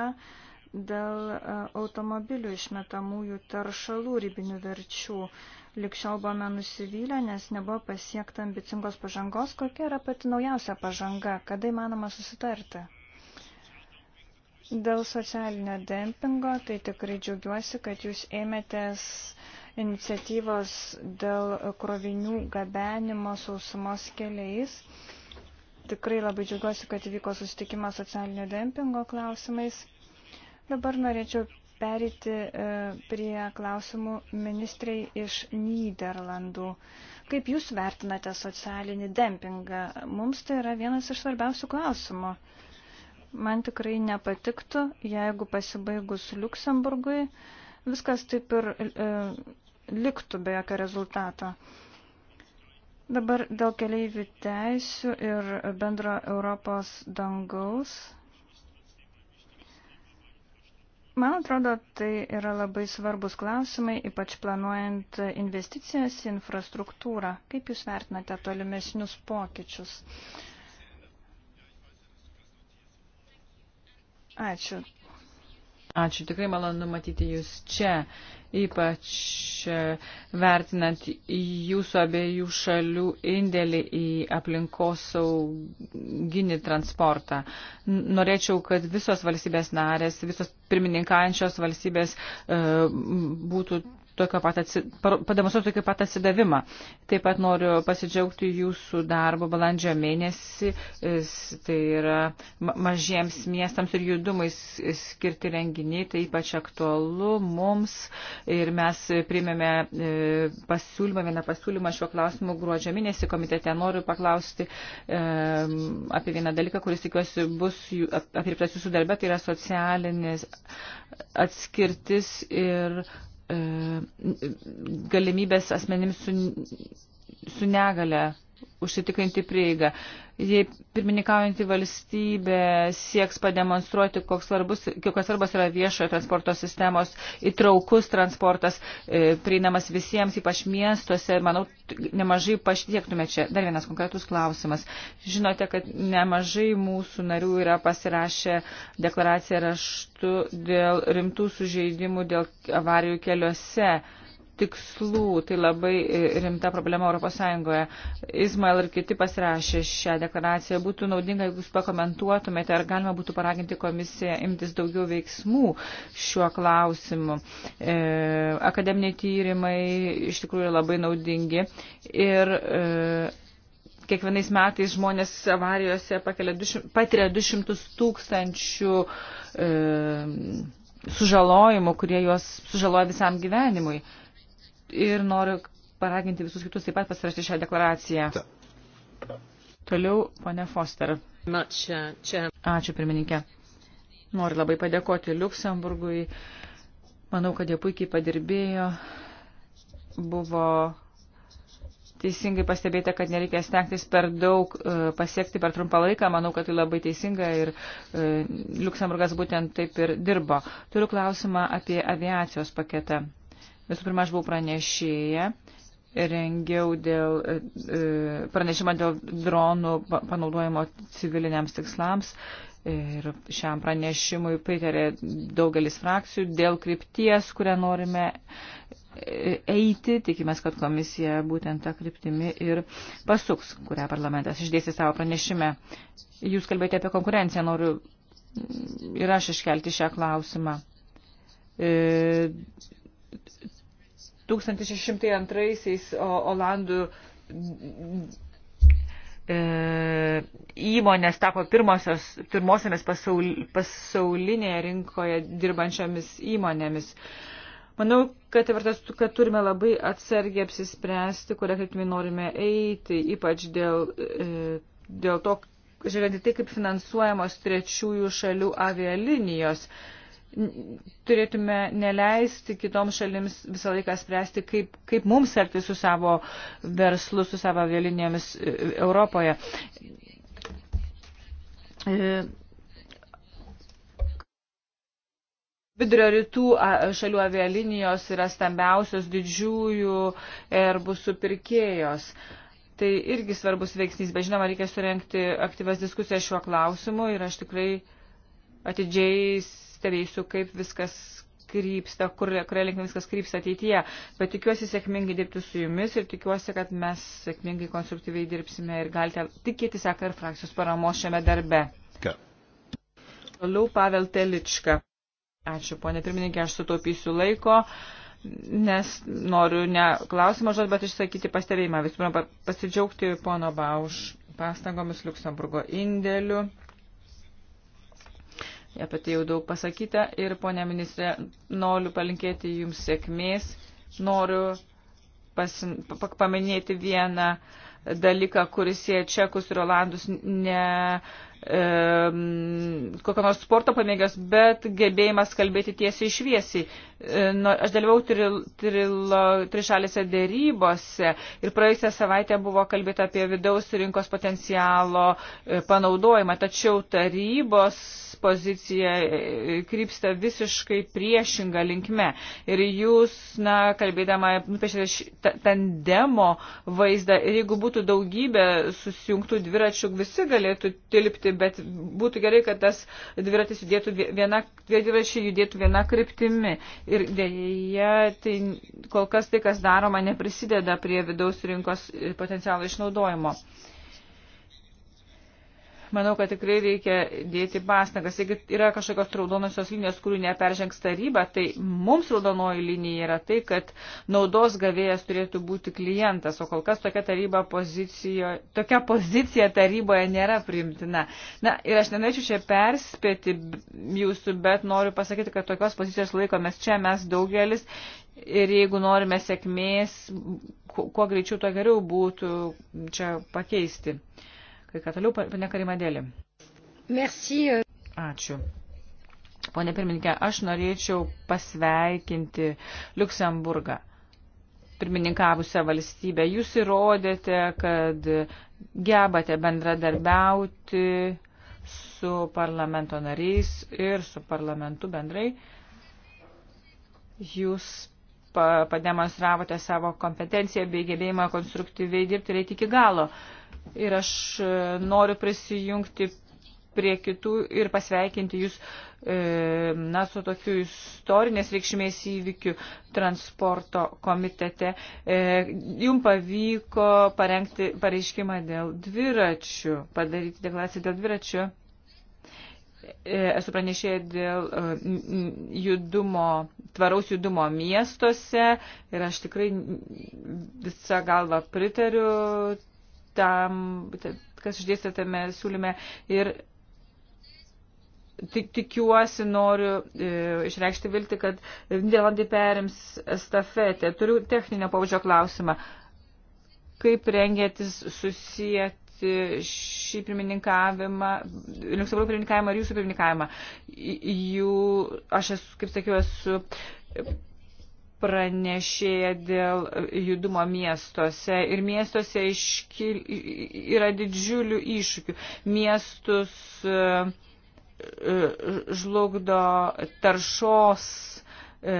dėl e, automobilių išmetamųjų taršalų ribinių verčių. Likščiau buvome nusivylę, nes nebuvo pasiekta ambicingos pažangos. Kokia yra pati naujausia pažanga? Kada įmanoma susitarti? Dėl socialinio dempingo, tai tikrai džiaugiuosi, kad jūs ėmėtės iniciatyvos dėl krovinių gabenimo sausumos keliais. Tikrai labai džiaugiuosi, kad įvyko susitikimas socialinio dempingo klausimais. Dabar norėčiau perėti e, prie klausimų ministrai iš Niderlandų. Kaip jūs vertinate socialinį dempingą? Mums tai yra vienas iš svarbiausių klausimų. Man tikrai nepatiktų, jeigu pasibaigus Luksemburgui viskas taip ir e, liktų be jokio rezultato. Dabar dėl keleivių teisių ir bendro Europos dangaus. Man atrodo, tai yra labai svarbus klausimai, ypač planuojant investicijas į infrastruktūrą. Kaip Jūs vertinate tolimesnius pokyčius? Uh, Ačiū. Ačiū, tikrai malonu matyti Jūs čia, ypač e, vertinant Jūsų abiejų šalių indėlį į aplinkosauginį transportą. Norėčiau, kad visos valstybės narės, visos pirmininkaujančios valstybės e, būtų tokio pat atsi, pademonstruoti tokį pat atsidavimą. Taip pat noriu pasidžiaugti jūsų darbo balandžio mėnesį, tai yra mažiems miestams ir judumais skirti renginiai, tai ypač aktualu mums ir mes priimėme e, pasiūlymą, vieną pasiūlymą šiuo klausimu gruodžio mėnesį komitete. Noriu paklausti e, apie vieną dalyką, kuris tikiuosi bus apirktas jūsų darbė, tai yra socialinis atskirtis ir E, galimybės asmenims su, su negale užsitikrinti prieigą. Jei pirmininkaujantį valstybę sieks pademonstruoti, koks svarbus, kokios svarbos yra viešojo transporto sistemos, įtraukus transportas, e, prieinamas visiems, ypač miestuose, manau, nemažai paštiektume čia. Dar vienas konkretus klausimas. Žinote, kad nemažai mūsų narių yra pasirašę deklaraciją raštu dėl rimtų sužeidimų, dėl avarijų keliuose tikslų. Tai labai rimta problema ES. Izmail ir kiti pasirašė šią deklaraciją. Būtų naudinga, jeigu jūs pakomentuotumėte, ar galima būtų paraginti komisiją imtis daugiau veiksmų šiuo klausimu. E, akademiniai tyrimai iš tikrųjų labai naudingi. Ir, e, kiekvienais metais žmonės avarijose patiria 200 tūkstančių e, sužalojimų, kurie juos sužaloja visam gyvenimui. E, ir noriu paraginti visus kitus taip pat pasirašyti šią deklaraciją. Ta. Toliau, ponė Foster. Uh, Ačiū, pirmininkė. Noriu labai padėkoti Luksemburgui. Manau, kad jie puikiai padirbėjo. Buvo teisingai pastebėta, kad nereikia stengtis per daug uh, pasiekti per trumpą laiką. Manau, kad tai labai teisinga ir uh, Luksemburgas būtent taip ir dirbo. Turiu klausimą apie aviacijos paketą. Visų pirma, aš buvau pranešėja, rengiau dėl, e, pranešimą dėl dronų panaudojimo civiliniams tikslams ir šiam pranešimui pritarė daugelis frakcijų dėl krypties, kurią norime e, eiti. Tikimės, kad komisija būtent tą kryptimį ir pasuks, kurią parlamentas išdėsi savo pranešime. Jūs kalbėjote apie konkurenciją, noriu ir aš iškelti šią klausimą. E, 1602 Olandų e, įmonės tapo pirmosios, pirmosiamis pasaul, pasaulinėje rinkoje dirbančiomis įmonėmis. Manau, kad, tai vartas, kad turime labai atsargiai apsispręsti, kurią kryptimį norime eiti, ypač dėl, e, dėl to, žiūrint į tai, kaip finansuojamos trečiųjų šalių avialinijos. linijos turėtume neleisti kitoms šalims visą laiką spręsti, kaip, kaip mums elgti su savo verslu, su savo avialinijomis e, Europoje. E, Vidurio rytų šalių avialinijos yra stambiausios didžiųjų Airbus pirkėjos. Tai irgi svarbus veiksnys, bet žinoma, reikia surenkti aktyvas diskusijas šiuo klausimu ir aš tikrai atidžiai stebėsiu, kaip viskas krypsta, kur, kuria linkme viskas krypsta ateityje. Bet tikiuosi sėkmingai dirbti su jumis ir tikiuosi, kad mes sėkmingai konstruktyviai dirbsime ir galite tikėtis EKR frakcijos paramos šiame darbe. Ką? Toliau Pavel Telička. Ačiū, ponė pirmininkė, aš sutaupysiu laiko, nes noriu ne klausimą žodį, bet išsakyti pastebėjimą. Visų pirma, pasidžiaugti pono Bauš pastangomis Luksemburgo indėliu apie tai jau daug pasakyta ir, ponė ministrė, noriu palinkėti jums sėkmės, noriu pasin, paminėti vieną dalyką, kuris jie čekus ir olandus ne e, kokio nors sporto pamėgęs, bet gebėjimas kalbėti tiesiai išviesiai. E, nu, aš dalyvau trilo, trilo, trišalėse dėrybose ir praėjusią savaitę buvo kalbėta apie vidaus rinkos potencialo e, panaudojimą, tačiau tarybos pozicija e, krypsta visiškai priešinga linkme. Ir jūs, na, kalbėdama, nupiešėte tandemo vaizdą ir jeigu būtų daugybė susijungtų dviračių, visi galėtų tilpti, bet būtų gerai, kad tas dviratis judėtų viena, dviračiai judėtų viena kryptimi. Ir dėja, tai kol kas tai, kas daroma, neprisideda prie vidaus rinkos e, potencialo išnaudojimo manau, kad tikrai reikia dėti pastangas. Jeigu yra kažkokios raudonosios linijos, kurių neperžengs taryba, tai mums raudonoji linija yra tai, kad naudos gavėjas turėtų būti klientas, o kol kas tokia, taryba pozicijo, tokia pozicija taryboje nėra priimtina. Na ir aš nenorėčiau čia perspėti jūsų, bet noriu pasakyti, kad tokios pozicijos laikomės čia mes daugelis. Ir jeigu norime sėkmės, kuo greičiau to geriau būtų čia pakeisti. Uh, Kai ką toliau, pane Karimadėlį. Merci. E. Ačiū. Pone pirmininkė, aš norėčiau pasveikinti Luksemburgą pirmininkavusią valstybę. Jūs įrodėte, kad gebate bendradarbiauti su parlamento nariais ir su parlamentu bendrai. Jūs pademonstravote savo kompetenciją bei gebėjimą konstruktyviai dirbti reikia iki galo. Uh, ir aš e, noriu prisijungti prie kitų ir pasveikinti jūs e, na, su tokiu istorinės reikšmės įvykiu transporto komitete. E, Jums pavyko parengti pareiškimą dėl dviračių, padaryti deklaraciją dėl dviračių. Esu pranešėję dėl judumo, tvaraus judumo miestuose ir aš tikrai visą galvą pritariu tam, tai, kas išdėstė tame siūlyme. Ir tik, tikiuosi, noriu e, išreikšti vilti, kad Nyderlandai perims stafetę. Turiu techninio paudžio klausimą. Kaip rengėtis susijęti? šį pirmininkavimą, Liuksemburgo pirmininkavimą ir jūsų pirmininkavimą. Jų, aš esu, kaip sakiau, esu pranešėja dėl judumo miestuose ir miestuose iškil, yra didžiulių iššūkių. Miestus e, e, žlugdo taršos, e,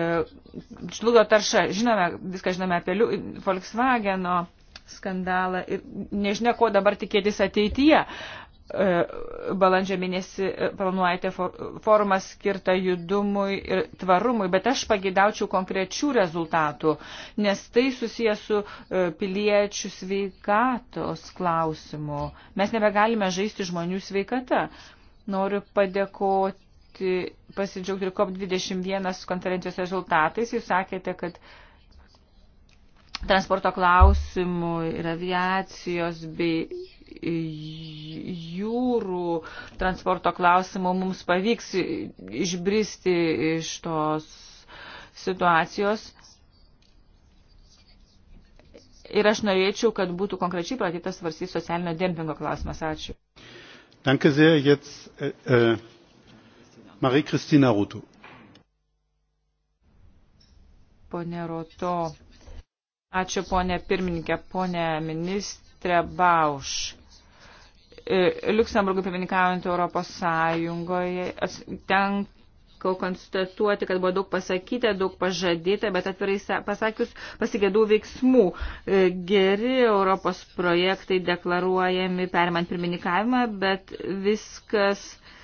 žlugdo tarša. Žinome, viską žinome apie Volkswageno skandalą ir nežinia, ko dabar tikėtis ateityje. E, balandžio mėnesį e, planuojate forumą skirtą judumui ir tvarumui, bet aš pagidaučiau konkrečių rezultatų, nes tai susijęs su e, piliečių sveikatos klausimu. Mes nebegalime žaisti žmonių sveikata. Noriu padėkoti, pasidžiaugti ir COP21 konferencijos rezultatais. Jūs sakėte, kad transporto klausimų ir aviacijos bei jūrų transporto klausimų mums pavyks išbristi iš tos situacijos. Ir aš norėčiau, kad būtų konkrečiai pradėtas svarstyti socialinio dempingo klausimas. Ačiū. Danke sehr. Jetzt äh, äh Marie-Christina Ruto. Pone Roto. Ačiū, ponė pirmininkė, ponė ministrė Bauš. E, Liuksemburgui pirmininkaujant Europos Sąjungoje tenka konstatuoti, kad buvo daug pasakyta, daug pažadėta, bet atvirai pasakius pasigėdų veiksmų. E, geri Europos projektai deklaruojami perimant pirmininkavimą, bet viskas uh,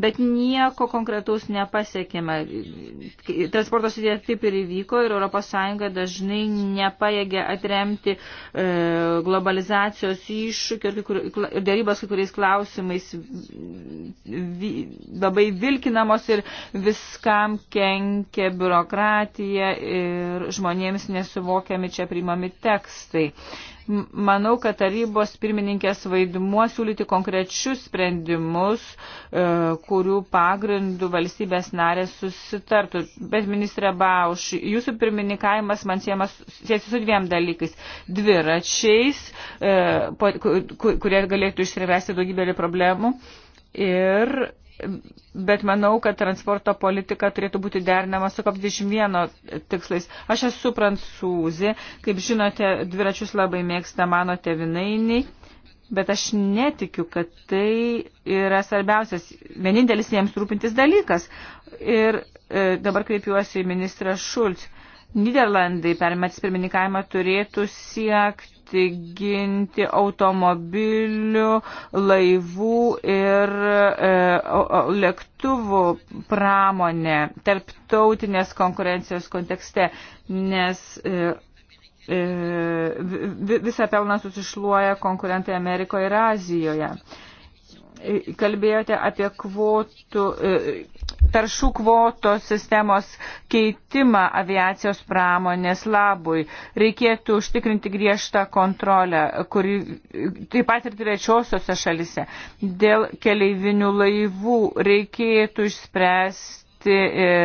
bet nieko konkretaus nepasiekėme. Transporto srityje taip ir įvyko ir ES dažnai nepajėgia atremti e, globalizacijos iššūkių ir dėrybos kai kuriais klausimais vi, labai vilkinamos ir viskam kenkia biurokratija ir žmonėms nesuvokiami čia priimami tekstai. Manau, kad tarybos pirmininkės vaidmuo siūlyti konkrečius sprendimus, e, kurių pagrindų valstybės narės susitartų. Bet, ministrė Bauš, jūsų pirmininkavimas man siejamas su dviem dalykais. Dviračiais, e, kurie galėtų išsirevesti daugybėlį problemų. Ir bet manau, kad transporto politika turėtų būti derinama su COP21 tikslais. Aš esu prancūzė, kaip žinote, dviračius labai mėgsta mano tevinainiai, bet aš netikiu, kad tai yra svarbiausias, vienintelis jiems rūpintis dalykas. Ir e, dabar kreipiuosi į ministrą Šulc. Niderlandai per metus pirmininkavimą turėtų siekti siekti ginti automobilių, laivų ir e, lėktuvų pramonę tarptautinės konkurencijos kontekste, nes e, e, visą pelną susišluoja konkurentai Amerikoje ir Azijoje. E, kalbėjote apie kvotų, e, taršų kvotos sistemos keitimą aviacijos pramonės labui. Reikėtų užtikrinti griežtą kontrolę, kuri taip pat ir trečiosiose šalise. Dėl keleivinių laivų reikėtų išspręsti e,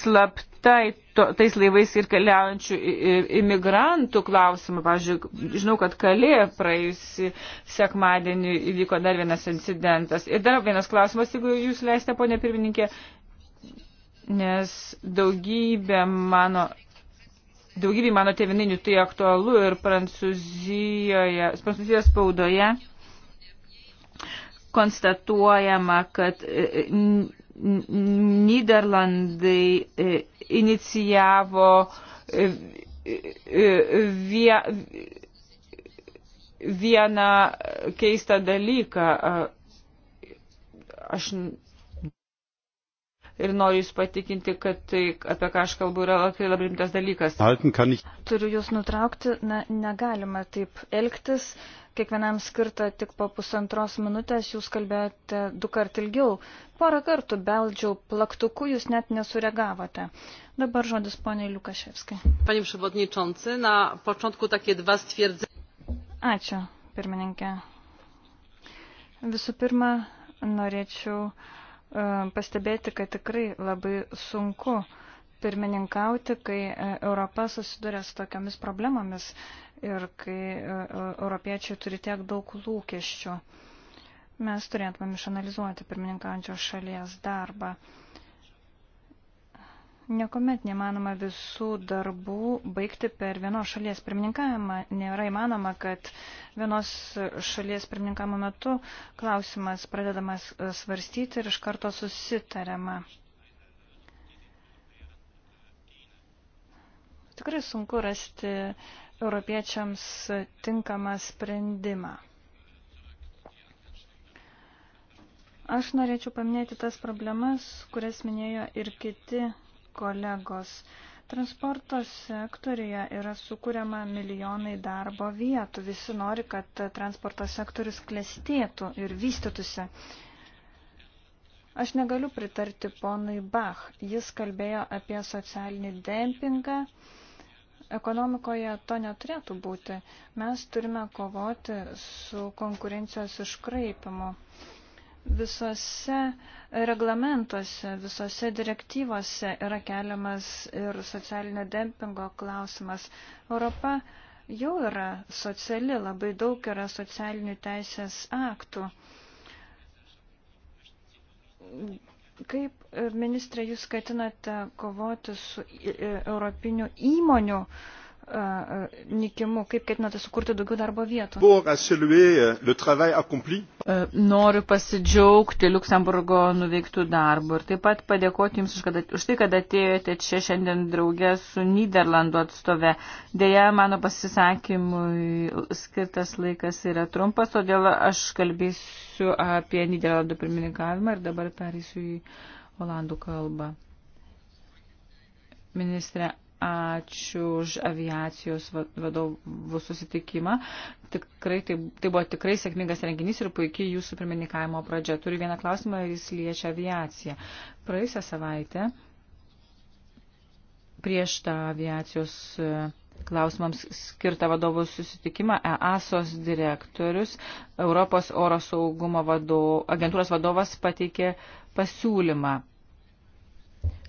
slaptą apskritai to, tais laivais ir keliaujančių imigrantų klausimą. Pavyzdžiui, žinau, kad Kalė praėjusi sekmadienį įvyko dar vienas incidentas. Ir dar vienas klausimas, jeigu jūs leisite, ponė pirmininkė, nes daugybė mano. Daugybė mano tėvininių tai aktualu ir Prancūzijoje, Prancūzijos spaudoje konstatuojama, kad e, e, Niderlandai e, inicijavo e, e, vie, vieną keistą dalyką. Aš ir noriu Jūs patikinti, kad tai, apie ką aš kalbu, yra labai, labai rimtas dalykas. Turiu Jūs nutraukti, na, negalima taip elgtis. Kiekvienam skirta tik po pusantros minutės, Jūs kalbėjote du kart ilgiau. Porą kartų beldžiau plaktuku, Jūs net nesureagavote. Dabar žodis poniai Lukaševskai. Panie Przewodniczący, na początku takie dwa stwierdzenia. Ačiū, pirmininkė. Visų pirma, norėčiau uh, E, pastebėti, kad tikrai labai sunku pirmininkauti, kai e, Europa susiduria su tokiamis problemomis ir kai e, europiečiai turi tiek daug lūkesčių. Mes turėtumėm išanalizuoti pirmininkaujančios šalies darbą. Niekuomet nemanoma visų darbų baigti per vienos šalies pirmininkavimą. Nėra įmanoma, kad vienos šalies pirmininkavimo metu klausimas pradedamas e, svarstyti ir iš karto susitariama. Tikrai sunku rasti europiečiams tinkamą sprendimą. Aš norėčiau paminėti tas problemas, kurias minėjo ir kiti kolegos. Transporto sektorija yra sukūriama milijonai darbo vietų. Visi nori, kad transporto sektorius klestėtų ir vystytųsi. Aš negaliu pritarti ponui Bach. Jis kalbėjo apie socialinį dempingą ekonomikoje to neturėtų būti. Mes turime kovoti su konkurencijos iškraipimu visose reglamentuose, visose direktyvose yra keliamas ir socialinio dempingo klausimas. Europa jau yra sociali, labai daug yra socialinių teisės aktų. Kaip, ministrė, jūs skatinate kovoti su e, e, europinių įmonių uh, nikimu, kaip ketinate sukurti daugiau darbo vietų? E, e, noriu pasidžiaugti Luksemburgo nuveiktų darbų ir taip pat padėkoti Jums už tai, kad atėjote čia šiandien draugė su Niderlandų atstove. Deja, mano pasisakymui skirtas laikas yra trumpas, todėl aš kalbėsiu apie Niderlandų pirmininkavimą ir dabar perėsiu į Olandų kalbą. Ministre, ačiū už aviacijos vadovų susitikimą. Tikrai, tai, tai buvo tikrai sėkmingas renginys ir puikiai jūsų pirmininkavimo pradžia. Turiu vieną klausimą, jis liečia aviaciją. Praėjusią savaitę prieš tą aviacijos e, klausimams skirtą vadovų susitikimą EASOS direktorius, Europos oro saugumo vado, agentūros vadovas pateikė pasiūlymą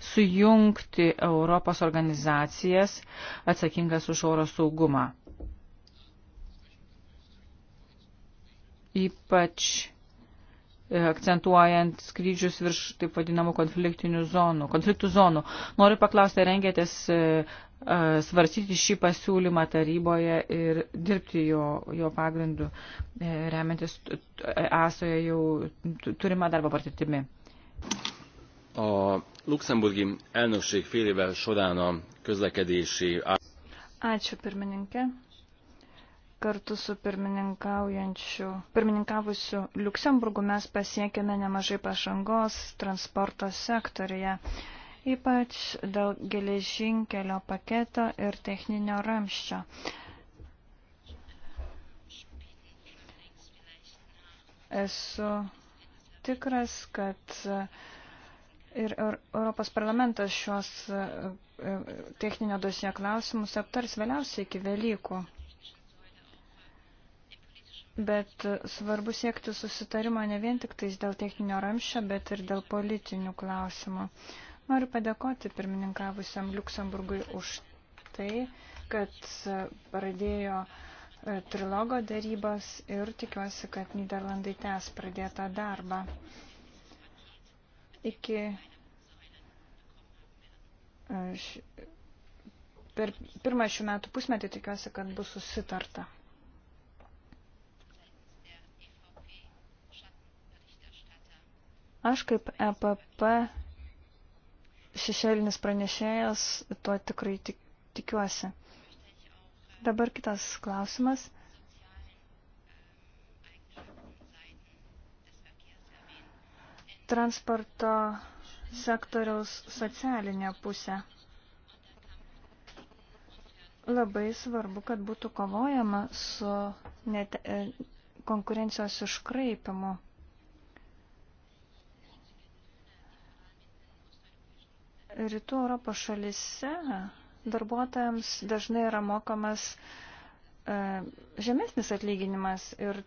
sujungti Europos organizacijas atsakingas už oro saugumą. Ypač e, akcentuojant skrydžius virš taip vadinamų konfliktinių zonų, konfliktų zonų. Noriu paklausti, rengėtės e, e, svarstyti šį pasiūlymą taryboje ir dirbti jo, jo pagrindu, remiantis esoje jau turimą darbo patirtimi. O Luxemburgi elnökség fél éve során a közlekedési... Ačiū pirmininkė. Kartu su pirmininkavusiu Luxemburgu mes pasiekėme nemažai pažangos transporto sektorija, ypač dėl geležinkelio paketo ir techninio ramščio. Esu tikras, kad uh, Ir Europos parlamentas šios e, e, techninio dosijo klausimus aptars vėliausiai iki Velykų. Bet e, svarbu siekti susitarimo ne vien tik tais dėl techninio ramščio, bet ir dėl politinių klausimų. Noriu padėkoti pirmininkavusiam Luksemburgui už tai, kad pradėjo trilogo darybas ir tikiuosi, kad Niderlandai tęs pradėtą darbą iki e, per pirmą šių metų pusmetį tikiuosi, kad bus susitarta. Aš kaip EPP šešėlinis pranešėjas tuo tikrai tik, tikiuosi. Dabar kitas klausimas. transporto sektoriaus socialinę pusę. Labai svarbu, kad būtų kovojama su net, e, konkurencijos iškraipimu. Rytų Europos šalise darbuotojams dažnai yra mokamas e, žemesnis atlyginimas ir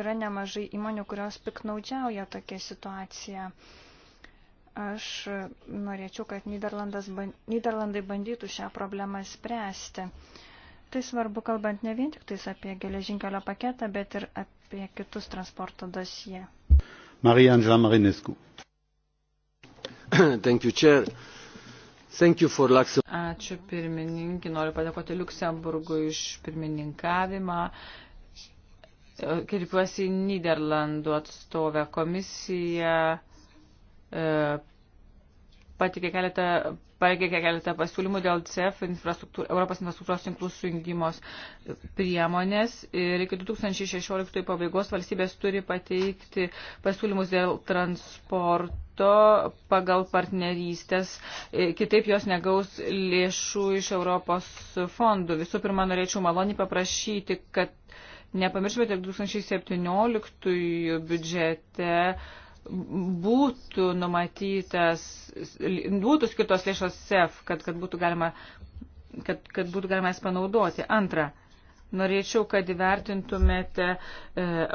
yra nemažai įmonių, kurios piknaudžiauja tokia situacija. Aš norėčiau, kad Niderlandai bandytų šią problemą spręsti. Tai svarbu, kalbant ne vien tik tais apie geležinkelio paketą, bet ir apie kitus transporto dosiją. Marijan Žamarinescu. Thank you, Chair. Thank you for Luxembourg. Ačiū pirmininkį, noriu padėkoti Luxemburgui iš pirmininkavimą. Uh, Kreipiuosi į Niderlandų atstovę komisiją. E, patikė keletą, pateikė keletą pasiūlymų dėl CEF infrastruktūr, Europos infrastruktūros tinklų sujungimos priemonės ir iki 2016 pabaigos valstybės turi pateikti pasiūlymus dėl transporto pagal partnerystės, e, kitaip jos negaus lėšų iš Europos fondų. Visų pirma, norėčiau maloniai paprašyti, kad Nepamirškime, kad 2017 biudžete būtų numatytas, būtų skirtos lėšos SEF, kad, kad būtų galima kad, kad būtų galima jas panaudoti. Antra, Norėčiau, kad įvertintumėte e,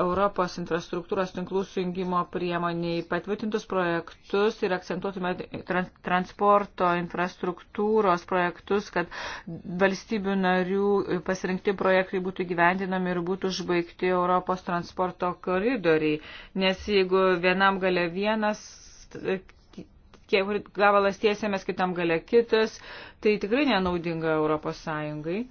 Europos infrastruktūros tinklų sujungimo priemoniai patvirtintus projektus ir akcentuotumėte transporto infrastruktūros projektus, kad valstybių narių pasirinkti projektai būtų gyvendinami ir būtų užbaigti Europos transporto koridoriai. Nes jeigu vienam gale vienas e, gabalas tiesiamės, kitam gale kitas, tai tikrai nenaudinga Europos Sąjungai.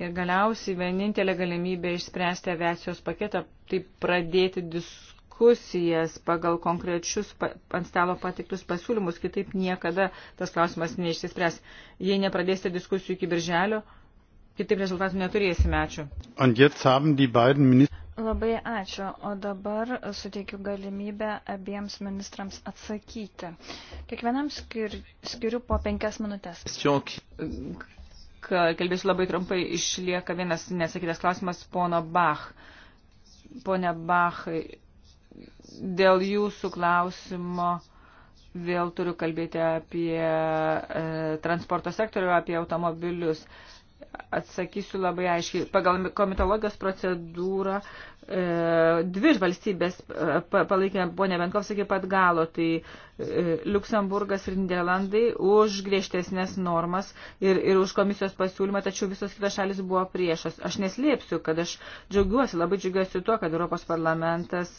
Ir galiausiai vienintelė galimybė išspręsti aviacijos paketą, tai pradėti diskusijas pagal konkrečius ant stalo patiktus pasiūlymus, kitaip niekada tas klausimas neišsispręs. Jei nepradėsite diskusijų iki birželio, kitaip rezultatų neturėsime. Ačiū. Labai ačiū. O dabar suteikiu galimybę abiems ministrams atsakyti. Kiekvienam skir, skiriu po penkias minutės kalbėsiu labai trumpai, išlieka vienas nesakytas klausimas pono Bach. Pone Bach, dėl jūsų klausimo vėl turiu kalbėti apie e, transporto sektorių, apie automobilius. Atsakysiu labai aiškiai. Pagal komitologijos procedūrą E, dvi valstybės e, palaikė ponę Benkovs iki pat galo, tai e, Luksemburgas ir Niderlandai už griežtesnės normas ir, ir už komisijos pasiūlymą, tačiau visos kitos šalis buvo priešas. Aš neslėpsiu, kad aš džiaugiuosi, labai džiaugiuosi tuo, kad Europos parlamentas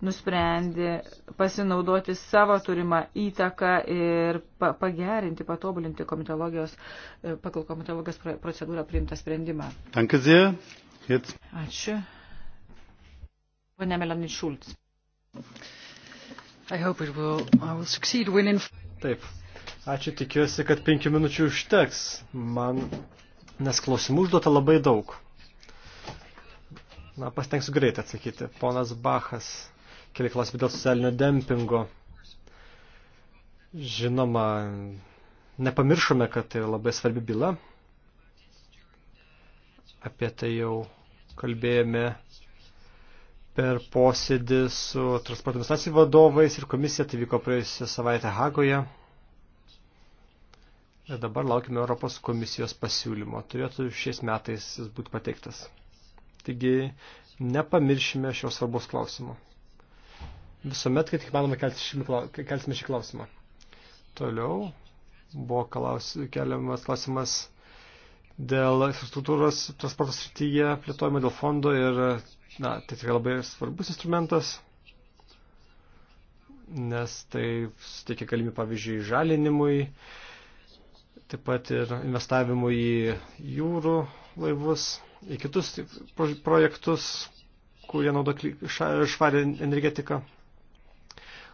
nusprendė pasinaudoti savo turimą įtaką ir pa pagerinti, patobulinti komitologijos, pagal komitologijos procedūrą priimtą sprendimą. Danke sehr. Jetzt. Ačiū. Pane Melanai Šulc. Taip. Ačiū, tikiuosi, kad penkių minučių užteks. Man, nes klausimų užduota labai daug. Na, pasitengsiu greitai atsakyti. Ponas Bachas, keli klausimai dėl socialinio dempingo. Žinoma, nepamiršome, kad tai labai svarbi byla. Apie tai jau kalbėjome per posėdį su transporto administracijų vadovais ir komisija, tai vyko praėjusią savaitę Hagoje. Ir dabar laukime Europos komisijos pasiūlymo. Turėtų šiais metais jis būti pateiktas. Taigi nepamiršime šios svarbos klausimo. Visuomet, kad tik manoma, kelsime šį klausimą. Toliau buvo klaus, keliamas klausimas dėl infrastruktūros transporto srityje plėtojimo dėl fondo ir na, tai tikrai labai svarbus instrumentas, nes tai suteikia galimybę pavyzdžiui žalinimui, taip pat ir investavimui į jūrų laivus, į kitus projektus, kurie naudo švarę energetiką.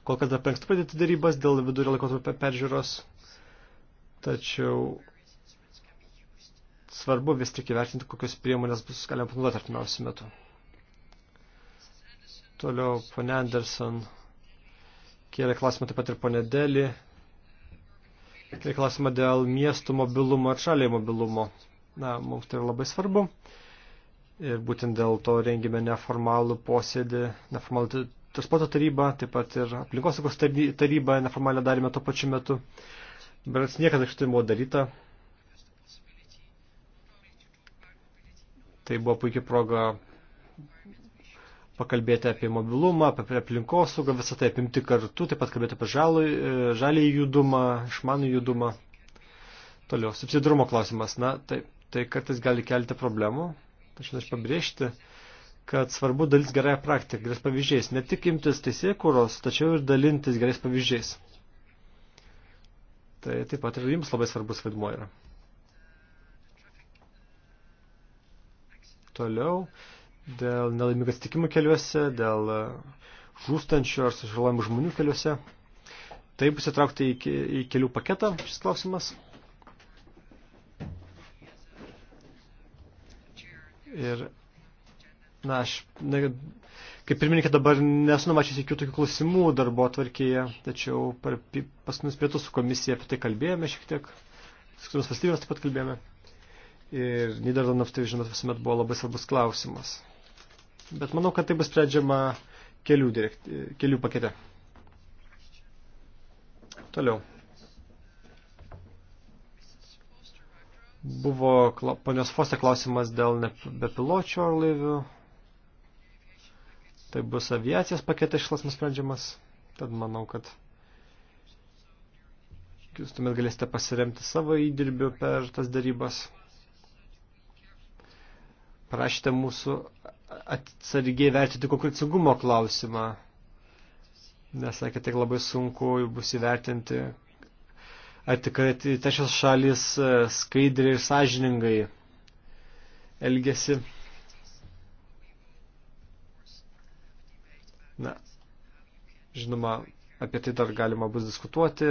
Kol kas dar penktų pradėti darybas dėl vidurio laikotarpio peržiūros, tačiau svarbu vis tik įvertinti, kokios priemonės bus galima panaudoti artimiausių metų. Toliau ponė Anderson kėlė klausimą taip pat ir ponė Deli. Kėlė klausimą dėl miestų mobilumo ir šaliai mobilumo. Na, mums tai yra labai svarbu. Ir būtent dėl to rengime neformalų posėdį, neformalų transporto tarybą, taip pat ir aplinkosaugos tarybą neformalią darėme tuo pačiu metu. Berats niekada iš tai buvo daryta, Tai buvo puikia proga pakalbėti apie mobilumą, apie aplinkosaugą, visą tai apimti kartu, taip pat kalbėti apie žalį, e, žalį judumą, išmanų judumą. Toliau, subsidarumo klausimas. Na, tai, tai kartais gali kelti problemų. Tačiau aš pabrėžti, kad svarbu dalis gerąją praktiką, gerais pavyzdžiais. Ne tik imtis teisėkūros, tačiau ir dalintis gerais pavyzdžiais. Tai taip pat ir jums labai svarbus vaidmuo yra. Toliau dėl nelaimingų atsitikimų keliuose, dėl e, žūstančių ar sužalojimų žmonių keliuose. Tai bus įtraukta į, į kelių paketą šis klausimas. Ir, na, aš, ne, kaip pirmininkė, dabar nesu numačiusi jokių tokių klausimų darbo atvarkėje, tačiau per paskutinius pietus su komisija apie tai kalbėjome šiek tiek, paskutinius valstybės taip pat kalbėjome ir Niderlandams tai žinot visuomet buvo labai svarbus klausimas. Bet manau, kad tai bus sprendžiama kelių, direkt, kelių pakete. Toliau. Buvo ponios Fose klausimas dėl bepiločių orlaivių. Tai bus aviacijos paketas išlasmas sprendžiamas. Tad manau, kad jūs tuomet galėsite pasiremti savo įdirbių per tas darybas prašėte mūsų atsargiai vertinti konkurencingumo klausimą, nes sakėte, kad labai sunku bus įvertinti, ar tikrai tai trečios šalis e, skaidriai ir sąžiningai elgesi. Na, žinoma, apie tai dar galima bus diskutuoti,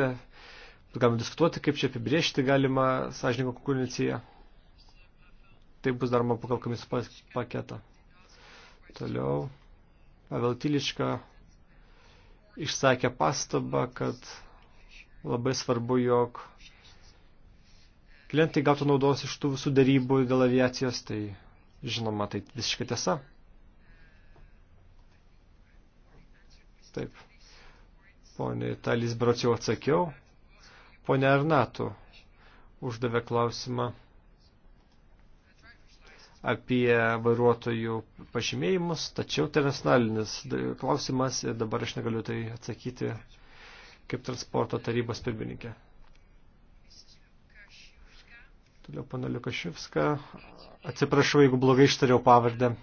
galima diskutuoti, kaip čia apibriežti galima sąžininką konkurenciją taip bus daroma pagal komisijos paketą. Toliau, Pavel Tyliška išsakė pastabą, kad labai svarbu, jog klientai gautų naudos iš tų visų darybų dėl aviacijos, tai žinoma, tai visiškai tiesa. Taip. Pone Talis Bročiau atsakiau. Pone Arnatu uždavė klausimą apie vairuotojų pažymėjimus, tačiau tai nacionalinis klausimas ir dabar aš negaliu tai atsakyti kaip transporto tarybos pirmininkė. Toliau pana Liukašivska. Atsiprašau, jeigu blogai ištariau pavardę.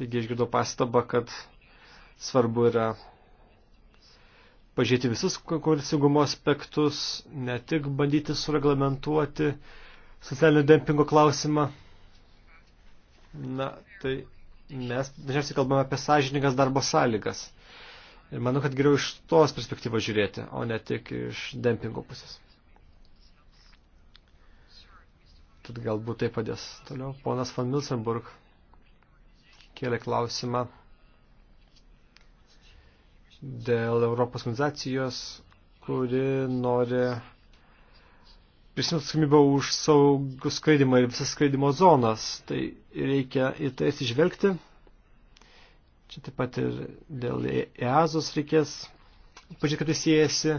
Taigi išgirdau pastabą, kad svarbu yra pažiūrėti visus konkurencingumo aspektus, ne tik bandyti sureglamentuoti socialinio dempingo klausimą. Na, tai mes dažniausiai kalbame apie sąžiningas darbo sąlygas. Ir manau, kad geriau iš tos perspektyvos žiūrėti, o ne tik iš dempingo pusės. Tad galbūt tai padės. Toliau, ponas van Milsenburg kėlė klausimą dėl Europos organizacijos, kuri nori prisimti atsakomybę už saugų skraidimą ir visas skraidimo zonas. Tai reikia į tai atsižvelgti. Čia taip pat ir dėl EASOS reikės pažiūrėti, kad tai siejasi.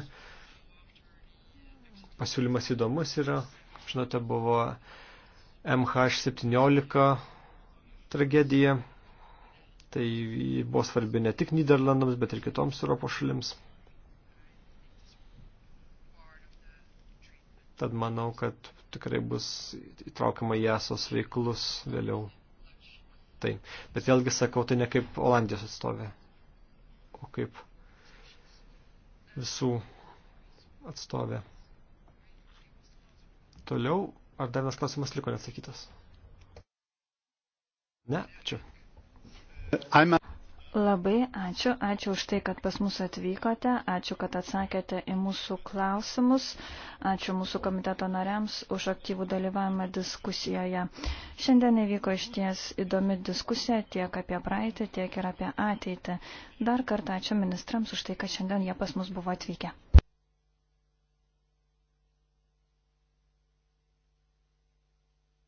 Pasiūlymas įdomus yra. Žinote, buvo MH17 tragedija. Tai buvo svarbi ne tik Niderlandams, bet ir kitoms Europos šalims. Tad manau, kad tikrai bus įtraukiama į esos veiklus vėliau. Tai. Bet vėlgi sakau, tai ne kaip Olandijos atstovė, o kaip visų atstovė. Toliau, ar dar vienas klausimas liko neatsakytas? Ne, ačiū. Labai ačiū, ačiū už tai, kad pas mus atvykote, ačiū, kad atsakėte į mūsų klausimus, ačiū mūsų komiteto nariams už aktyvų dalyvavimą diskusijoje. Šiandien įvyko iš ties įdomi diskusija tiek apie praeitį, tiek ir apie ateitį. Dar kartą ačiū ministrams už tai, kad šiandien jie pas mus buvo atvykę.